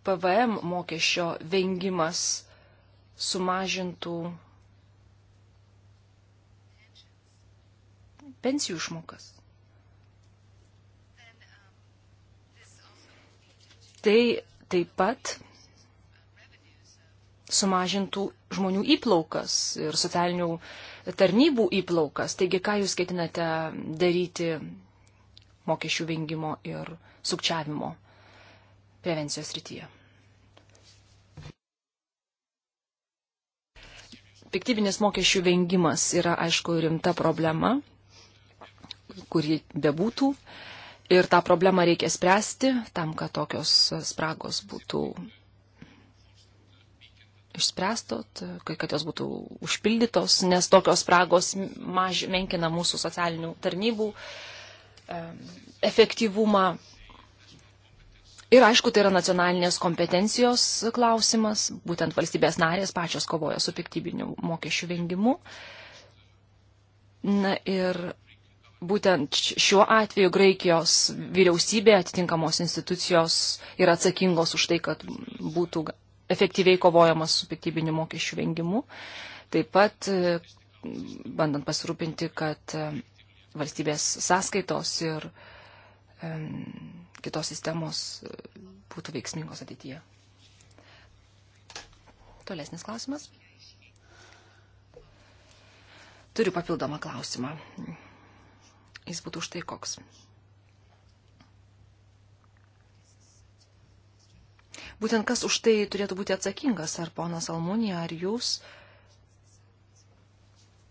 PVM mokesčio vengimas sumažintų pensijų išmokas. Tai taip pat sumažintų žmonių įplaukas ir socialinių tarnybų įplaukas. Taigi, ką jūs ketinate daryti mokesčių vengimo ir sukčiavimo prevencijos rytyje. Piktybinis mokesčių vengimas yra, aišku, rimta problema, kuri bebūtų. Ir tą problemą reikia spręsti tam, kad tokios spragos būtų išspręstot, kad jos būtų užpildytos, nes tokios spragos maž, menkina mūsų socialinių tarnybų uh, efektyvumą. Ir aišku, tai yra nacionalinės kompetencijos klausimas, būtent valstybės narės pačios kovoja su piktybiniu mokesčių vengimu. Na ir būtent šiuo atveju Graikijos vyriausybė atitinkamos institucijos yra atsakingos už tai, kad būtų efektyviai kovojamas su piktybiniu mokesčių vengimu. Taip pat e, bandant pasirūpinti, kad e, valstybės sąskaitos ir um, kitos sistemos e, būtų veiksmingos ateityje. Tolesnis klausimas. Turiu papildomą klausimą. Jis būtų štai koks. Būtent kas už tai turėtų būti atsakingas, ar ponas Almunija, ar jūs,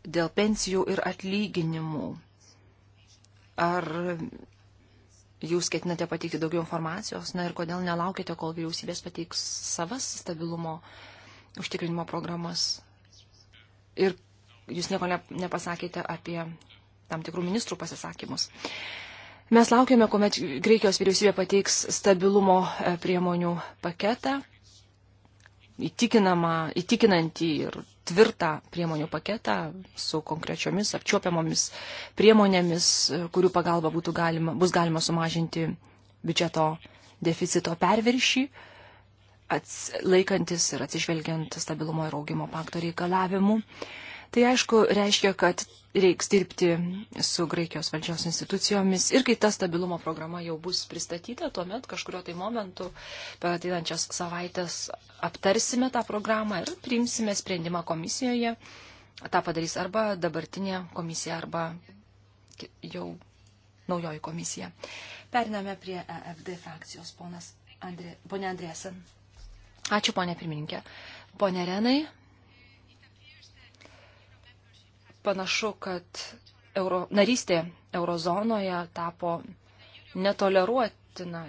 dėl pensijų ir atlyginimų Ar jūs ketinate pateikti daugiau informacijos? Na ir kodėl nelaukite, kol vyriausybės pateiks savas stabilumo užtikrinimo programas? Ir jūs nieko ne, nepasakėte apie tam tikrų ministrų pasisakymus. Mes laukiame, kuomet Graikijos vyriausybė pateiks stabilumo e, priemonių paketą, įtikinamą, įtikinantį ir tvirtą priemonių paketą su konkrečiomis apčiuopiamomis priemonėmis, kurių pagalba galima, bus galima sumažinti biudžeto deficito perviršį, ats, laikantis ir atsižvelgiant stabilumo ir augimo pakto reikalavimų. Tai aišku reiškia, kad reiks dirbti su Graikijos valdžios institucijomis ir kai ta stabilumo programa jau bus pristatyta, tuomet kažkurio tai momentu per ateinančias savaitės aptarsime tą programą ir priimsime sprendimą komisijoje. Ta padarys arba dabartinė komisija, arba jau naujoji komisija. Periname prie EFD frakcijos, ponas Andrė, ponė Andrėsen. Ačiū, ponė pirmininkė. Pone Renai, panašu, kad euro, narystė eurozonoje tapo netoleruotina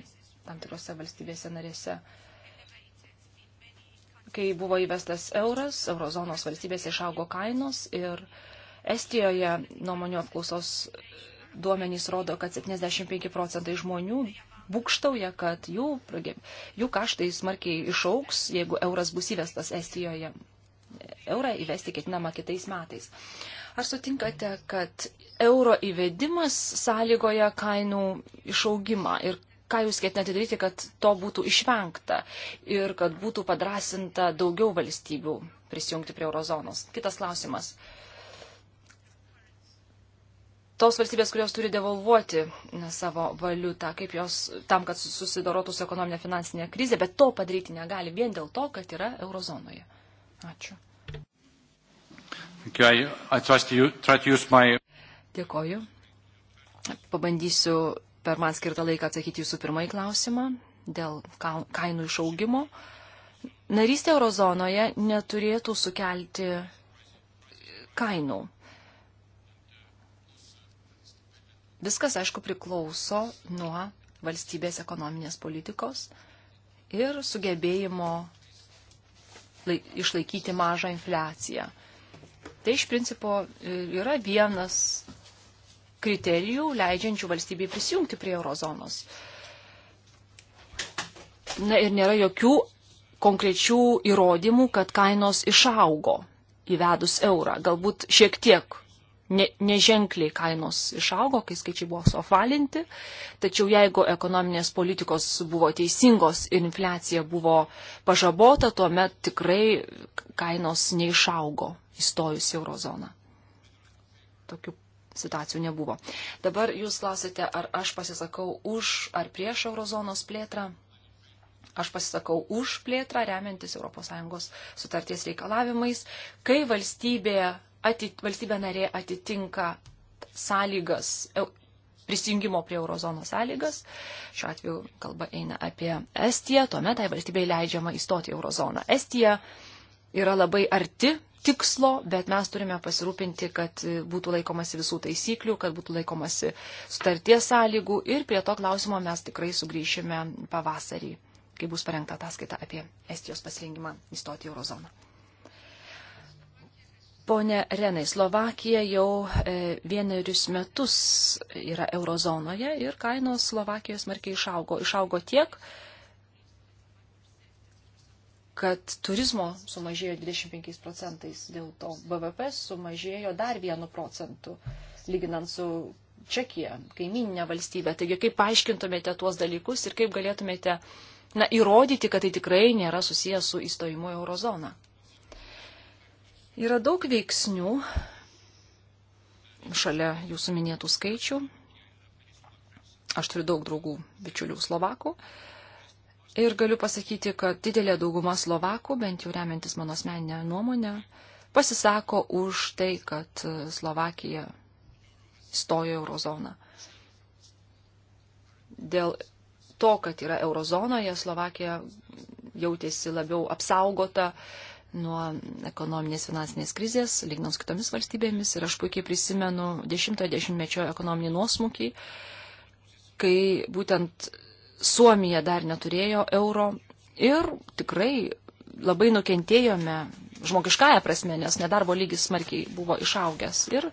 tam tikrose valstybėse narėse. Kai buvo įvestas euras, eurozonos valstybėse išaugo kainos ir Estijoje nuomonių apklausos duomenys rodo, kad 75 procentai žmonių būkštauja, kad jų, jų kaštai smarkiai išauks, jeigu euras bus įvestas Estijoje. Eurą įvesti ketinama kitais metais. Uh, Ar sutinkate, kad euro įvedimas sąlygoja kainų išaugimą ir ką jūs ketinate daryti, kad to būtų išvengta ir kad būtų padrasinta daugiau valstybių prisijungti prie eurozonos? Kitas klausimas. Tos valstybės, kurios turi devalvuoti savo valiutą, kaip jos tam, kad susidorotų su ekonominė finansinė krizė, bet to padaryti negali vien dėl to, kad yra eurozonoje. Ačiū. Okay, I trust you, try to use my... Dėkoju. Pabandysiu per man skirtą laiką atsakyti jūsų pirmąjį klausimą dėl kainų išaugimo. Narystė eurozonoje neturėtų sukelti kainų. Viskas, aišku, priklauso nuo valstybės ekonominės politikos ir sugebėjimo išlaikyti mažą infliaciją. Tai iš principo e, yra vienas kriterijų leidžiančių valstybei prisijungti prie eurozonos. Na ir nėra jokių konkrečių įrodymų, kad kainos išaugo įvedus eurą. Galbūt šiek tiek ne, neženkliai kainos išaugo, kai skaičiai buvo suofalinti, tačiau jeigu ekonominės politikos buvo teisingos ir infliacija buvo pažabota, tuomet tikrai kainos neišaugo įstojus į eurozoną. Tokių situacijų nebuvo. Dabar jūs klausite, ar aš pasisakau už ar prieš eurozonos plėtrą. Aš pasisakau už plėtrą, remiantis ES sutarties reikalavimais, kai valstybė, atit, valstybė narė atitinka sąlygas, prisijungimo prie eurozonos sąlygas. Šiuo atveju kalba eina apie Estiją, tuomet tai valstybei leidžiama įstoti į eurozoną. Estija yra labai arti tikslo, bet mes turime pasirūpinti, kad būtų laikomasi visų taisyklių, kad būtų laikomasi sutarties sąlygų ir prie to klausimo mes tikrai sugrįšime pavasarį, kai bus parengta ataskaita apie Estijos pasirinkimą įstoti į Eurozoną. Pone Renai, Slovakija jau e, vienerius metus yra eurozonoje ir kainos Slovakijoje smarkiai išaugo. Išaugo tiek, kad turizmo sumažėjo 25 procentais, dėl to BVP sumažėjo dar 1 procentu, lyginant su Čekija, kaimininė valstybė. Taigi, kaip paaiškintumėte tuos dalykus ir kaip galėtumėte na, įrodyti, kad tai tikrai nėra susijęs su įstojimu į eurozoną? Yra daug veiksnių šalia jūsų minėtų skaičių. Aš turiu daug draugų, bičiulių Slovakų. Uh, Ir galiu pasakyti, kad didelė dauguma Slovakų, bent jau remiantis mano asmeninę nuomonę, pasisako už tai, kad e, Slovakija stojo eurozoną. Dėl to, kad yra eurozonoje, Slovakija jautėsi labiau apsaugota nuo ekonominės finansinės krizės, lygnant su kitomis valstybėmis. Ir aš puikiai prisimenu 10-mečio -10 ekonominį nuosmukį, kai būtent Suomija dar neturėjo euro ir tikrai labai nukentėjome žmogiškąją prasme, nes nedarbo lygis smarkiai buvo išaugęs. Ir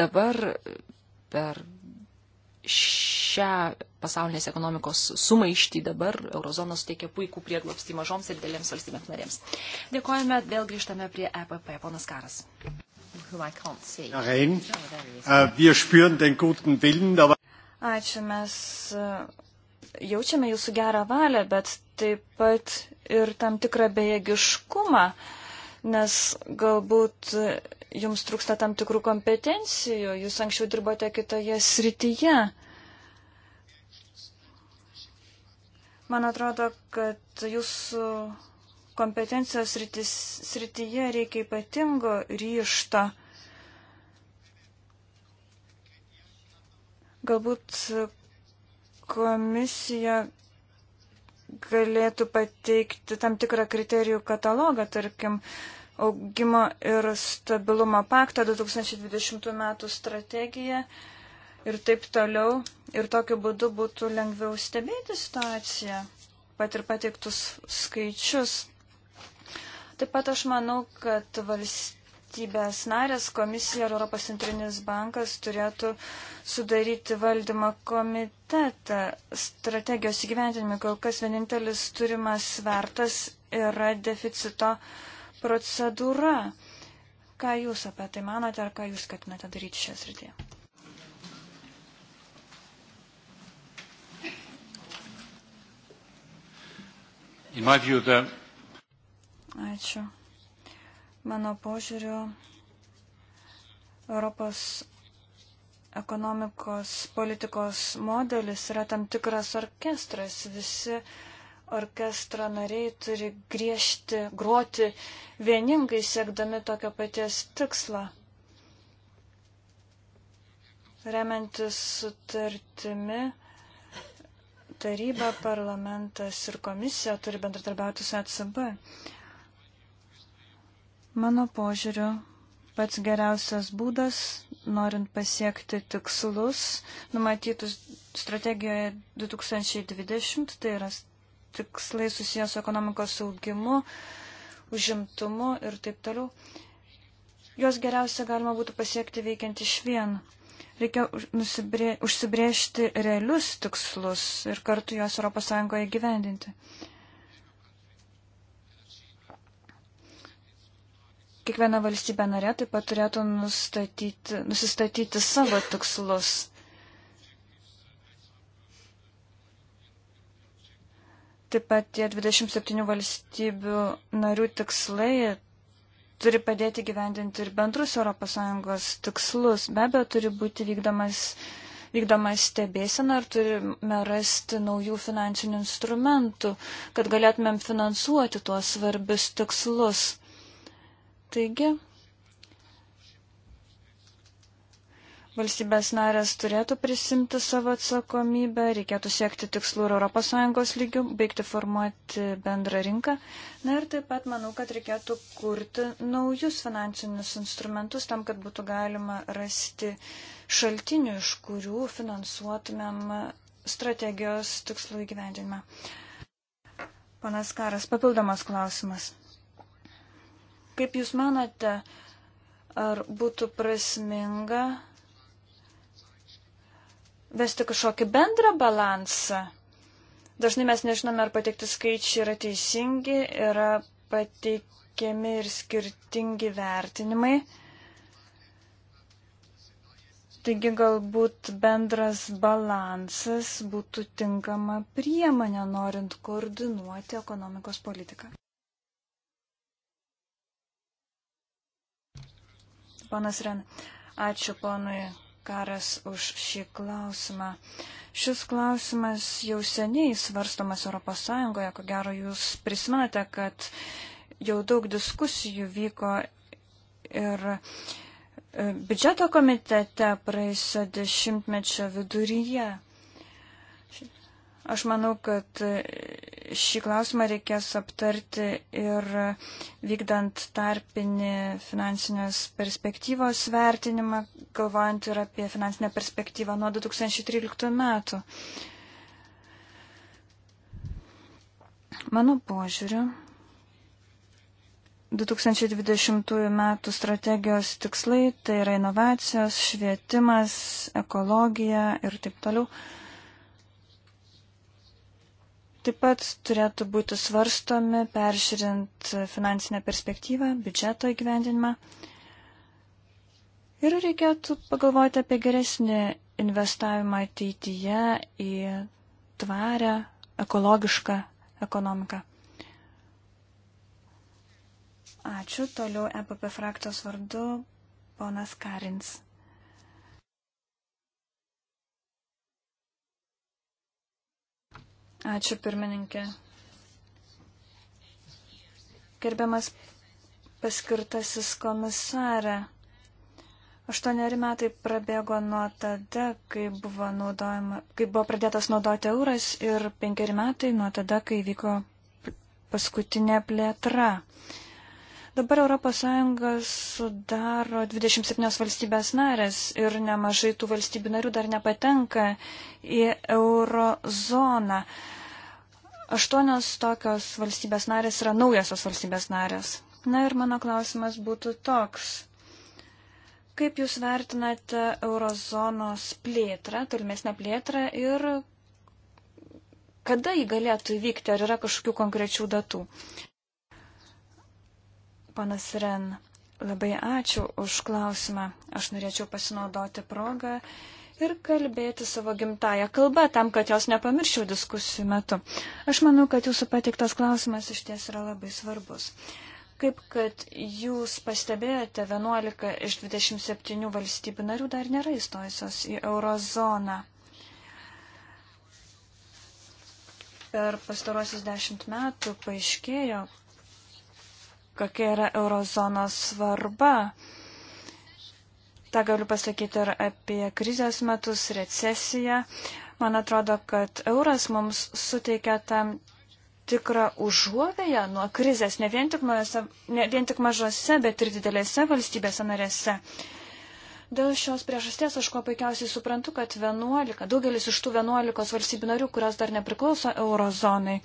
dabar per šią pasaulinės ekonomikos sumaištį dabar eurozonas suteikia puikų prieglobstį mažoms ir dėlėms valstybėms narėms. Dėkojame, vėl grįžtame prie EPP, ponas Karas. Nein, äh, wir spüren den guten Willen, aber Ačiū, mes e, jaučiame jūsų gerą valią, bet taip pat ir tam tikrą bejėgiškumą, nes galbūt e, jums trūksta tam tikrų kompetencijų, jūs anksčiau dirbote kitoje srityje. Man atrodo, kad jūsų kompetencijos sritis, srityje reikia ypatingo ryšto. Galbūt komisija galėtų pateikti tam tikrą kriterijų katalogą, tarkim, augimo ir stabilumo paktą 2020 metų strategiją ir taip toliau. Ir tokiu būdu būtų lengviau stebėti situaciją, pat ir pateiktus skaičius. Taip pat aš manau, kad valstybė valstybės narės, komisija ir Europos centrinis bankas turėtų sudaryti valdymo komitetą. Strategijos įgyventinimui kol kas vienintelis turimas svertas yra deficito procedūra. Ką Jūs apie tai manote ar ką Jūs skatinate daryti šią srityje? In my view, the Ačiū. Mano požiūriu, Europos ekonomikos politikos modelis yra tam tikras orkestras. Visi orkestro nariai turi griežti, groti vieningai siekdami tokio paties tikslo. Remiantis sutartimi, taryba, parlamentas ir komisija turi bendradarbiauti su ECB. Mano požiūriu, pats geriausias būdas, norint pasiekti tikslus, numatytus strategijoje 2020, tai yra tikslai susijęs su ekonomikos augimu, užimtumu ir taip toliau. Jos geriausia galima būtų pasiekti veikiant iš vien. Reikia nusibrė, užsibriežti realius tikslus ir kartu juos ES gyvendinti. Kiekviena valstybė narė taip pat turėtų nustatyti, nusistatyti savo tikslus. Taip pat tie 27 valstybių narių tikslai turi padėti gyvendinti ir bendrus ES tikslus. Be abejo, turi būti vykdomas, vykdomas stebėsena ir turime rasti naujų finansinių instrumentų, kad galėtumėm finansuoti tuos svarbius tikslus. Taigi, valstybės narės turėtų prisimti savo atsakomybę, reikėtų siekti tikslų ir ES lygių, baigti formuoti bendrą rinką. Na ir taip pat manau, kad reikėtų kurti naujus finansinius instrumentus tam, kad būtų galima rasti šaltinių, iš kurių finansuotumėm strategijos tikslų įgyvendinimą. Panas Karas, papildomas klausimas. Kaip Jūs manote, ar būtų prasminga vesti kažkokį bendrą balansą? Dažnai mes nežinome, ar pateikti skaičiai yra teisingi, yra pateikiami ir skirtingi vertinimai. Taigi galbūt bendras balansas būtų tinkama priemonė, norint koordinuoti ekonomikos politiką. ponas Ren. Ačiū ponui Karas už šį klausimą. Šis klausimas jau seniai svarstomas ES, ko gero jūs prisimenate, kad jau daug diskusijų vyko ir e, biudžeto komitete praėjusio dešimtmečio viduryje. Aš manau, kad šį klausimą reikės aptarti ir vykdant tarpinį finansinės perspektyvos vertinimą, galvojant ir apie finansinę perspektyvą nuo 2013 metų. Mano požiūriu, 2020 metų strategijos tikslai tai yra inovacijos, švietimas, ekologija ir taip toliau taip pat turėtų būti svarstomi, peržiūrint finansinę perspektyvą, biudžeto įgyvendinimą. Ir reikėtų pagalvoti apie geresnį investavimą ateityje į tvarę, ekologišką ekonomiką. Ačiū. Toliau EPP frakcijos vardu ponas Karins. Ačiū pirmininkė. Gerbiamas paskirtasis komisarė. Aštuoneri metai prabėgo nuo tada, kai buvo, naudojama, kai buvo pradėtas naudoti euras ir penkeri metai nuo tada, kai vyko paskutinė plėtra. Uh, Dabar ES sudaro 27 valstybės narės ir nemažai tų valstybių narių dar nepatenka į eurozoną. Aštuonios tokios valstybės narės yra naujosios valstybės narės. Na ir mano klausimas būtų toks. Kaip Jūs vertinate eurozonos plėtrą, tolimesnę plėtrą ir kada jį galėtų įvykti, ar yra kažkokių konkrečių datų? Panas Ren, labai ačiū už klausimą. Aš norėčiau pasinaudoti progą ir kalbėti savo gimtają kalbą, tam, kad jos nepamirščiau diskusijų metu. Aš manau, kad jūsų patiktas klausimas iš ties yra labai svarbus. Kaip kad jūs pastebėjote, 11 iš 27 valstybių narių dar nėra įstojusios į eurozoną. Per pastarosius dešimt metų paaiškėjo, kokia yra eurozonos svarba. Ta galiu pasakyti ir apie krizės metus, recesiją. Man atrodo, kad euras mums suteikia tam tikrą užuovėją nuo krizės, ne vien tik, mažose, ne vien tik mažose, bet ir didelėse valstybėse narėse. Dėl šios priežasties aš kuo puikiausiai suprantu, kad 11, daugelis iš tų 11 valstybių narių, kurios dar nepriklauso eurozonai,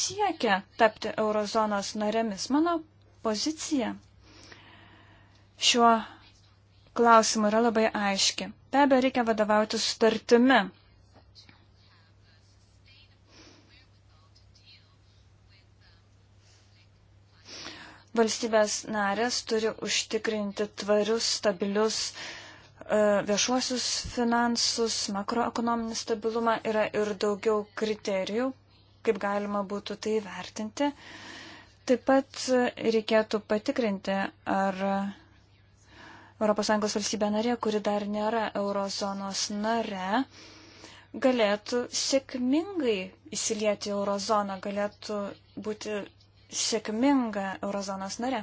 siekia tapti eurozonos narėmis. Mano pozicija šiuo klausimu yra labai aiški. Be abejo, reikia vadovauti sutartimi. Valstybės narės turi užtikrinti tvarius, stabilius e, viešuosius finansus, makroekonominį stabilumą. Yra ir daugiau kriterijų, kaip galima būtų tai vertinti. Uh, Taip pat reikėtų patikrinti, ar ES valstybė narė, kuri dar nėra eurozonos nare, galėtų sėkmingai įsilieti eurozoną, galėtų būti sėkminga eurozonos nare.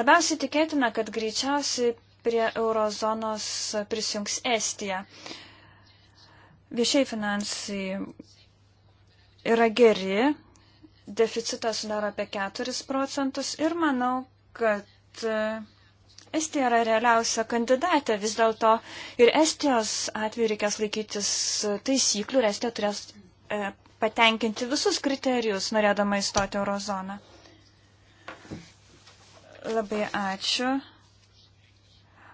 Labiausiai tikėtina, kad greičiausiai prie eurozonos prisijungs Estija. Viešiai finansai yra geri, deficitas sudaro apie 4 procentus ir manau, kad e, Estija yra realiausia kandidatė. Vis dėlto ir Estijos atveju reikės laikytis taisyklių ir Estija turės e, patenkinti visus kriterijus, norėdama įstoti eurozoną. Labai ačiū.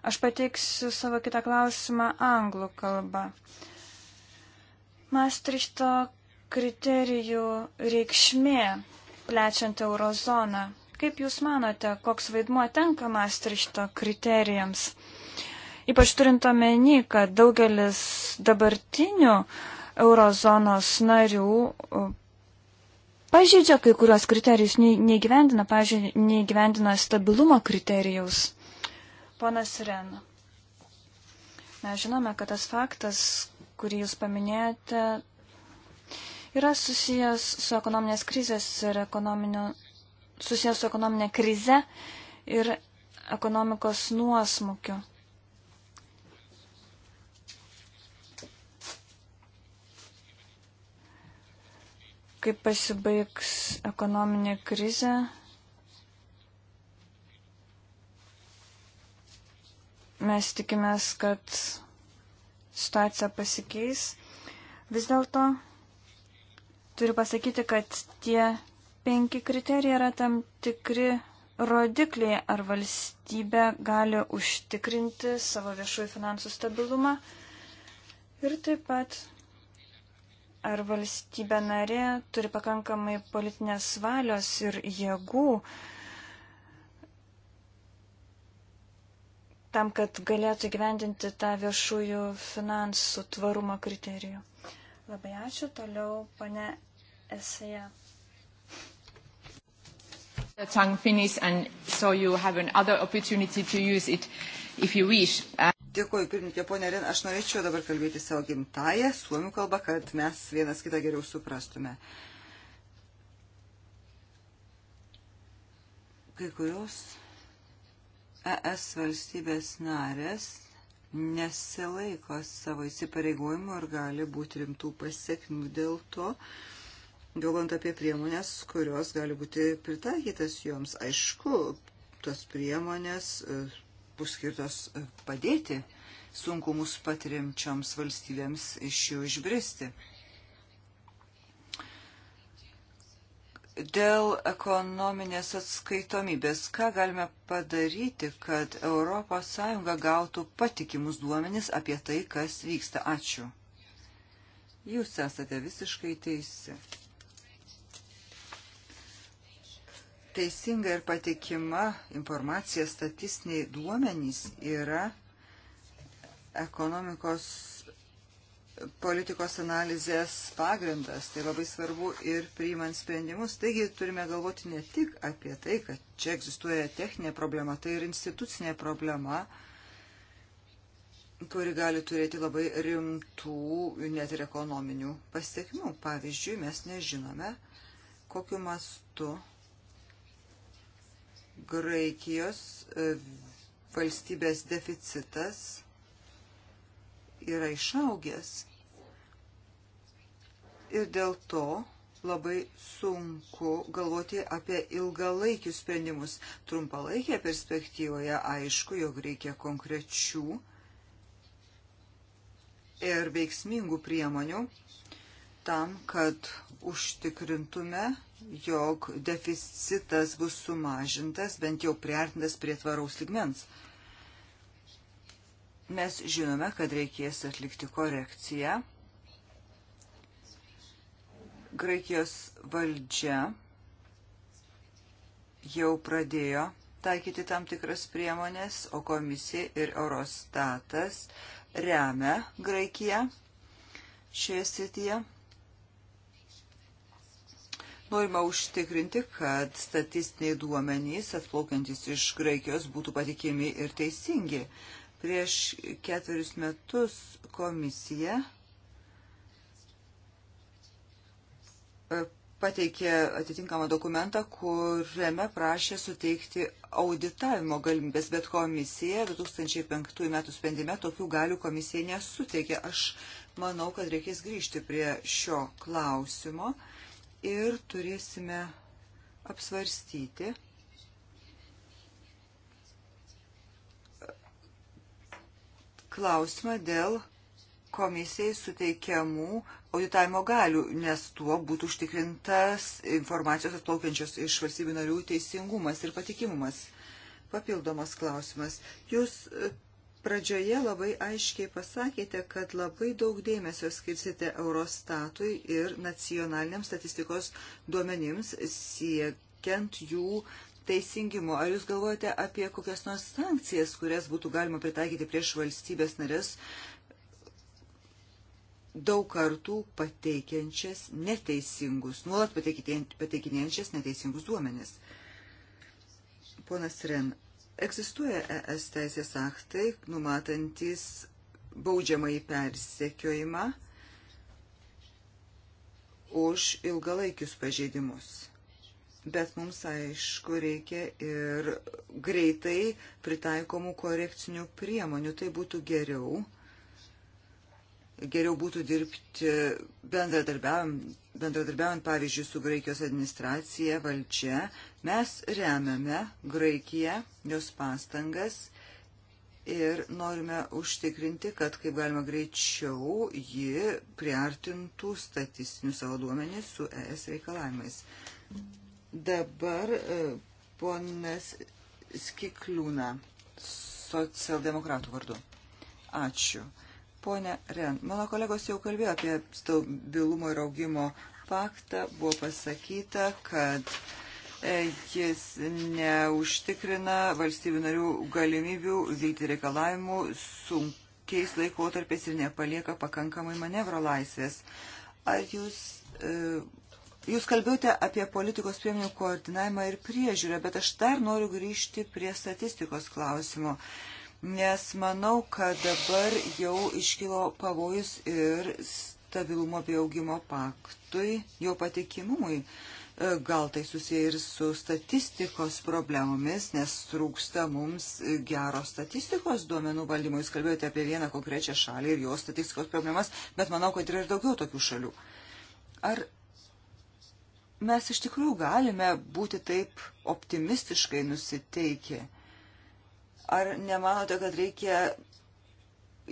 Aš pateiksiu savo kitą klausimą anglų kalbą. Maastrichto kriterijų reikšmė plečiant eurozoną. Kaip Jūs manote, koks vaidmuo tenka Maastrichto kriterijams? Ypač turint omeny, kad daugelis dabartinių eurozonos narių pažydžia kai kurios kriterijus, neįgyvendina, pažiūrėjau, neįgyvendina stabilumo kriterijaus. Ponas Ren, mes žinome, kad tas faktas, kurį jūs paminėjote, yra susijęs su ekonominės krizės ir ekonominio, susijęs su ekonominė krize ir ekonomikos nuosmukiu. Kaip pasibaigs ekonominė krizė, mes tikimės, kad situacija pasikeis. Vis dėlto Turiu pasakyti, kad tie penki kriterijai yra tam tikri rodikliai, ar valstybė gali užtikrinti savo viešųjų finansų stabilumą ir taip pat ar valstybė narė turi pakankamai politinės valios ir jėgų tam, kad galėtų gyvendinti tą viešųjų finansų tvarumo kriterijų. Labai ačiū. Toliau pane Esaja. The tongue finish and so you have another opportunity to use it if you wish. Dėkuoju, pirmininkė, ponė Ren, aš norėčiau dabar kalbėti savo gimtają suomių kalbą, kad mes vienas kitą geriau suprastume. Kai kurios ES valstybės narės nesilaiko savo įsipareigojimų ir gali būti rimtų pasiekmių dėl to, galvant apie priemonės, kurios gali būti pritaikytas joms. Aišku, tos priemonės e, bus skirtos e, padėti sunkumus patiriančioms valstybėms iš jų išbristi. Dėl ekonominės atskaitomybės, ką galime padaryti, kad ES gautų patikimus duomenis apie tai, kas vyksta? Ačiū. Jūs esate visiškai teisi. Teisinga ir patikima informacija statistiniai duomenys yra ekonomikos politikos analizės pagrindas, tai labai svarbu ir priimant sprendimus. Taigi turime galvoti ne tik apie tai, kad čia egzistuoja techninė problema, tai ir institucinė problema, kuri gali turėti labai rimtų, net ir ekonominių pasiekmių. Pavyzdžiui, mes nežinome, kokiu mastu Graikijos e, valstybės deficitas yra išaugęs. Ir dėl to labai sunku galvoti apie ilgalaikius sprendimus. Trumpalaikėje perspektyvoje aišku, jog reikia konkrečių ir veiksmingų priemonių tam, kad užtikrintume, jog deficitas bus sumažintas, bent jau priartintas prie tvaraus ligmens. Mes žinome, kad reikės atlikti korekciją Graikijos valdžia jau pradėjo taikyti tam tikras priemonės, o komisija ir Eurostatas remia Graikiją šioje srityje. Norima užtikrinti, kad statistiniai duomenys atplaukiantis iš Graikijos būtų patikimi ir teisingi. Prieš ketverius metus komisija E, pateikė atitinkamą dokumentą, kuriame prašė suteikti auditavimo galimybės, bet komisija 2005 metų sprendime tokių galių komisija nesuteikė. Aš manau, kad reikės grįžti prie šio klausimo ir turėsime apsvarstyti. Klausimą dėl komisijai suteikiamų auditavimo galių, nes tuo būtų užtikrintas informacijos atplaukiančios iš valstybių narių teisingumas ir patikimumas. Papildomas klausimas. Jūs e, pradžioje labai aiškiai pasakėte, kad labai daug dėmesio skirsite Eurostatui ir nacionaliniams statistikos duomenims siekiant jų teisingumo. Ar jūs galvojate apie kokias nors sankcijas, kurias būtų galima pritaikyti prieš valstybės narės, daug kartų pateikiančias neteisingus, nuolat pateikinėjančias neteisingus duomenis. Ponas Ren, egzistuoja ES teisės aktai, numatantis baudžiamąjį persekiojimą už ilgalaikius pažeidimus. Bet mums, aišku, reikia ir greitai pritaikomų korekcinių priemonių. Tai būtų geriau geriau būtų dirbti bendradarbiaujant, bendradarbiaujant pavyzdžiui, su Graikijos administracija, valdžia. Mes remiame Graikiją, jos pastangas ir norime užtikrinti, kad kaip galima greičiau ji priartintų statistinius savo duomenys su ES reikalavimais. Dabar e, ponas Skikliūna, socialdemokratų vardu. Ačiū. Pone Ren, mano kolegos jau kalbėjo apie stabilumo ir augimo paktą. Buvo pasakyta, kad e, jis neužtikrina valstybių narių galimybių vykti reikalavimų sunkiais laikotarpiais ir nepalieka pakankamai manevro laisvės. Ar jūs e, Jūs kalbėjote apie politikos priemonių koordinavimą ir priežiūrą, bet aš dar noriu grįžti prie statistikos klausimo nes manau, kad dabar jau iškilo pavojus ir stabilumo bei augimo paktui, jo patikimumui. E, gal tai susiję ir su statistikos problemomis, nes trūksta mums geros statistikos duomenų valdymo. Jūs kalbėjote apie vieną konkrečią šalį ir jos statistikos problemas, bet manau, kad yra ir daugiau tokių šalių. Ar mes iš tikrųjų galime būti taip optimistiškai nusiteikę? Ar nemanote, kad reikia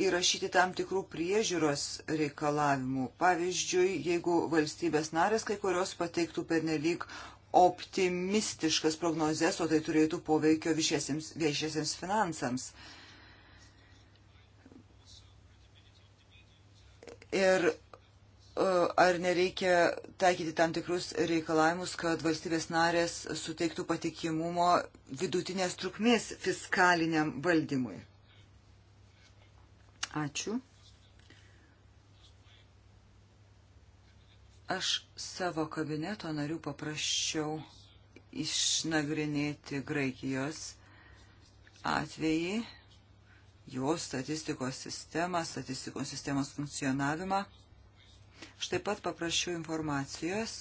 įrašyti tam tikrų priežiūros reikalavimų. Pavyzdžiui, jeigu valstybės narės kai kurios pateiktų pernelyg optimistiškas prognozes, o tai turėtų poveikio viešiesiems, viešiesiems finansams. Ir E, ar nereikia taikyti tam tikrus reikalavimus, kad valstybės narės suteiktų patikimumo vidutinės trukmės fiskaliniam valdymui. Ačiū. Aš savo kabineto narių paprašiau išnagrinėti Graikijos atvejį, jo statistikos sistemą, statistikos sistemos funkcionavimą. Aš taip pat paprašiau informacijos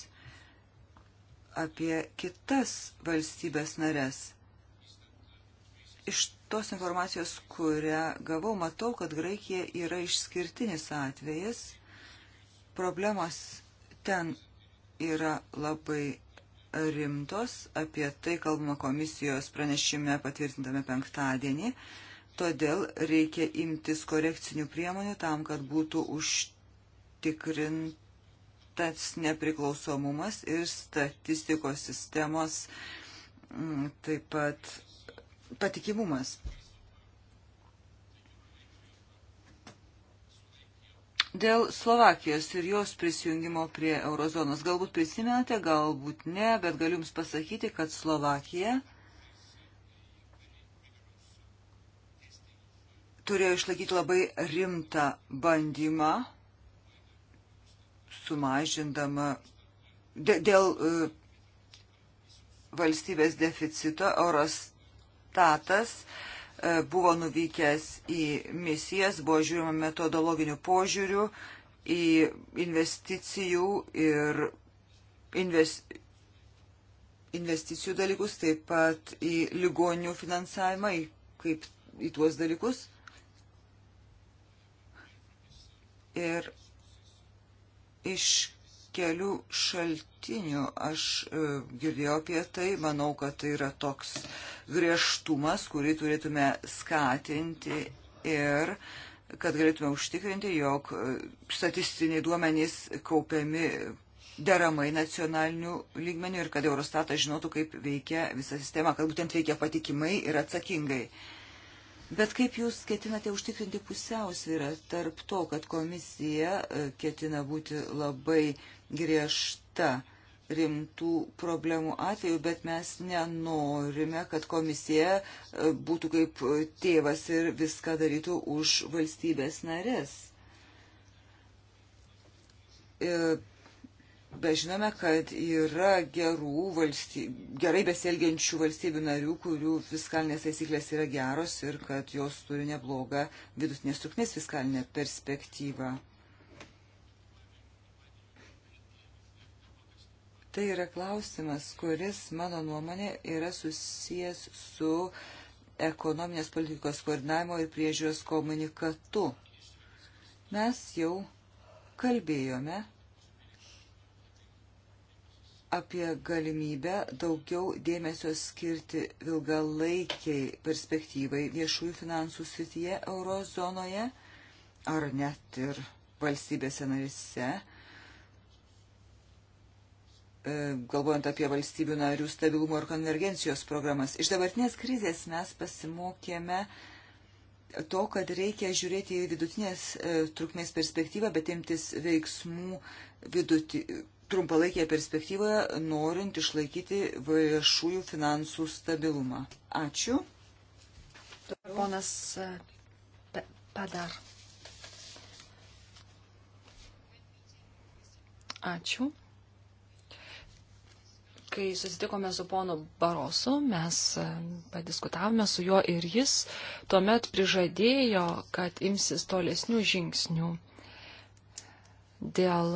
apie kitas valstybės narės. Iš tos informacijos, kurią gavau, matau, kad Graikija yra išskirtinis atvejis. Problemos ten yra labai rimtos, apie tai kalbama komisijos pranešime patvirtintame penktadienį. Todėl reikia imtis korekcinių priemonių tam, kad būtų užtikrinti užtikrintas nepriklausomumas ir statistikos sistemos mm, taip pat patikimumas. Dėl Slovakijos ir jos prisijungimo prie eurozonos. Galbūt prisimenate, galbūt ne, bet galiu Jums pasakyti, kad Slovakija turėjo išlaikyti labai rimtą bandymą sumažindama dėl e, valstybės deficito Eurostatas e, buvo nuvykęs į misijas, buvo žiūrima metodologinių požiūrių į investicijų ir invest, investicijų dalykus, taip pat į ligonių finansavimą, į, kaip į tuos dalykus. Ir iš kelių šaltinių aš e, girdėjau apie tai, manau, kad tai yra toks griežtumas, kurį turėtume skatinti ir kad galėtume užtikrinti, jog e, statistiniai duomenys kaupiami deramai nacionalinių lygmenių ir kad Eurostatas žinotų, kaip veikia visa sistema, kad būtent veikia patikimai ir atsakingai. Uh, Bet kaip jūs ketinate užtikrinti pusiausvyrą tarp to, kad komisija e, ketina būti labai griežta rimtų problemų atveju, bet mes nenorime, kad komisija e, būtų kaip tėvas ir viską darytų už valstybės narės. E, Bet žinome, kad yra gerų valstybių, gerai besielgiančių valstybių narių, kurių fiskalinės taisyklės yra geros ir kad jos turi neblogą vidutinės trukmės fiskalinę perspektyvą. Tai yra klausimas, kuris, mano nuomonė, yra susijęs su ekonominės politikos koordinavimo ir priežiūros komunikatu. Mes jau kalbėjome apie galimybę daugiau dėmesio skirti ilgalaikiai perspektyvai viešųjų finansų srityje eurozonoje ar net ir valstybėse narise, e, galvojant apie valstybių narių stabilumo ir konvergencijos programas. Iš dabartinės krizės mes pasimokėme to, kad reikia žiūrėti į vidutinės e, trukmės perspektyvą, bet imtis veiksmų vidutinės trumpalaikėje perspektyvoje, norint išlaikyti viešųjų finansų stabilumą. Ačiū. Ponas e, Padar. Ačiū. Kai susitikome su ponu Barosu, mes e, padiskutavome su juo ir jis tuomet prižadėjo, kad imsis tolesnių žingsnių dėl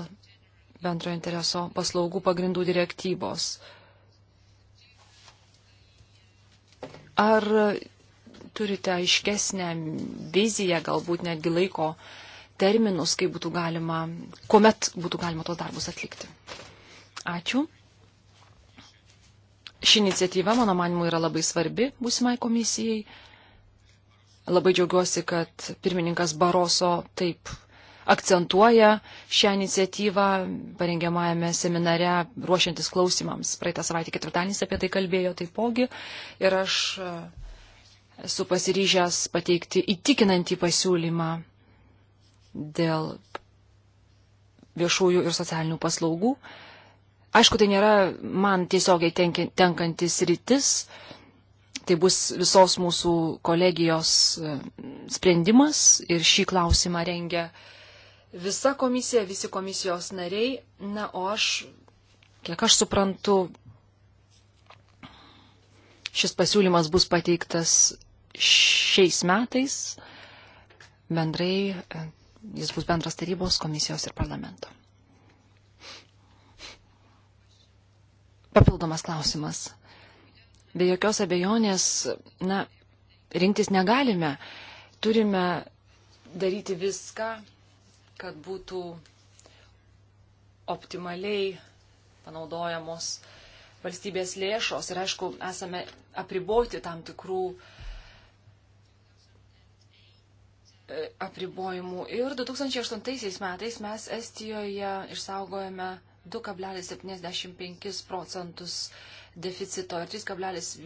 bendro intereso paslaugų pagrindų direktyvos. Ar turite aiškesnę viziją, galbūt netgi laiko terminus, kaip būtų galima, kuomet būtų galima tos darbus atlikti? Ačiū. Ši iniciatyva, mano manimu, yra labai svarbi būsimai komisijai. Labai džiaugiuosi, kad pirmininkas Baroso taip akcentuoja šią iniciatyvą parengiamajame seminare ruošiantis klausimams. Praeitą savaitę ketvirtadienį apie tai kalbėjo taipogi ir aš e, esu pasiryžęs pateikti įtikinantį pasiūlymą dėl viešųjų ir socialinių paslaugų. Aišku, tai nėra man tiesiogiai tenkantis rytis, tai bus visos mūsų kolegijos e, sprendimas ir šį klausimą rengia uh, visa komisija, visi komisijos nariai. Na, o aš, kiek aš suprantu, šis pasiūlymas bus pateiktas šiais metais. Bendrai e, jis bus bendras tarybos, komisijos ir parlamento. Papildomas klausimas. Be jokios abejonės, na, rinktis negalime. Turime daryti viską, kad būtų optimaliai panaudojamos valstybės lėšos ir aišku, esame apriboti tam tikrų e, apribojimų. Ir 2008 metais mes Estijoje išsaugojame 2,75 procentus deficito ir 3,1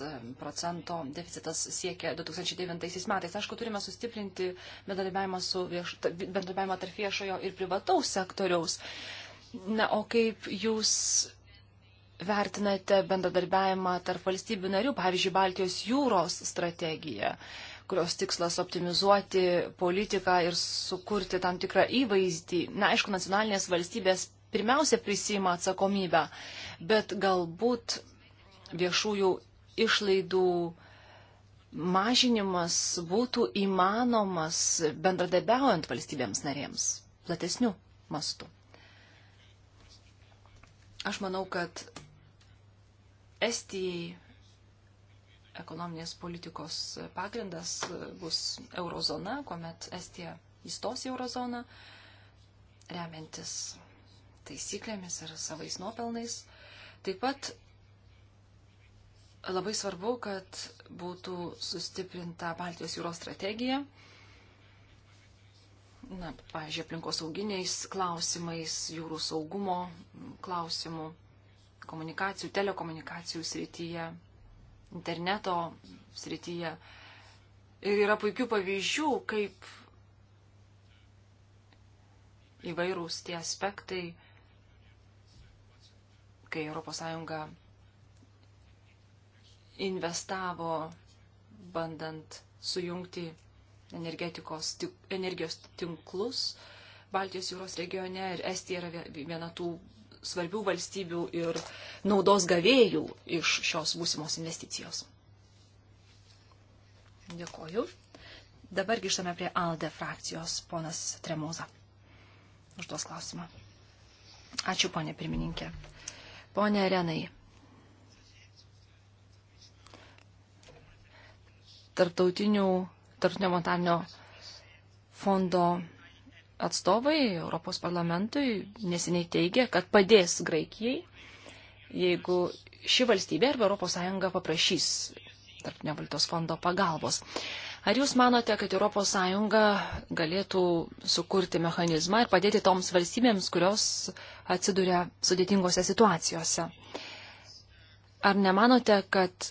e, procento deficitas siekia 2009 metais. Aišku, turime sustiprinti bendradarbiavimą vieš... tarp viešojo ir privataus sektoriaus. Na, o kaip jūs vertinate bendradarbiavimą tarp valstybių narių, pavyzdžiui, Baltijos jūros strategiją? kurios tikslas optimizuoti politiką ir sukurti tam tikrą įvaizdį. Na, aišku, nacionalinės valstybės pirmiausia prisima atsakomybę, bet galbūt viešųjų išlaidų mažinimas būtų įmanomas bendradabiaujant valstybėms narėms platesnių mastų. Aš manau, kad Estijai ekonominės politikos pagrindas bus eurozona, kuomet Estija įstos į eurozoną, remiantis taisyklėmis ar savais nuopelnais. Taip pat labai svarbu, kad būtų sustiprinta Baltijos jūros strategija. Na, pavyzdžiui, aplinkos sauginiais klausimais, jūrų saugumo klausimų, komunikacijų, telekomunikacijų srityje, interneto srityje. Ir yra puikių pavyzdžių, kaip įvairūs tie aspektai kai ES investavo bandant sujungti energetikos, energijos tinklus Baltijos jūros regione ir Estija yra viena tų svarbių valstybių ir naudos gavėjų iš šios būsimos investicijos. Dėkoju. Dabar grįžtame prie ALDE frakcijos, ponas Tremoza. Už tuos klausimą. Ačiū, ponė pirmininkė. Pone Renai. Tarptautinių, tarptautinio montalinio fondo atstovai Europos parlamentui neseniai teigia, kad padės Graikijai, jeigu ši valstybė arba ES paprašys tarptautinio valiutos fondo pagalbos. Ar jūs manote, kad ES galėtų sukurti mechanizmą ir padėti toms valstybėms, kurios atsiduria sudėtingose situacijose? Ar nemanote, kad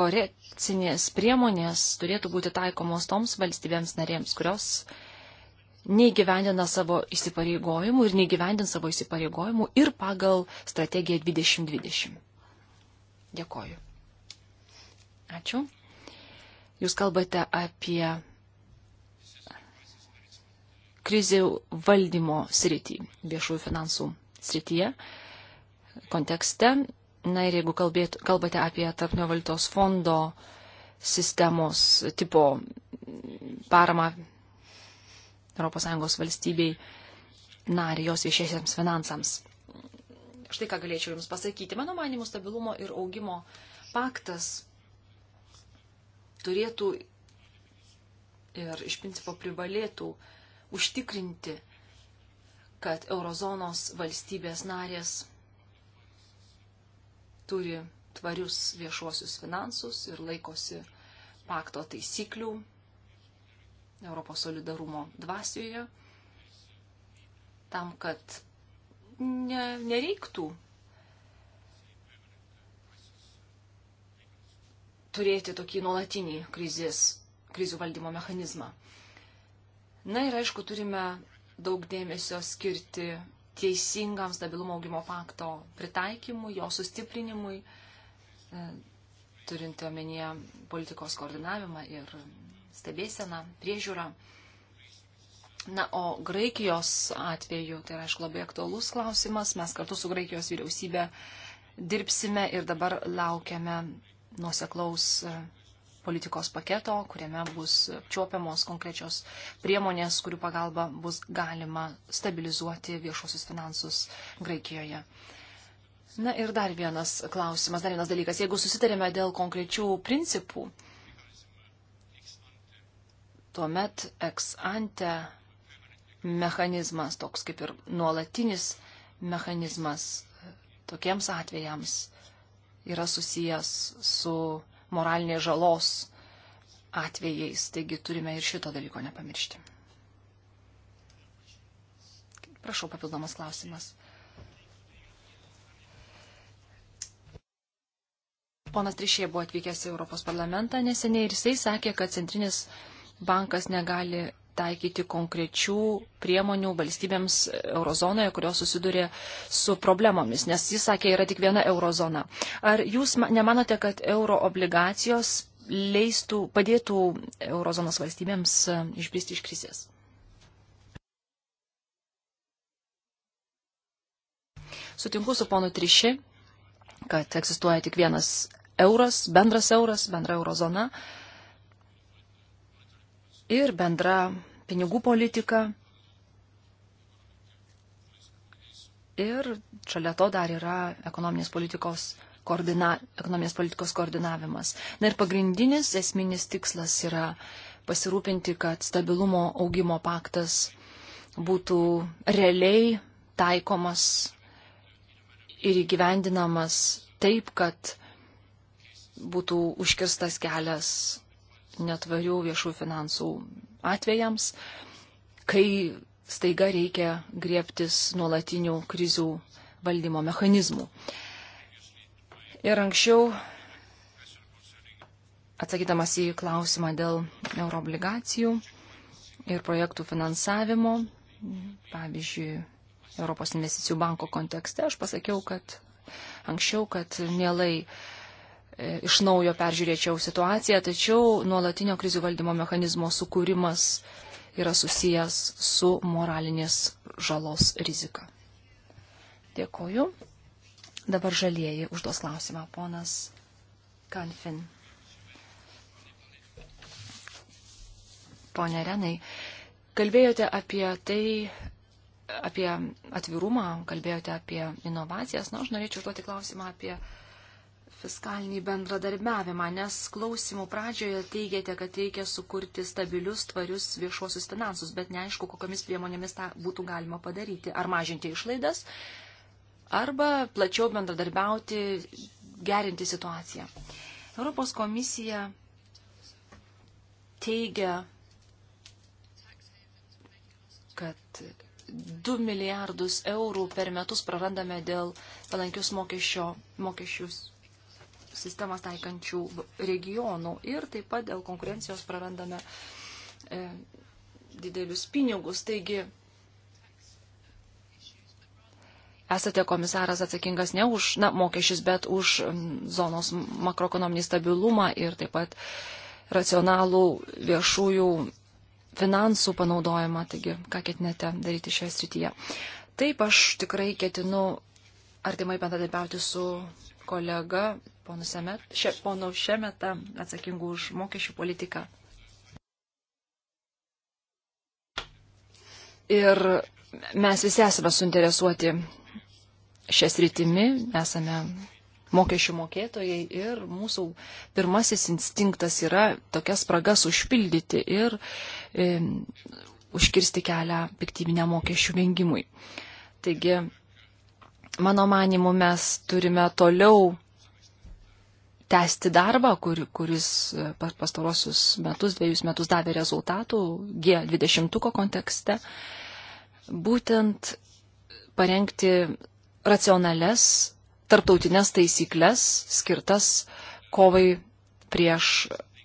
korekcinės priemonės turėtų būti taikomos toms valstybėms narėms, kurios neįgyvendina savo įsipareigojimų ir neįgyvendina savo įsipareigojimų ir pagal strategiją 2020? Dėkoju. Ačiū. Jūs kalbate apie krizių valdymo srity, viešųjų finansų srityje, kontekste. Na ir jeigu kalbėt, kalbate apie tarpnio valiutos fondo sistemos tipo paramą ES valstybei narį jos viešiesiams finansams. Štai ką galėčiau Jums pasakyti. Mano manimų stabilumo ir augimo paktas turėtų ir iš principo privalėtų užtikrinti, kad eurozonos valstybės narės turi tvarius viešuosius finansus ir laikosi pakto taisyklių Europos solidarumo dvasioje, tam, kad ne, nereiktų turėti tokį nuolatinį krizės, krizių valdymo mechanizmą. Na ir aišku, turime daug dėmesio skirti teisingam stabilumo augimo pakto pritaikymui, jo sustiprinimui, e, turint omenyje politikos koordinavimą ir stebėseną, priežiūrą. Na, o Graikijos atveju, tai yra, aišku, labai aktualus klausimas, mes kartu su Graikijos vyriausybė dirbsime ir dabar laukiame nuoseklaus e, politikos paketo, kuriame bus apčiuopiamos konkrečios priemonės, kurių pagalba bus galima stabilizuoti viešuosius finansus Graikijoje. Na ir dar vienas klausimas, dar vienas dalykas. Jeigu susitarėme dėl konkrečių principų, tuomet ex ante mechanizmas, toks kaip ir nuolatinis mechanizmas e, tokiems atvejams yra susijęs su moralinės žalos atvejais, taigi turime ir šito dalyko nepamiršti. Prašau, papildomas klausimas. Ponas Trišė buvo atvykęs į Europos parlamentą neseniai ir jisai sakė, kad centrinis bankas negali taikyti konkrečių priemonių valstybėms eurozonoje, kurios susiduria su problemomis, nes jis sakė, yra tik viena eurozona. Ar jūs nemanote, kad euro obligacijos leistų, padėtų eurozonos valstybėms e, išbristi iš krizės? Sutinku su ponu Triši, kad egzistuoja tik vienas euras, bendras euras, bendra eurozona. Uh, ir bendra pinigų politika. Ir šalia to dar yra ekonominės politikos, koordina, ekonominės politikos koordinavimas. Na ir pagrindinis esminis tikslas yra pasirūpinti, kad stabilumo augimo paktas būtų realiai taikomas ir įgyvendinamas taip, kad būtų užkirstas kelias netvarių viešų finansų atvejams, kai staiga reikia griebtis nuolatinių krizių valdymo mechanizmų. Ir anksčiau, atsakydamas į klausimą dėl euroobligacijų ir projektų finansavimo, pavyzdžiui, Europos investicijų banko kontekste, aš pasakiau, kad anksčiau, kad mielai uh, E, iš naujo peržiūrėčiau situaciją, tačiau nuolatinio krizių valdymo mechanizmo sukūrimas yra susijęs su moralinės žalos rizika. Dėkoju. Dabar žalieji užduos klausimą. Ponas Kanfin. Pone Renai, kalbėjote apie tai, apie atvirumą, kalbėjote apie inovacijas. Na, aš norėčiau užduoti klausimą apie uh, fiskalinį bendradarbiavimą, nes klausimų pradžioje teigiate, kad reikia sukurti stabilius, tvarius viešuosius finansus, bet neaišku, kokiamis priemonėmis tą būtų galima padaryti. Ar mažinti išlaidas, arba plačiau bendradarbiauti, gerinti situaciją. Europos komisija teigia, kad 2 milijardus eurų per metus prarandame dėl palankius mokesčio, mokesčius sistemas taikančių regionų ir taip pat dėl konkurencijos prarandame e, didelius pinigus. Taigi, esate komisaras atsakingas ne už na, mokesčius, bet už zonos makroekonominį stabilumą ir taip pat racionalų viešųjų finansų panaudojimą. Taigi, ką ketinate daryti šioje srityje? Taip, aš tikrai ketinu artimai bendradarbiauti su kolega pono Šemetą atsakingų už mokesčių politiką. Ir mes visi esame suinteresuoti šią sritimį, esame mokesčių mokėtojai ir mūsų pirmasis instinktas yra tokias spragas užpildyti ir e, užkirsti kelią piktybinę mokesčių vengimui. Taigi, mano manimu, mes turime toliau tęsti darbą, kur, kuris e, pastarosius metus, dviejus metus davė rezultatų G20 kontekste, būtent parengti racionales tarptautinės taisyklės skirtas kovai prieš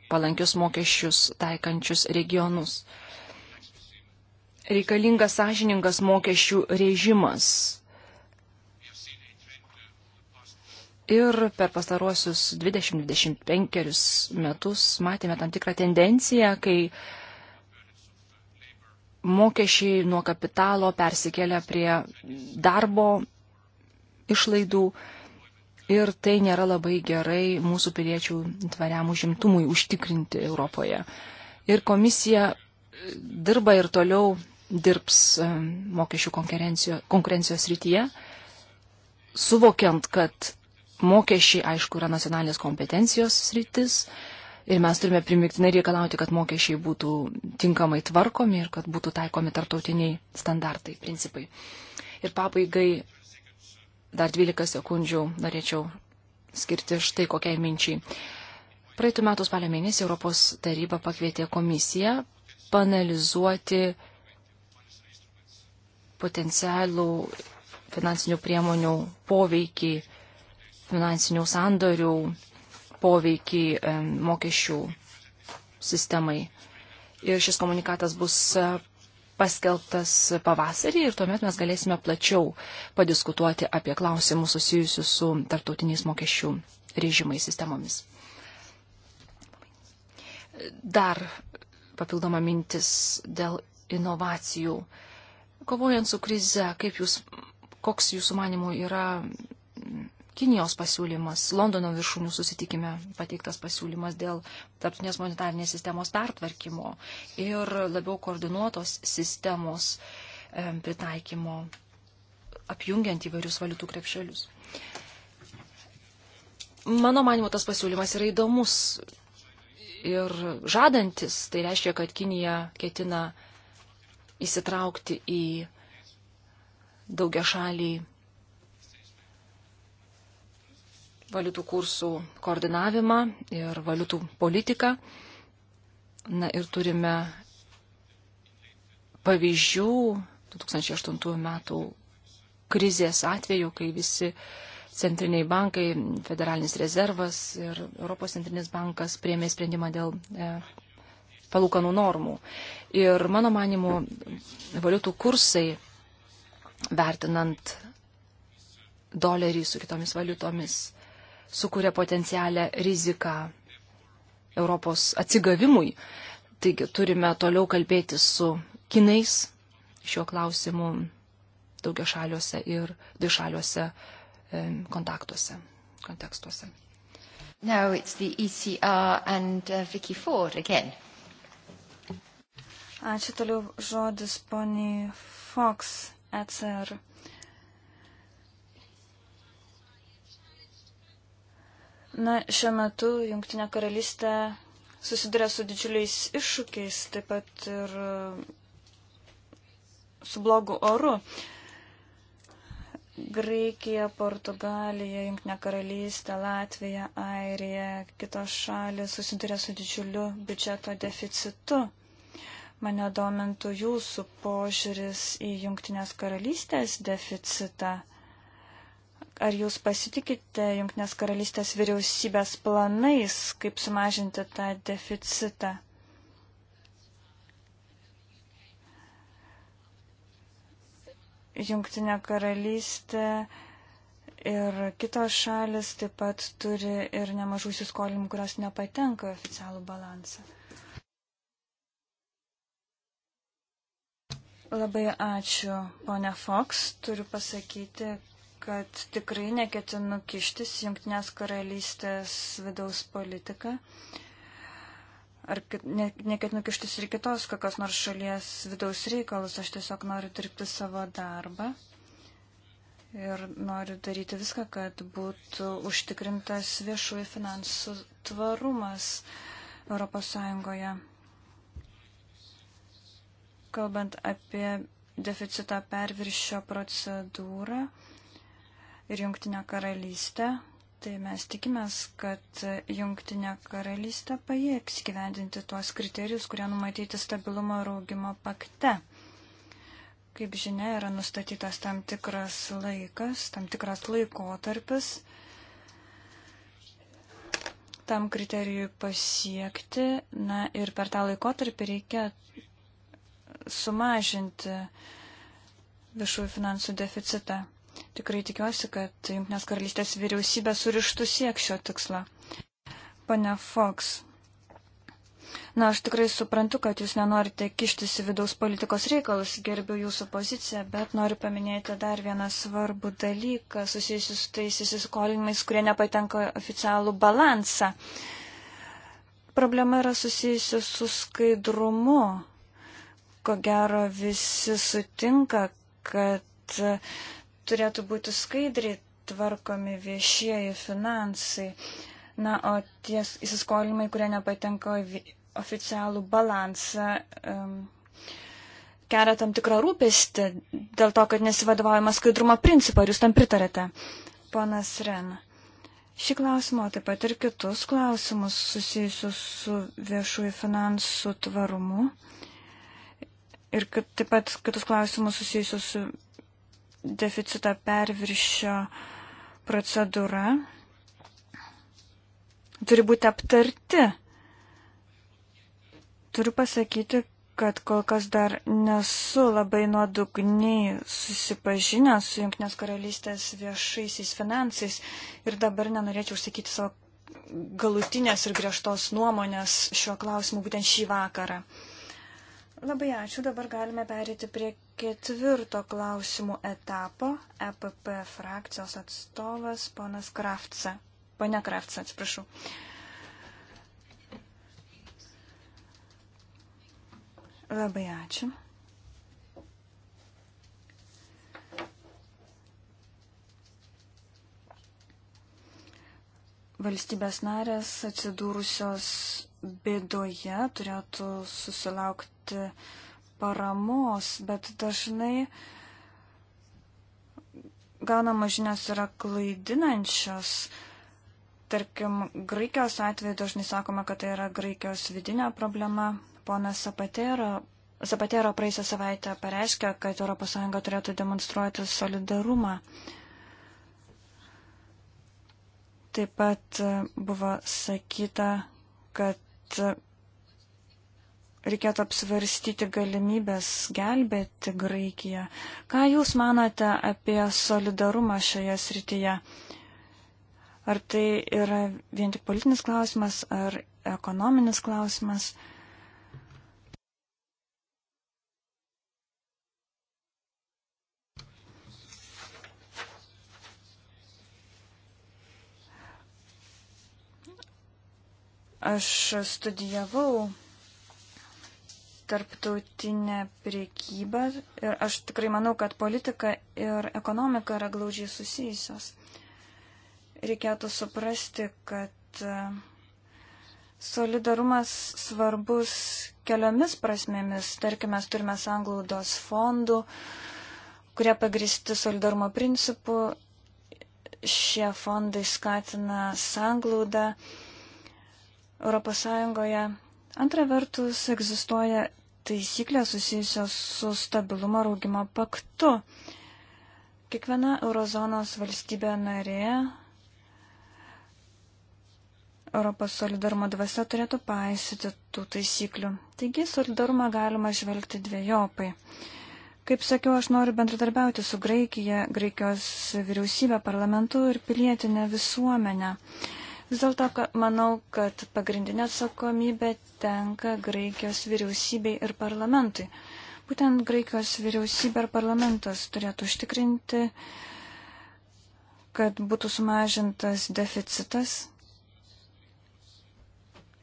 palankius mokesčius taikančius regionus. Reikalingas sąžiningas mokesčių režimas Ir per pastaruosius 20-25 metus matėme tam tikrą tendenciją, kai mokesčiai nuo kapitalo persikėlė prie darbo išlaidų ir tai nėra labai gerai mūsų piliečių tvariam užimtumui užtikrinti Europoje. Ir komisija dirba ir toliau dirbs ehm, mokesčių konkurencijos, konkurencijos rytyje, suvokiant, kad Mokesčiai, aišku, yra nacionalinės kompetencijos sritis ir mes turime primiktinai reikalauti, kad mokesčiai būtų tinkamai tvarkomi ir kad būtų taikomi tartautiniai standartai, principai. Ir pabaigai dar 12 sekundžių norėčiau skirti štai kokiai minčiai. Praeitų metų spalio mėnesį Europos taryba pakvietė komisiją panalizuoti potencialų finansinių priemonių poveikį finansinių sandorių poveikį e, mokesčių sistemai. Ir šis komunikatas bus e, paskelbtas pavasarį ir tuomet mes galėsime plačiau padiskutuoti apie klausimus susijusius su tarptautiniais mokesčių režimais sistemomis. Dar papildoma mintis dėl inovacijų. Kovojant su krize, kaip jūs, koks jūsų manimų yra Kinijos pasiūlymas, Londono viršūnių susitikime pateiktas pasiūlymas dėl tarptautinės monetarinės sistemos pertvarkymo ir labiau koordinuotos sistemos pritaikymo, apjungiant įvairius valiutų krepšelius. Mano manimo, tas pasiūlymas yra įdomus ir žadantis. Tai reiškia, kad Kinija ketina įsitraukti į daugia šalį valiutų kursų koordinavimą ir valiutų politiką. Na ir turime pavyzdžių 2008 metų krizės atveju, kai visi centriniai bankai, federalinis rezervas ir Europos centrinis bankas priemė sprendimą dėl e, palūkanų normų. Ir mano manimu, valiutų kursai, vertinant dolerį su kitomis valiutomis, sukuria potencialią riziką Europos atsigavimui. Taigi turime toliau kalbėti su kinais šiuo klausimu daugia šaliuose ir dvišaliuose e, kontaktuose, kontekstuose. Now it's the ECR and uh, Vicky Ford again. Ačiū toliau žodis poniai Fox ECR. Na, šiuo metu Junktinė karalystė susiduria su didžiuliais iššūkiais, taip pat ir e, su blogu oru. Graikija, Portugalija, Junktinė karalystė, Latvija, Airija, kitos šalis susiduria su didžiuliu biudžeto deficitu. Mane domintų jūsų požiūris į Junktinės karalystės deficitą. Ar jūs pasitikite Junknės karalystės vyriausybės planais, kaip sumažinti tą deficitą? Junktinė karalystė ir kitos šalis taip pat turi ir nemažų įsiskolimų, kurios nepatenka oficialų balansą. Labai ačiū, ponia Fox. Turiu pasakyti, kad tikrai neketinu kištis Junktinės karalystės vidaus politiką. Ar ne, neketinu kištis ir kitos kokios nors šalies vidaus reikalus. Aš tiesiog noriu dirbti savo darbą. Ir noriu daryti viską, kad būtų užtikrintas viešųjų finansų tvarumas Europos Sąjungoje. Kalbant apie deficito perviršio procedūrą, ir Jungtinę karalystę, tai mes tikimės, kad Jungtinė karalystė pajėgs gyvendinti tuos kriterijus, kurie numatyti stabilumo ir augimo pakte. Kaip žinia, yra nustatytas tam tikras laikas, tam tikras laikotarpis tam kriterijui pasiekti. Na ir per tą laikotarpį reikia sumažinti viešųjų finansų deficitą. Tikrai tikiuosi, kad Junktinės karalystės vyriausybė surištų siek šio tikslo. Pane Fox. Na, aš tikrai suprantu, kad jūs nenorite kištis į vidaus politikos reikalus, gerbiu jūsų poziciją, bet noriu paminėti dar vieną svarbų dalyką susijusiu su tais įsiskolinimais, kurie nepatenka oficialų balansą. Problema yra susijusi su skaidrumu. Ko gero visi sutinka, kad turėtų būti skaidriai tvarkomi viešieji finansai. Na, o tie įsiskolimai, kurie nepatenka oficialų balansą, um, kelia tam tikrą rūpestį dėl to, kad nesivadovaujama skaidrumo principu. Ar jūs tam pritarėte, ponas Ren? Šį klausimą, taip pat ir kitus klausimus susijusius su viešųjų finansų tvarumu ir taip pat kitus klausimus susijusius su deficito perviršio procedūra turi būti aptarti. Turiu pasakyti, kad kol kas dar nesu labai nuodugniai susipažinęs su Junktinės karalystės viešaisiais finansais ir dabar nenorėčiau užsakyti savo galutinės ir griežtos nuomonės šiuo klausimu būtent šį vakarą. Labai ačiū. Dabar galime perėti prie ketvirto klausimų etapo. EPP frakcijos atstovas ponas Kraftsa. Pane Kraftsa, atsiprašau. Labai ačiū. valstybės narės atsidūrusios bėdoje, turėtų susilaukti paramos, bet dažnai gaunama žinios yra klaidinančios. Tarkim, Graikijos atveju dažnai sakoma, kad tai yra Graikijos vidinė problema. Ponas Zapatero, Zapatero praeisą savaitę pareiškė, kad ES turėtų demonstruoti solidarumą. Taip pat buvo sakyta, kad reikėtų apsvarstyti galimybės gelbėti Graikiją. Ką Jūs manote apie solidarumą šioje srityje? Ar tai yra vien tik politinis klausimas ar ekonominis klausimas? Aš studijavau tarptautinę priekybą ir aš tikrai manau, kad politika ir ekonomika yra glaudžiai susijusios. Reikėtų suprasti, kad e, solidarumas svarbus keliomis prasmėmis. Tarkime, mes turime sanglaudos fondų, kurie pagristi solidarumo principu. Šie fondai skatina sanglaudą. Europos Sąjungoje. Antra vertus, egzistuoja taisyklės susijusios su stabilumo raugimo paktu. Kiekviena eurozonos valstybė narė Europos solidarumo dvasia turėtų paisyti tų taisyklių. Taigi solidarumą galima žvelgti dviejopai. Kaip sakiau, aš noriu bendradarbiauti su Graikija, Graikijos vyriausybė, parlamentu ir pilietinė visuomenė. Vis dėlto manau, kad pagrindinė atsakomybė tenka Graikijos vyriausybei ir parlamentui. Būtent Graikijos vyriausybė ir parlamentas turėtų užtikrinti, kad būtų sumažintas deficitas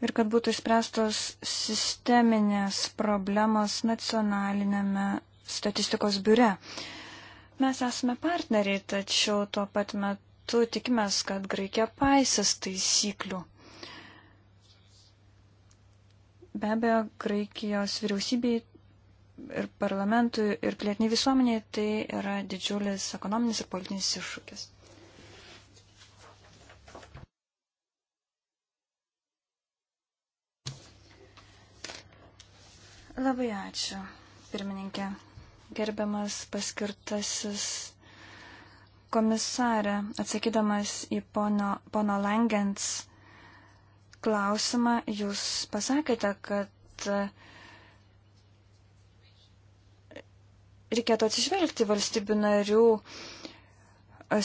ir kad būtų išspręstos sisteminės problemos nacionalinėme statistikos biure. Mes esame partneriai, tačiau tuo pat metu metu tikimės, kad Graikija paisės taisyklių. Be abejo, Graikijos vyriausybei ir parlamentui ir pilietiniai visuomeniai tai yra didžiulis ekonominis ir politinis iššūkis. Labai ačiū, pirmininkė. Gerbiamas paskirtasis Komisarė, atsakydamas į pono, pono Langens klausimą, jūs pasakėte, kad e, reikėtų atsižvelgti valstybių narių e,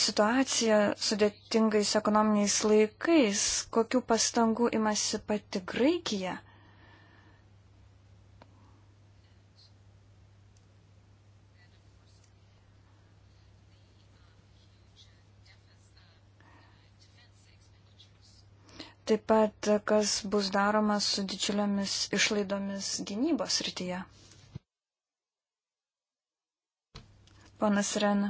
situaciją sudėtingais ekonominiais laikais, kokiu pastangu imasi pati Graikija. Taip pat, kas bus daroma su didžiulėmis išlaidomis gynybos rytyje. Ponas Ren,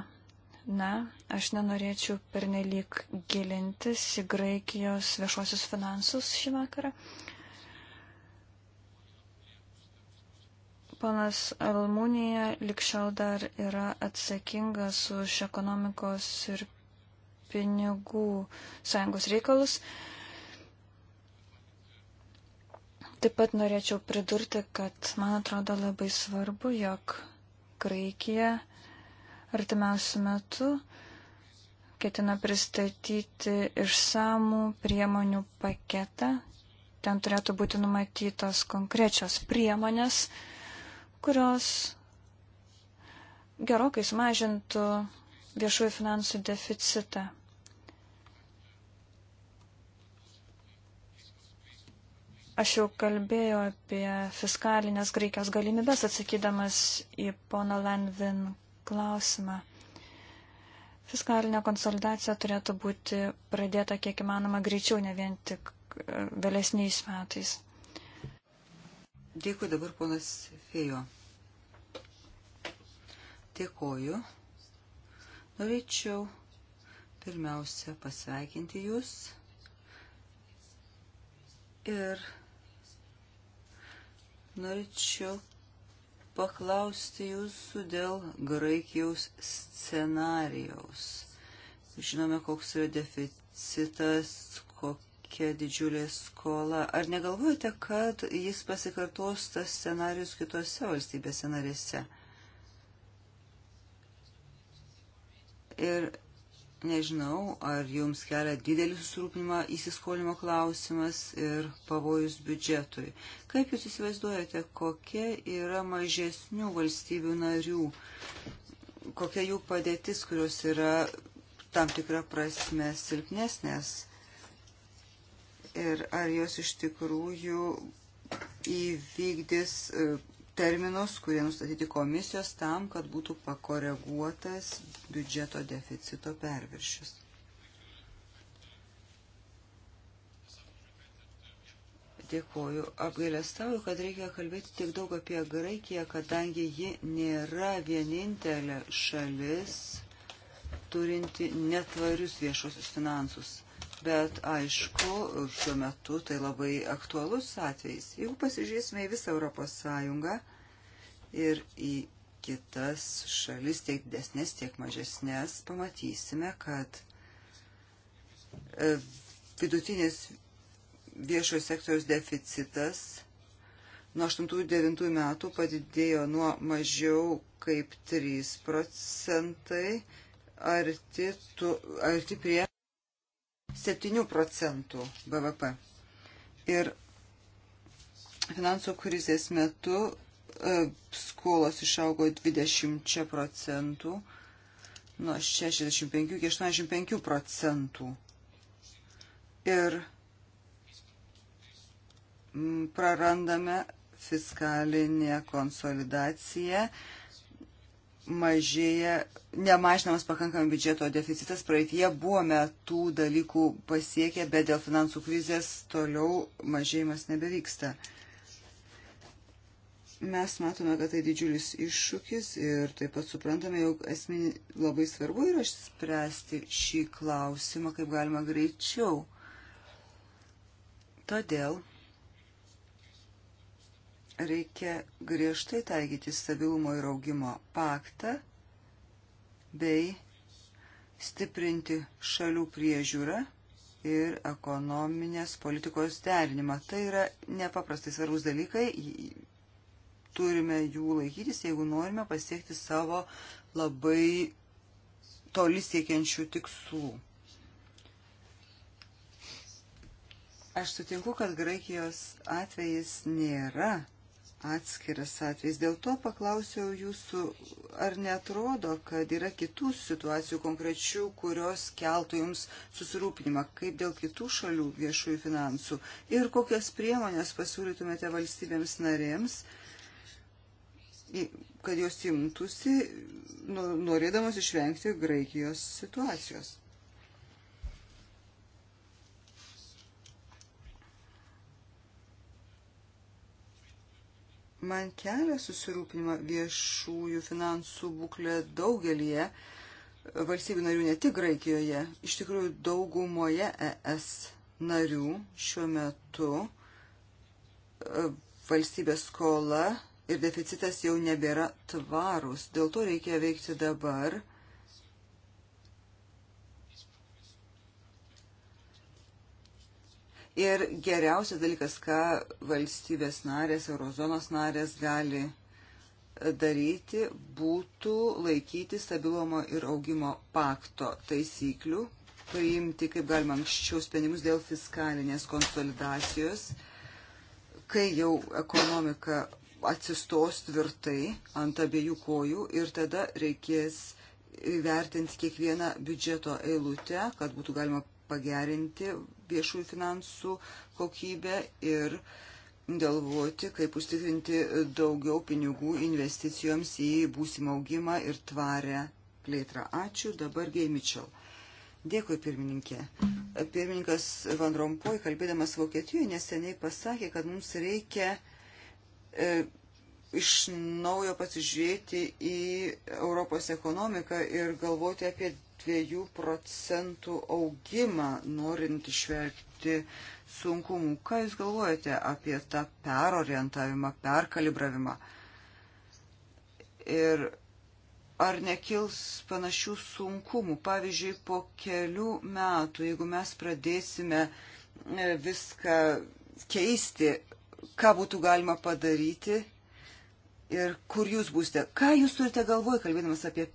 na, aš nenorėčiau pernelyg gilintis į Graikijos viešuosius finansus šį vakarą. Ponas Almūnija likščiau dar yra atsakingas už ekonomikos ir pinigų sąjungos reikalus. Uh, Taip pat norėčiau pridurti, kad man atrodo labai svarbu, jog Graikija artimiausių metų ketina pristatyti išsamų priemonių paketą. Ten turėtų būti numatytos konkrečios priemonės, kurios gerokai sumažintų viešųjų finansų deficitą. Aš jau kalbėjau apie fiskalinės Graikijos galimybės atsakydamas į pono Lenvin klausimą. Fiskalinė konsolidacija turėtų būti pradėta kiek įmanoma greičiau, ne vien tik e, vėlesniais metais. Dėkui dabar ponas Fejo. Dėkoju. Norėčiau pirmiausia pasveikinti jūs ir Norėčiau paklausti jūsų dėl Graikijos scenarijaus. Žinome, koks yra deficitas, kokia didžiulė skola. Ar negalvojate, kad jis pasikartos tas scenarius kitose valstybėse narėse? Ir Nežinau, ar jums kelia didelį susirūpinimą įsiskolimo klausimas ir pavojus biudžetui. Kaip jūs įsivaizduojate, kokia yra mažesnių valstybių narių, kokia jų padėtis, kurios yra tam tikrą prasme silpnesnės ir ar jos iš tikrųjų įvykdys terminus, kurie nustatyti komisijos tam, kad būtų pakoreguotas biudžeto deficito perviršis. Dėkuoju. Apgailestauju, kad reikia kalbėti tiek daug apie Graikiją, kadangi ji nėra vienintelė šalis turinti netvarius viešosius finansus bet aišku, šiuo metu tai labai aktualus atvejs. Jeigu pasižiūrėsime į visą Europos Sąjungą ir į kitas šalis, tiek didesnės, tiek mažesnės, pamatysime, kad e, vidutinės viešojo sektoriaus deficitas nuo 8-9 metų padidėjo nuo mažiau kaip 3 procentai arti, tu, arti prie 7 procentų BVP. Ir finansų krizės metu e, skolos išaugo 20 procentų, nuo 65 iki 85 procentų. Ir prarandame fiskalinę konsolidaciją, mažėja, nemažinamas pakankamai biudžeto deficitas. Praeitie buvome tų dalykų pasiekę, bet dėl finansų krizės toliau mažėjimas nebevyksta. Mes matome, kad tai didžiulis iššūkis ir taip pat suprantame, jog esminį labai svarbu yra spręsti šį klausimą kaip galima greičiau. Todėl Reikia griežtai taikyti stabilumo ir augimo paktą bei stiprinti šalių priežiūrą ir ekonominės politikos derinimą. Tai yra nepaprastai svarbus dalykai, turime jų laikytis, jeigu norime pasiekti savo labai toli siekiančių tikslų. Aš sutinku, kad Graikijos atvejis nėra atskiras atvejis. Dėl to paklausiau jūsų, ar netrodo, kad yra kitų situacijų konkrečių, kurios keltų jums susirūpinimą, kaip dėl kitų šalių viešųjų finansų ir kokias priemonės pasiūlytumėte valstybėms narėms, kad jos imtųsi, nu, norėdamas išvengti Graikijos situacijos. Man kelia susirūpinimą viešųjų finansų būklė daugelie valstybių narių, ne tik Graikijoje. Iš tikrųjų, daugumoje ES narių šiuo metu e, valstybės skola ir deficitas jau nebėra tvarus. Dėl to reikia veikti dabar Ir geriausias dalykas, ką valstybės narės, eurozonos narės gali daryti, būtų laikyti stabilumo ir augimo pakto taisyklių, priimti kaip galima anksčiau sprendimus dėl fiskalinės konsolidacijos, kai jau ekonomika atsistos tvirtai ant abiejų kojų ir tada reikės vertinti kiekvieną biudžeto eilutę, kad būtų galima pagerinti viešųjų finansų kokybę ir galvoti, kaip užtikrinti daugiau pinigų investicijoms į būsimą augimą ir tvarę plėtrą. Ačiū, dabar Geimičiau. Dėkui, pirmininkė. Pirmininkas Van Rompuy, kalbėdamas Vokietijoje, neseniai pasakė, kad mums reikia e, iš naujo pasižiūrėti į Europos ekonomiką ir galvoti apie 2 procentų augimą, norint išvengti sunkumų. Ką Jūs galvojate apie tą perorientavimą, perkalibravimą? Ir ar nekils panašių sunkumų? Pavyzdžiui, po kelių metų, jeigu mes pradėsime e, viską keisti, ką būtų galima padaryti ir kur jūs būsite. Ką jūs turite galvoj, kalbėdamas apie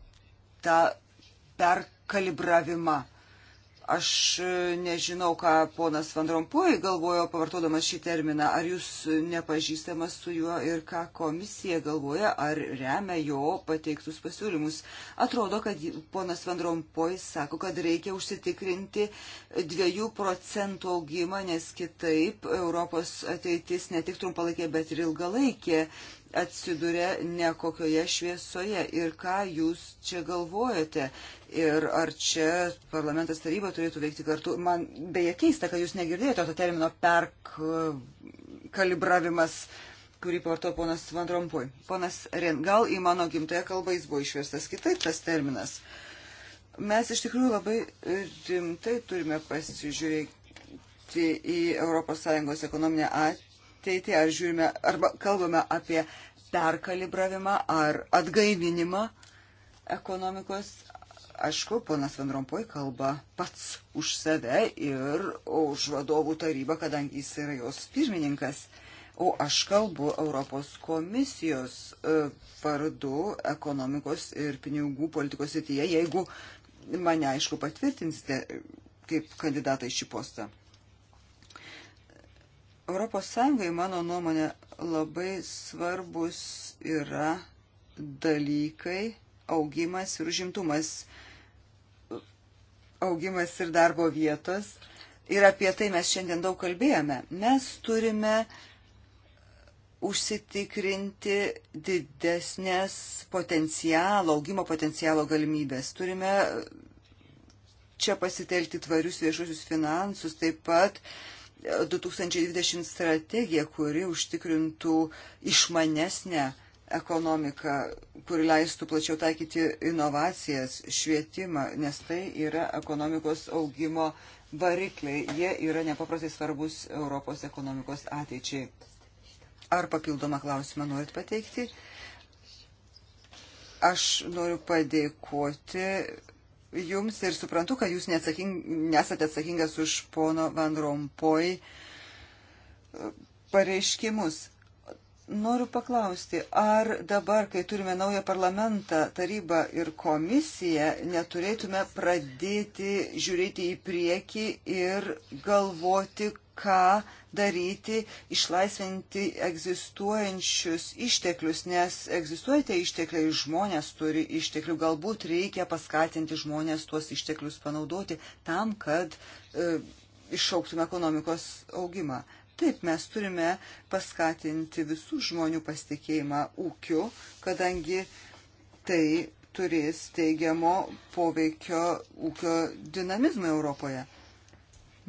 tą perkalibravimą? Aš e, nežinau, ką ponas Van Rompuy galvojo, pavartodamas šį terminą. Ar jūs nepažįstamas su juo ir ką komisija galvoja, ar remia jo pateiktus pasiūlymus? Atrodo, kad ponas Van Rompuy sako, kad reikia užsitikrinti dviejų procentų augimą, nes kitaip Europos ateitis ne tik trumpalaikė, bet ir ilgalaikė atsiduria nekokioje šviesoje ir ką jūs čia galvojate ir ar čia parlamentas taryba turėtų veikti kartu. Man beje keista, kad jūs negirdėjote to termino perkalibravimas kurį pavarto ponas Van Rompuy. Ponas Ren, gal į mano gimtąją kalbą jis buvo išverstas kitaip tas terminas. Mes iš tikrųjų labai rimtai turime pasižiūrėti į ES ekonominę ateitį ateitį, ar žiūrime, arba kalbame apie perkalibravimą ar atgaivinimą ekonomikos. Aišku, ponas Van Rompoj kalba pats už save ir už vadovų tarybą, kadangi jis yra jos pirmininkas. O aš kalbu Europos komisijos e, vardu ekonomikos ir pinigų politikos srityje, jeigu mane, aišku, patvirtinsite kaip kandidatą į šį postą. Europos Sąjungai, mano nuomonė, labai svarbus yra dalykai augimas ir užimtumas, augimas ir darbo vietos. Ir apie tai mes šiandien daug kalbėjome. Mes turime užsitikrinti didesnės potencialo, augimo potencialo galimybės. Turime čia pasitelkti tvarius viešusius finansus, taip pat uh, 2020 strategiją, kuri užtikrintų išmanesnę ekonomiką, kuri leistų plačiau taikyti inovacijas, švietimą, nes tai yra ekonomikos augimo varikliai. Jie yra nepaprastai svarbus Europos ekonomikos ateičiai. Ar papildomą klausimą norit pateikti? Aš noriu padėkoti jums ir suprantu, kad jūs neatsaking, nesate atsakingas už pono Van Rompoj e, pareiškimus. Noriu paklausti, ar dabar, kai turime naują parlamentą, tarybą ir komisiją, neturėtume pradėti žiūrėti į priekį ir galvoti, ką daryti, išlaisvinti egzistuojančius išteklius, nes egzistuoja tie ištekliai, žmonės turi išteklių, galbūt reikia paskatinti žmonės tuos išteklius panaudoti tam, kad e, išauktume ekonomikos augimą. Taip, mes turime paskatinti visų žmonių pasitikėjimą ūkiu, kadangi tai turės teigiamo poveikio ūkio dinamizmui Europoje.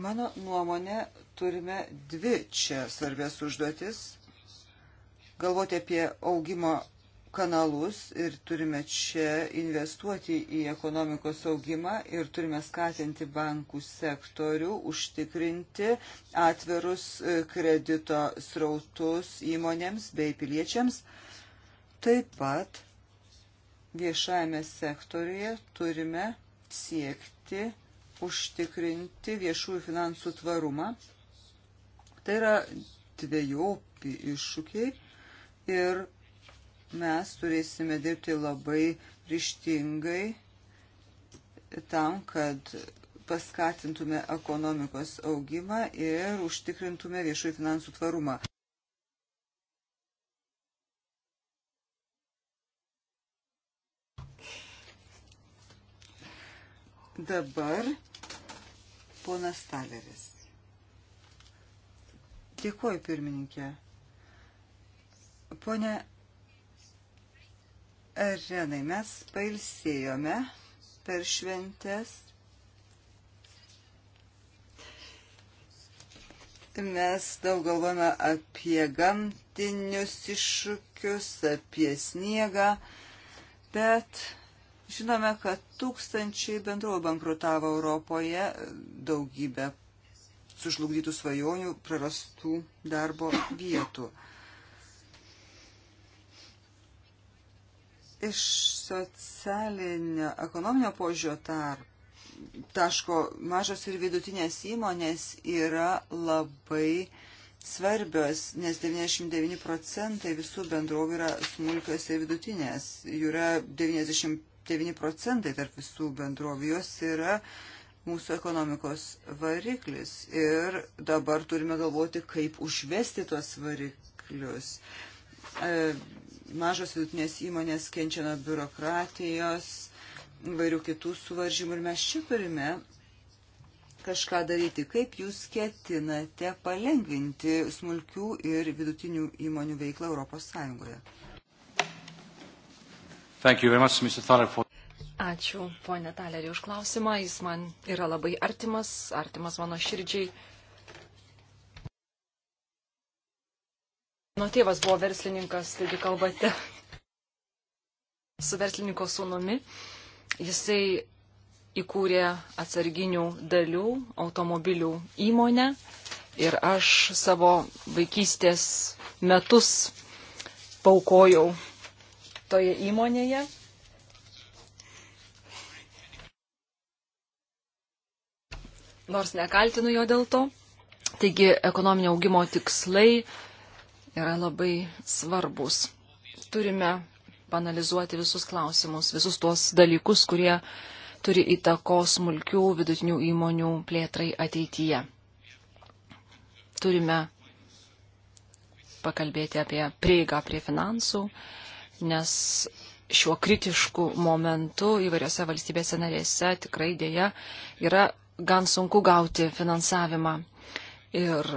Mano nuomonė, turime dvi čia svarbės užduotis. Galvoti apie augimo kanalus ir turime čia investuoti į ekonomikos augimą ir turime skatinti bankų sektorių, užtikrinti atvirus e, kredito srautus įmonėms bei piliečiams. Taip pat viešajame sektoriuje turime siekti užtikrinti viešųjų finansų tvarumą Tai yra dviejopi iššūkiai ir mes turėsime dirbti labai ryštingai tam, kad paskatintume ekonomikos augimą ir užtikrintume viešųjų finansų tvarumą. Dabar ponas Taleris. Dėkuoju, pirmininkė. Pone Renai, mes pailsėjome per šventės. Mes daug galvojame apie gamtinius iššūkius, apie sniegą, bet žinome, kad tūkstančiai bendrovų bankrutavo Europoje, daugybė sužlugdytų svajonių, prarastų darbo vietų. Iš socialinio ekonominio požiūrio tarp taško mažos ir vidutinės įmonės yra labai svarbios, nes 99 procentai visų bendrovų yra smulkios ir vidutinės. Jų yra 99 procentai tarp visų bendrovų. Jos yra mūsų ekonomikos variklis ir dabar turime galvoti, kaip užvesti tuos variklius. E, mažos vidutinės įmonės kenčia nuo biurokratijos, vairių kitų suvaržymų ir mes čia turime kažką daryti. Kaip jūs ketinate palengvinti smulkių ir vidutinių įmonių veiklą Europos Sąjungoje? Much, Thaler, Ačiū, ponė Talerį, už klausimą. Jis man yra labai artimas, artimas mano širdžiai. Mano tėvas buvo verslininkas, taigi kalbate su verslininko sūnumi. Jisai įkūrė atsarginių dalių automobilių įmonę ir aš savo vaikystės metus paukojau toje įmonėje nors nekaltinu jo dėl to. Taigi ekonominio augimo tikslai yra labai svarbus. Turime panalizuoti visus klausimus, visus tuos dalykus, kurie turi įtakos smulkių vidutinių įmonių plėtrai ateityje. Turime pakalbėti apie prieigą prie finansų, nes šiuo kritišku momentu įvairiose valstybėse narėse tikrai dėja yra gan sunku gauti finansavimą. Ir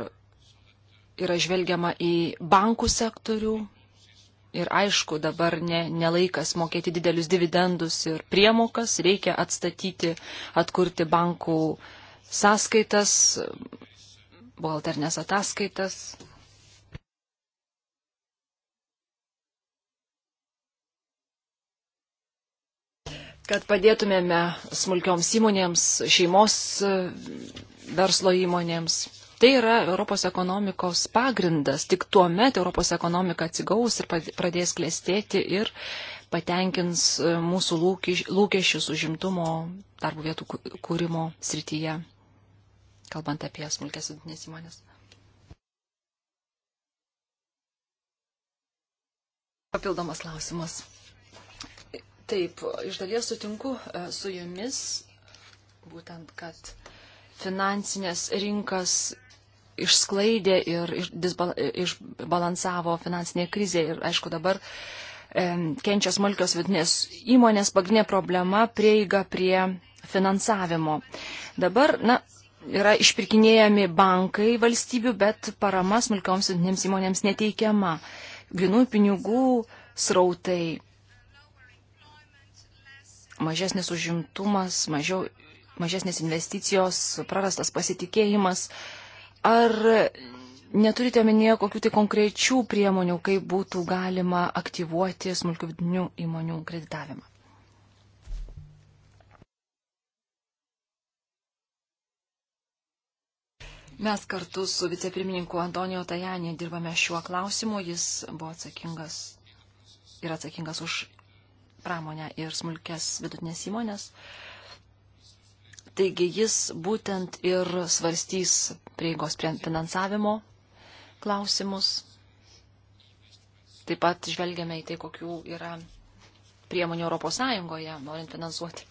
yra žvelgiama į bankų sektorių. Ir aišku, dabar ne, nelaikas mokėti didelius dividendus ir priemokas, reikia atstatyti, atkurti bankų sąskaitas, buhalternės ataskaitas. kad padėtumėme smulkioms įmonėms, šeimos e, verslo įmonėms. Tai yra Europos ekonomikos pagrindas. Tik tuo met Europos ekonomika atsigaus ir pradės klėstėti ir patenkins e, mūsų lūkesčius užimtumo darbo vietų kūrimo srityje, kalbant apie smulkės vidinės įmonės. Papildomas klausimas. Taip, iš dalies sutinku e, su jumis, būtent, kad finansinės rinkas išsklaidė ir e, išbalansavo finansinė krizė. Ir aišku, dabar e, kenčia smulkios vidinės įmonės, pagrindinė problema - prieiga prie finansavimo. Dabar, na, yra išpirkinėjami bankai valstybių, bet parama smulkioms vidinėms įmonėms neteikiama. Grinų pinigų srautai mažesnis užimtumas, mažiau, mažesnės investicijos, prarastas pasitikėjimas. Ar neturite minėjo kokių tai konkrečių priemonių, kaip būtų galima aktyvuoti smulkių vidinių įmonių kreditavimą? Mes kartu su vicepirmininku Antonijo Tajanė dirbame šiuo klausimu, jis buvo atsakingas ir atsakingas už pramonę ir smulkės vidutinės įmonės. Taigi jis būtent ir svarstys prieigos prie finansavimo klausimus. Taip pat žvelgiame į tai, kokių yra priemonių Europos Sąjungoje, norint finansuoti.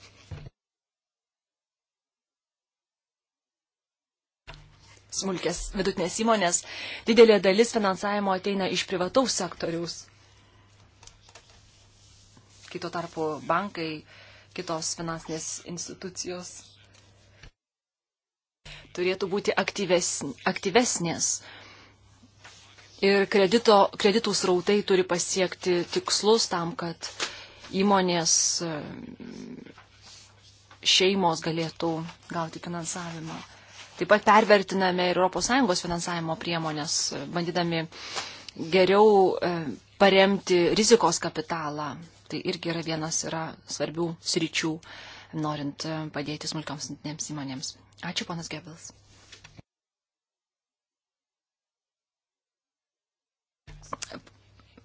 Smulkės vidutinės įmonės didelė dalis finansavimo ateina iš privataus sektoriaus kai tuo tarpu bankai, kitos finansinės institucijos turėtų būti aktyvesn, aktyvesnės. Ir kredito, kreditų srautai turi pasiekti tikslus tam, kad įmonės e, šeimos galėtų gauti finansavimą. Taip pat pervertiname ir ES finansavimo priemonės, bandydami geriau e, paremti rizikos kapitalą, Tai irgi yra vienas yra svarbių sričių, norint e, padėti smulkioms įmonėms. Ačiū, panas Gebels.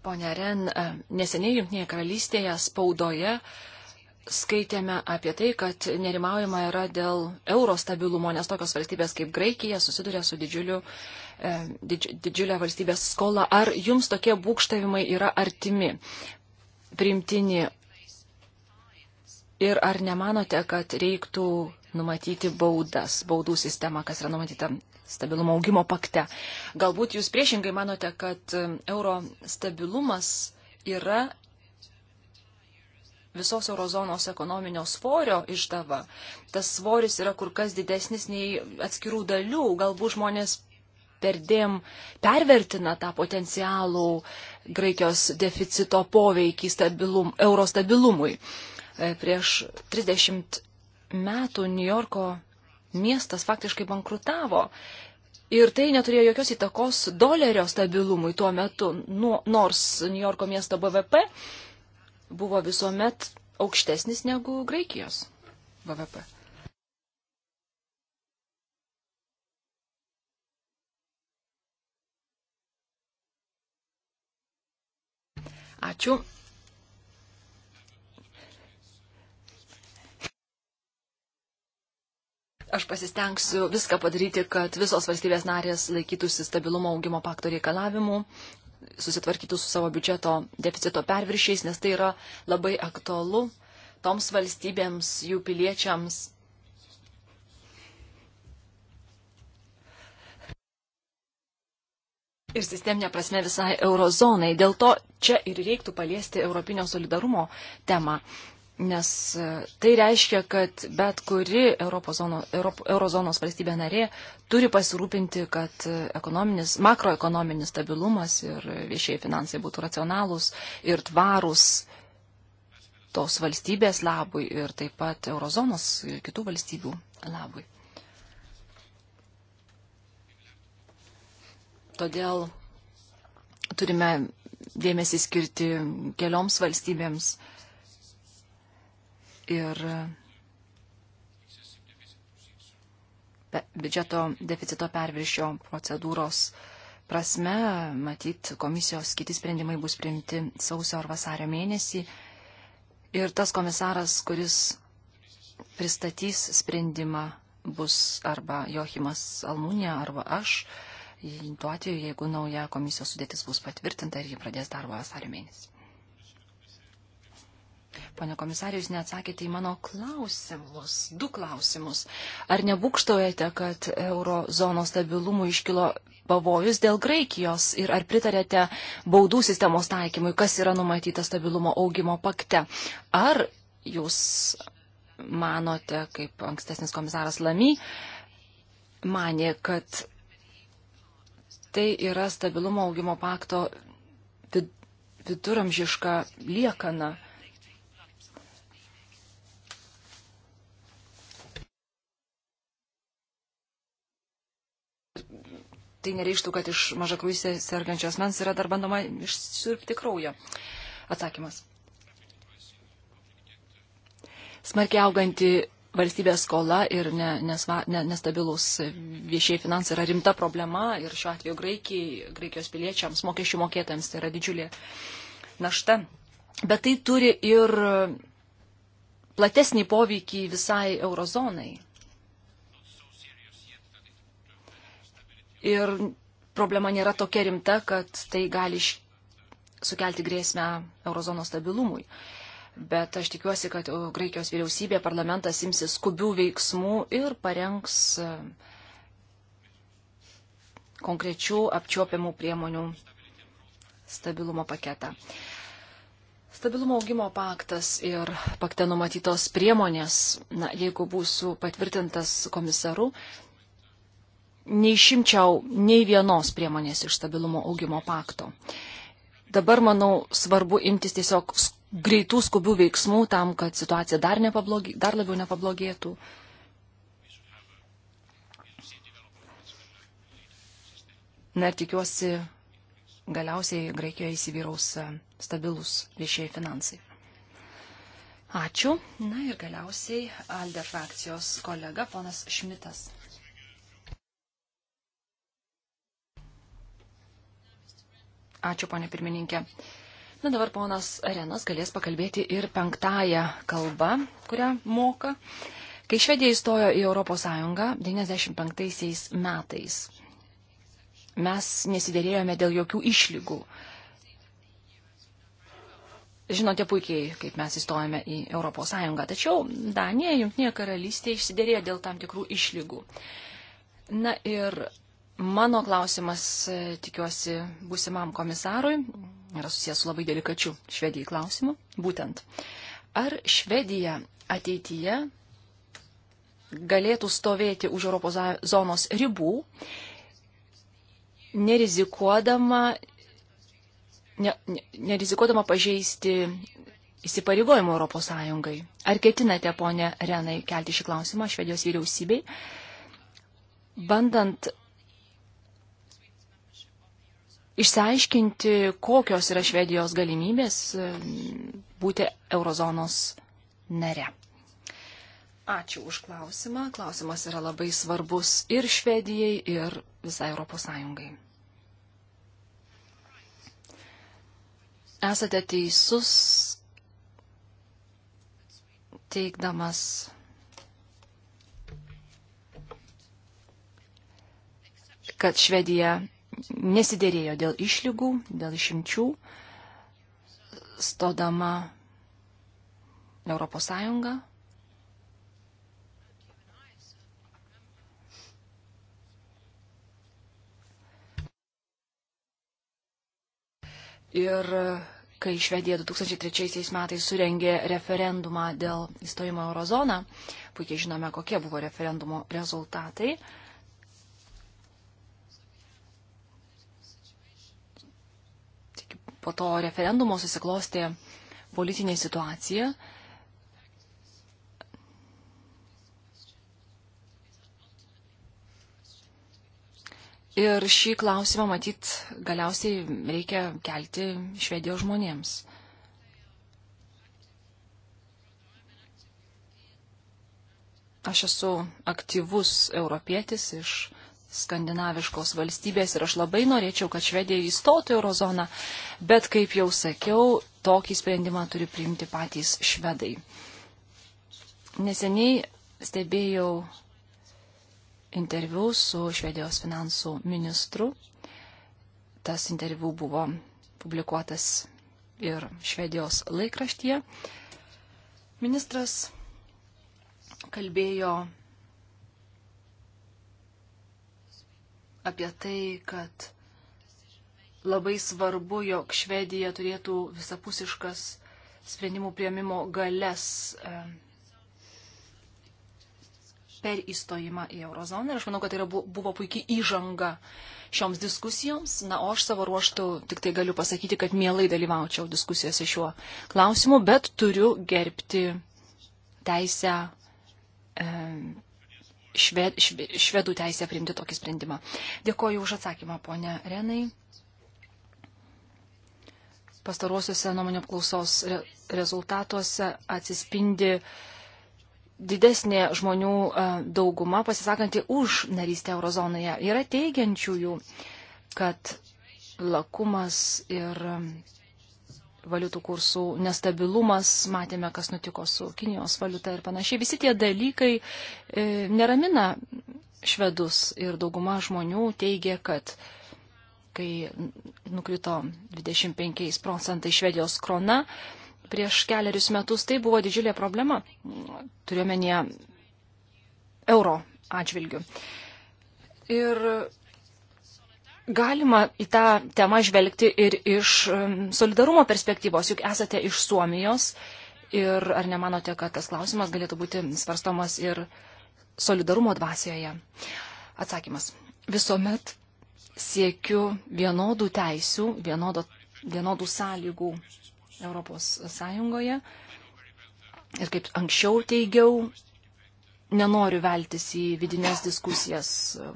Pone Ren, e, neseniai Junktinėje karalystėje spaudoje skaitėme apie tai, kad nerimaujama yra dėl euro stabilumo, nes tokios valstybės kaip Graikija susiduria su didžiuliu, e, didž, didžiulė valstybės skola. Ar jums tokie būkštavimai yra artimi? primtini ir ar nemanote, kad reiktų numatyti baudas, baudų sistemą, kas yra numatyta stabilumo augimo pakte. Galbūt jūs priešingai manote, kad um, euro stabilumas yra visos eurozonos ekonominio svorio išdava. Tas svoris yra kur kas didesnis nei atskirų dalių. Galbūt žmonės perdėm pervertina tą potencialų Graikijos deficito poveikį stabilum, euro stabilumui. E, prieš 30 metų New Yorko miestas faktiškai bankrutavo. Ir tai neturėjo jokios įtakos dolerio stabilumui tuo metu, nu, nors New Yorko miesto BVP buvo visuomet aukštesnis negu Graikijos BVP. Ačiū. Aš pasistengsiu viską padaryti, kad visos valstybės narės laikytųsi stabilumo augimo pakto reikalavimų, susitvarkytų su savo biudžeto deficito perviršiais, nes tai yra labai aktualu toms valstybėms, jų piliečiams, ir sisteminė prasme visai eurozonai. Dėl to čia ir reiktų paliesti Europinio solidarumo temą. Nes e, tai reiškia, kad bet kuri Europozono, Europ, eurozonos valstybė narė turi pasirūpinti, kad e, ekonominis, makroekonominis stabilumas ir viešieji finansai būtų racionalūs ir tvarūs tos valstybės labui ir taip pat eurozonos ir kitų valstybių labui. Todėl turime dėmesį skirti kelioms valstybėms. Ir biudžeto deficito perviršio procedūros prasme, matyt, komisijos kiti sprendimai bus priimti sausio ar vasario mėnesį. Ir tas komisaras, kuris pristatys sprendimą, bus arba Jochimas Almūnė, arba aš tuo atveju, jeigu nauja komisijos sudėtis bus patvirtinta ir ji pradės darbą vasario mėnesį. Pane komisarė, jūs neatsakėte į mano klausimus, du klausimus. Ar nebūkštojate, kad eurozono stabilumui iškilo pavojus dėl Graikijos ir ar pritarėte baudų sistemos taikymui, kas yra numatyta stabilumo augimo pakte? Ar jūs manote, kaip ankstesnis komisaras Lamy, manė, kad Tai yra stabilumo augimo pakto vid viduramžiška liekana. tai nereikštų, kad iš mažakrūsė sergančios mens yra dar bandoma išsirpti kraujo. Atsakymas. Smarkiai auganti valstybės skola ir ne, nesva, ne, nestabilus viešieji finansai yra rimta problema ir šiuo atveju Graikijai, Graikijos piliečiams, mokesčių mokėtams tai yra didžiulė našta. Bet tai turi ir platesnį poveikį visai eurozonai. Ir problema nėra tokia rimta, kad tai gali sukelti grėsmę eurozonos stabilumui. Uh, bet aš tikiuosi, kad uh, Graikijos vyriausybė, parlamentas imsis skubių veiksmų ir parengs uh, konkrečių apčiopiamų priemonių stabilumo paketą. Stabilumo augimo paktas ir pakte numatytos priemonės, na, jeigu būsiu patvirtintas komisaru, neišimčiau nei vienos priemonės iš stabilumo augimo pakto. Dabar, manau, svarbu imtis tiesiog skubių greitų skubių veiksmų tam, kad situacija dar, nepablogi, dar labiau nepablogėtų. Na ir tikiuosi, galiausiai Graikijoje įsivyraus e, stabilus viešieji finansai. Ačiū. Na ir galiausiai Alde frakcijos kolega ponas Šmitas. Ačiū, ponė pirmininkė. Na dabar ponas Arenas galės pakalbėti ir penktąją kalbą, kurią moka. Kai Švedija įstojo į ES 95 metais, mes nesidėrėjome dėl jokių išlygų. Žinote puikiai, kaip mes įstojame į ES, tačiau Danija, Junktinė karalystė išsidėrėjo dėl tam tikrų išlygų. Na ir Mano klausimas, e, tikiuosi, būsimam komisarui yra susijęs su labai delikačiu Švedijai klausimu. Būtent, ar Švedija ateityje galėtų stovėti už Europos zonos ribų, nerizikuodama, ne, ne, nerizikuodama pažeisti įsipareigojimų Europos Sąjungai. Ar ketinate, ponė Renai, kelti šį klausimą Švedijos vyriausybei, bandant išsiaiškinti, kokios yra Švedijos galimybės e, būti eurozonos nare. Ačiū už klausimą. Klausimas yra labai svarbus ir Švedijai, ir visai Europos Sąjungai. Esate teisus, teikdamas, kad Švedija nesidėrėjo dėl išlygų, dėl išimčių, stodama Europos Sąjungą. Ir kai Švedija 2003 metais surengė referendumą dėl įstojimo eurozoną, puikiai žinome, kokie buvo referendumo rezultatai. Uh, po to referendumo susiklostė politinė situacija. Ir šį klausimą matyt galiausiai reikia kelti švedijos žmonėms. Aš esu aktyvus europietis iš skandinaviškos valstybės ir aš labai norėčiau, kad Švedija įstotų eurozoną, bet kaip jau sakiau, tokį sprendimą turi priimti patys švedai. Neseniai stebėjau interviu su Švedijos finansų ministru. Tas interviu buvo publikuotas ir Švedijos laikraštyje. Ministras kalbėjo apie tai, kad labai svarbu, jog Švedija turėtų visapusiškas sprendimų prieimimo galės per įstojimą į Eurozoną. Ir aš manau, kad tai yra, buvo puikiai įžanga šioms diskusijoms. Na, o aš savo ruoštų tik tai galiu pasakyti, kad mielai dalyvaučiau diskusijose šiuo klausimu, bet turiu gerbti teisę e, šved, šve, švedų teisę priimti tokį sprendimą. Dėkoju už atsakymą, ponia Renai. Pastarosiuose nuomonio apklausos re, rezultatuose atsispindi didesnė žmonių e, dauguma pasisakanti už narystę eurozonoje. Yra teigiančiųjų, kad lakumas ir valiutų kursų nestabilumas, matėme, kas nutiko su Kinijos valiuta ir panašiai. Visi tie dalykai e, neramina švedus ir dauguma žmonių teigia, kad kai nukrito 25 procentai švedijos krona prieš keliarius metus, tai buvo didžiulė problema, turiuomenė euro atžvilgių. Ir Galima į tą temą žvelgti ir iš solidarumo perspektyvos, juk esate iš Suomijos ir ar nemanote, kad tas klausimas galėtų būti svarstomas ir solidarumo dvasioje? Atsakymas. Visuomet siekiu vienodų teisių, vienodo, vienodų sąlygų Europos Sąjungoje. Ir kaip anksčiau teigiau, nenoriu veltis į vidinės diskusijas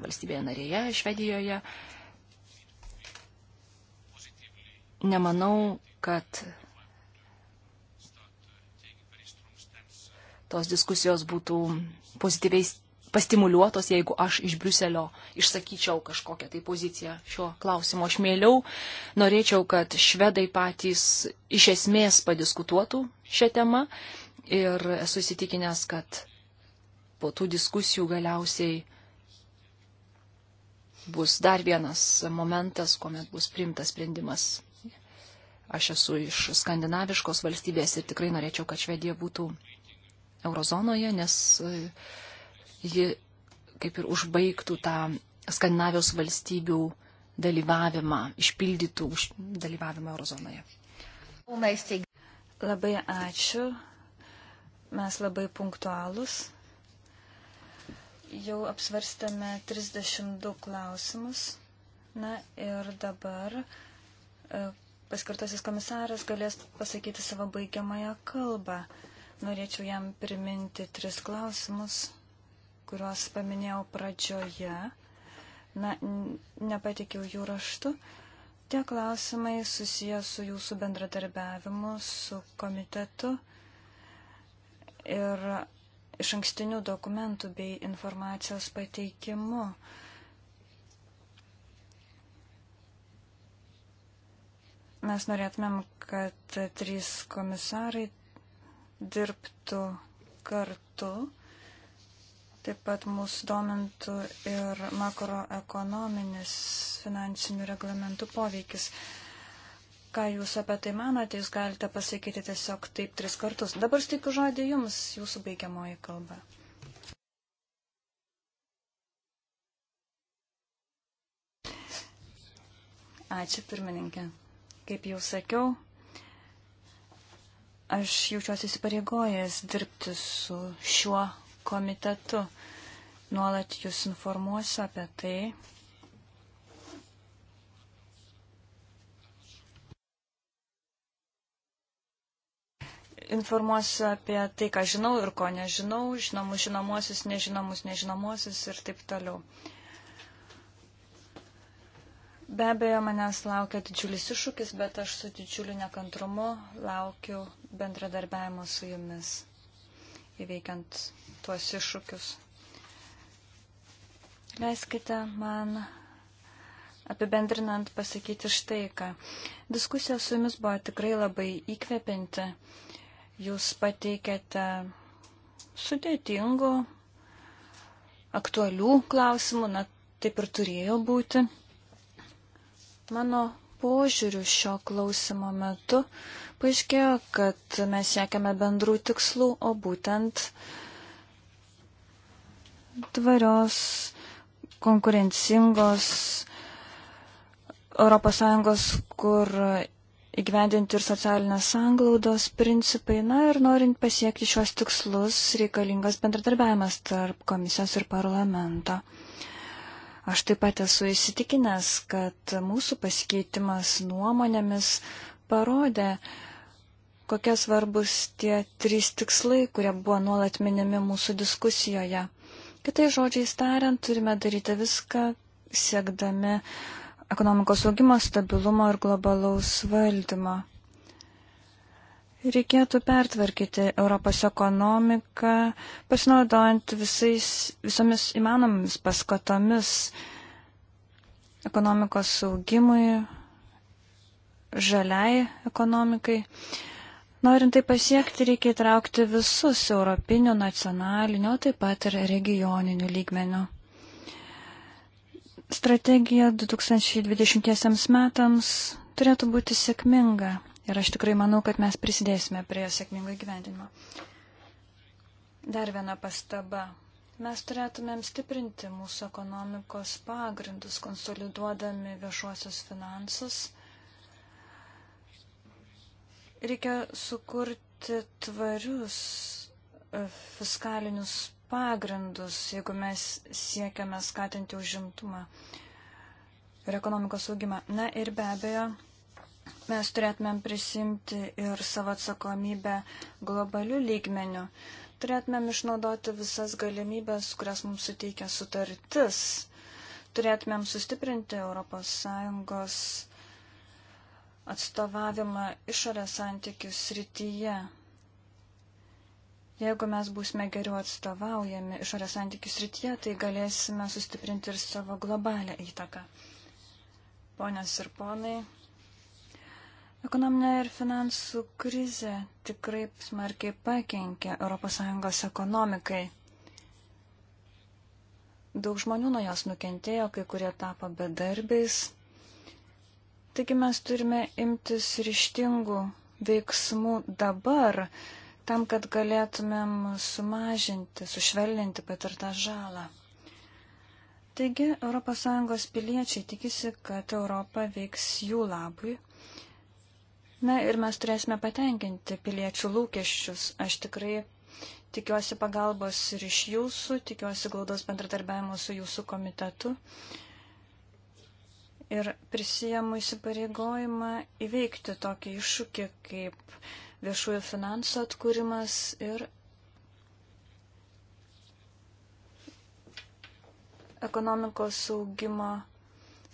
valstybėje narėje, Švedijoje. Uh, nemanau, kad tos diskusijos būtų pozityviai pastimuliuotos, jeigu aš iš Briuselio išsakyčiau kažkokią tai poziciją šiuo klausimu. Aš mėliau norėčiau, kad švedai patys iš esmės padiskutuotų šią temą ir esu įsitikinęs, kad po tų diskusijų galiausiai bus dar vienas momentas, kuomet bus priimtas sprendimas Aš esu iš skandinaviškos valstybės ir tikrai norėčiau, kad Švedija būtų eurozonoje, nes e, ji kaip ir užbaigtų tą skandinavijos valstybių dalyvavimą, išpildytų dalyvavimą eurozonoje. Labai ačiū. Mes labai punktualūs. Jau apsvarstame 32 klausimus. Na ir dabar e, paskirtasis komisaras galės pasakyti savo baigiamąją kalbą. Norėčiau jam priminti tris klausimus, kuriuos paminėjau pradžioje. Na, nepatikiau jų raštu. Tie klausimai susijęs su jūsų bendradarbiavimu, su komitetu ir iš ankstinių dokumentų bei informacijos pateikimu. Uh, Mes norėtumėm, kad trys komisarai dirbtų kartu. Taip pat mūsų domintų ir makroekonominis finansinių reglamentų poveikis. Ką jūs apie tai manote, jūs galite pasakyti tiesiog taip tris kartus. Dabar steikiu žodį jums, jūsų baigiamoji kalba. Ačiū pirmininkė. Kaip jau sakiau, aš jaučiuosi įsipareigojęs dirbti su šiuo komitetu. Nuolat jūs informuosiu apie tai. Informuosiu apie tai, ką žinau ir ko nežinau, žinomus žinomuosius, nežinomus nežinomuosius ir taip toliau. Uh, Be abejo, manęs laukia didžiulis iššūkis, bet aš su didžiuliu nekantrumu laukiu bendradarbiavimo su jumis, įveikiant tuos iššūkius. Leiskite man apibendrinant pasakyti štai ką. Diskusija su jumis buvo tikrai labai įkvepianti. Jūs pateikėte sudėtingų, aktualių klausimų, na taip ir turėjo būti. Mano požiūriu šio klausimo metu paaiškėjo, kad mes siekiame bendrų tikslų, o būtent tvarios, konkurencingos ES, kur įgyvendinti ir socialinės sanglaudos principai. Na ir norint pasiekti šios tikslus, reikalingas bendradarbiavimas tarp komisijos ir parlamento. Aš taip pat esu įsitikinęs, kad mūsų pasikeitimas nuomonėmis parodė, kokie svarbus tie trys tikslai, kurie buvo nuolat minimi mūsų diskusijoje. Kitai žodžiai tariant, turime daryti viską, siekdami ekonomikos augimo, stabilumo ir globalaus valdymo. Reikėtų pertvarkyti Europos ekonomiką, pasinaudojant visais, visomis įmanomomis paskatomis ekonomikos saugimui, žaliai ekonomikai. Norint tai pasiekti, reikia įtraukti visus europinio, nacionalinio, taip pat ir regioninių lygmenių. Strategija 2020 metams turėtų būti sėkminga. Ir aš tikrai manau, kad mes prisidėsime prie sėkmingo įgyvendinimo. Dar viena pastaba. Mes turėtumėm stiprinti mūsų ekonomikos pagrindus, konsoliduodami viešuosius finansus. Reikia sukurti tvarius e, fiskalinius pagrindus, jeigu mes siekiame skatinti užimtumą ir ekonomikos augimą. Na ir be abejo, mes turėtumėm prisimti ir savo atsakomybę globalių lygmenių. Turėtumėm išnaudoti visas galimybės, kurias mums suteikia sutartis. Turėtumėm sustiprinti ES atstovavimą išorės santykių srityje. Jeigu mes būsime geriau atstovaujami išorės santykių srityje, tai galėsime sustiprinti ir savo globalę įtaką. Ponios ir ponai, Ekonominė ir finansų krizė tikrai smarkiai pakenkė ES ekonomikai. Daug žmonių nuo jos nukentėjo, kai kurie tapo bedarbiais. Taigi mes turime imtis ryštingų veiksmų dabar, tam, kad galėtumėm sumažinti, sušvelninti patirtą žalą. Taigi ES piliečiai tikisi, kad Europa veiks jų labui Na ir mes turėsime patenkinti piliečių lūkesčius. Aš tikrai tikiuosi pagalbos ir iš jūsų, tikiuosi glaudos bendradarbiavimo su jūsų komitetu. Ir prisijėmų įsipareigojimą įveikti tokį iššūkį kaip viešųjų finansų atkūrimas ir ekonomikos saugimo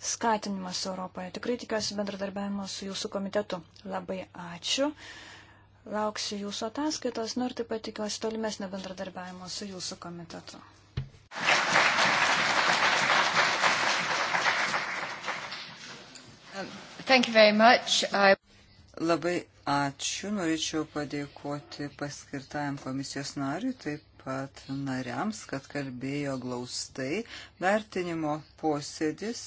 skatinimas Europoje. Tikrai tikiuosi bendradarbiavimo su jūsų komitetu. Labai ačiū. Lauksiu jūsų ataskaitos, nors nu, taip pat tikiuosi tolimesnio bendradarbiavimo su jūsų komitetu. Um, thank you very much. I... Labai ačiū. Norėčiau padėkoti paskirtajam komisijos nariui, taip pat nariams, kad kalbėjo glaustai. Vertinimo posėdis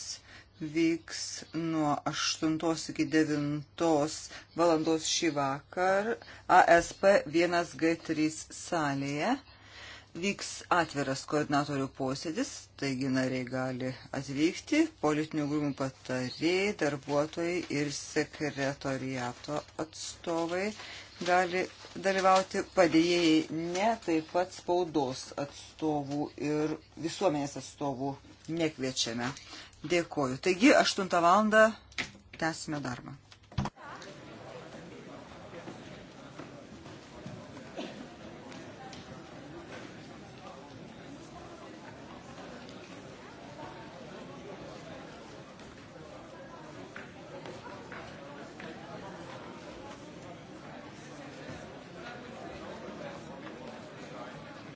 vyks nuo 8 iki 9 valandos šį vakar ASP 1G3 salėje. Vyks atviras koordinatorių posėdis, taigi nariai gali atvykti, politinių grūmų patarėjai, darbuotojai ir sekretoriato atstovai gali dalyvauti padėjėjai, ne taip pat spaudos atstovų ir visuomenės atstovų nekviečiame. Dėkoju. Taigi, 8 valandą tęsime darbą.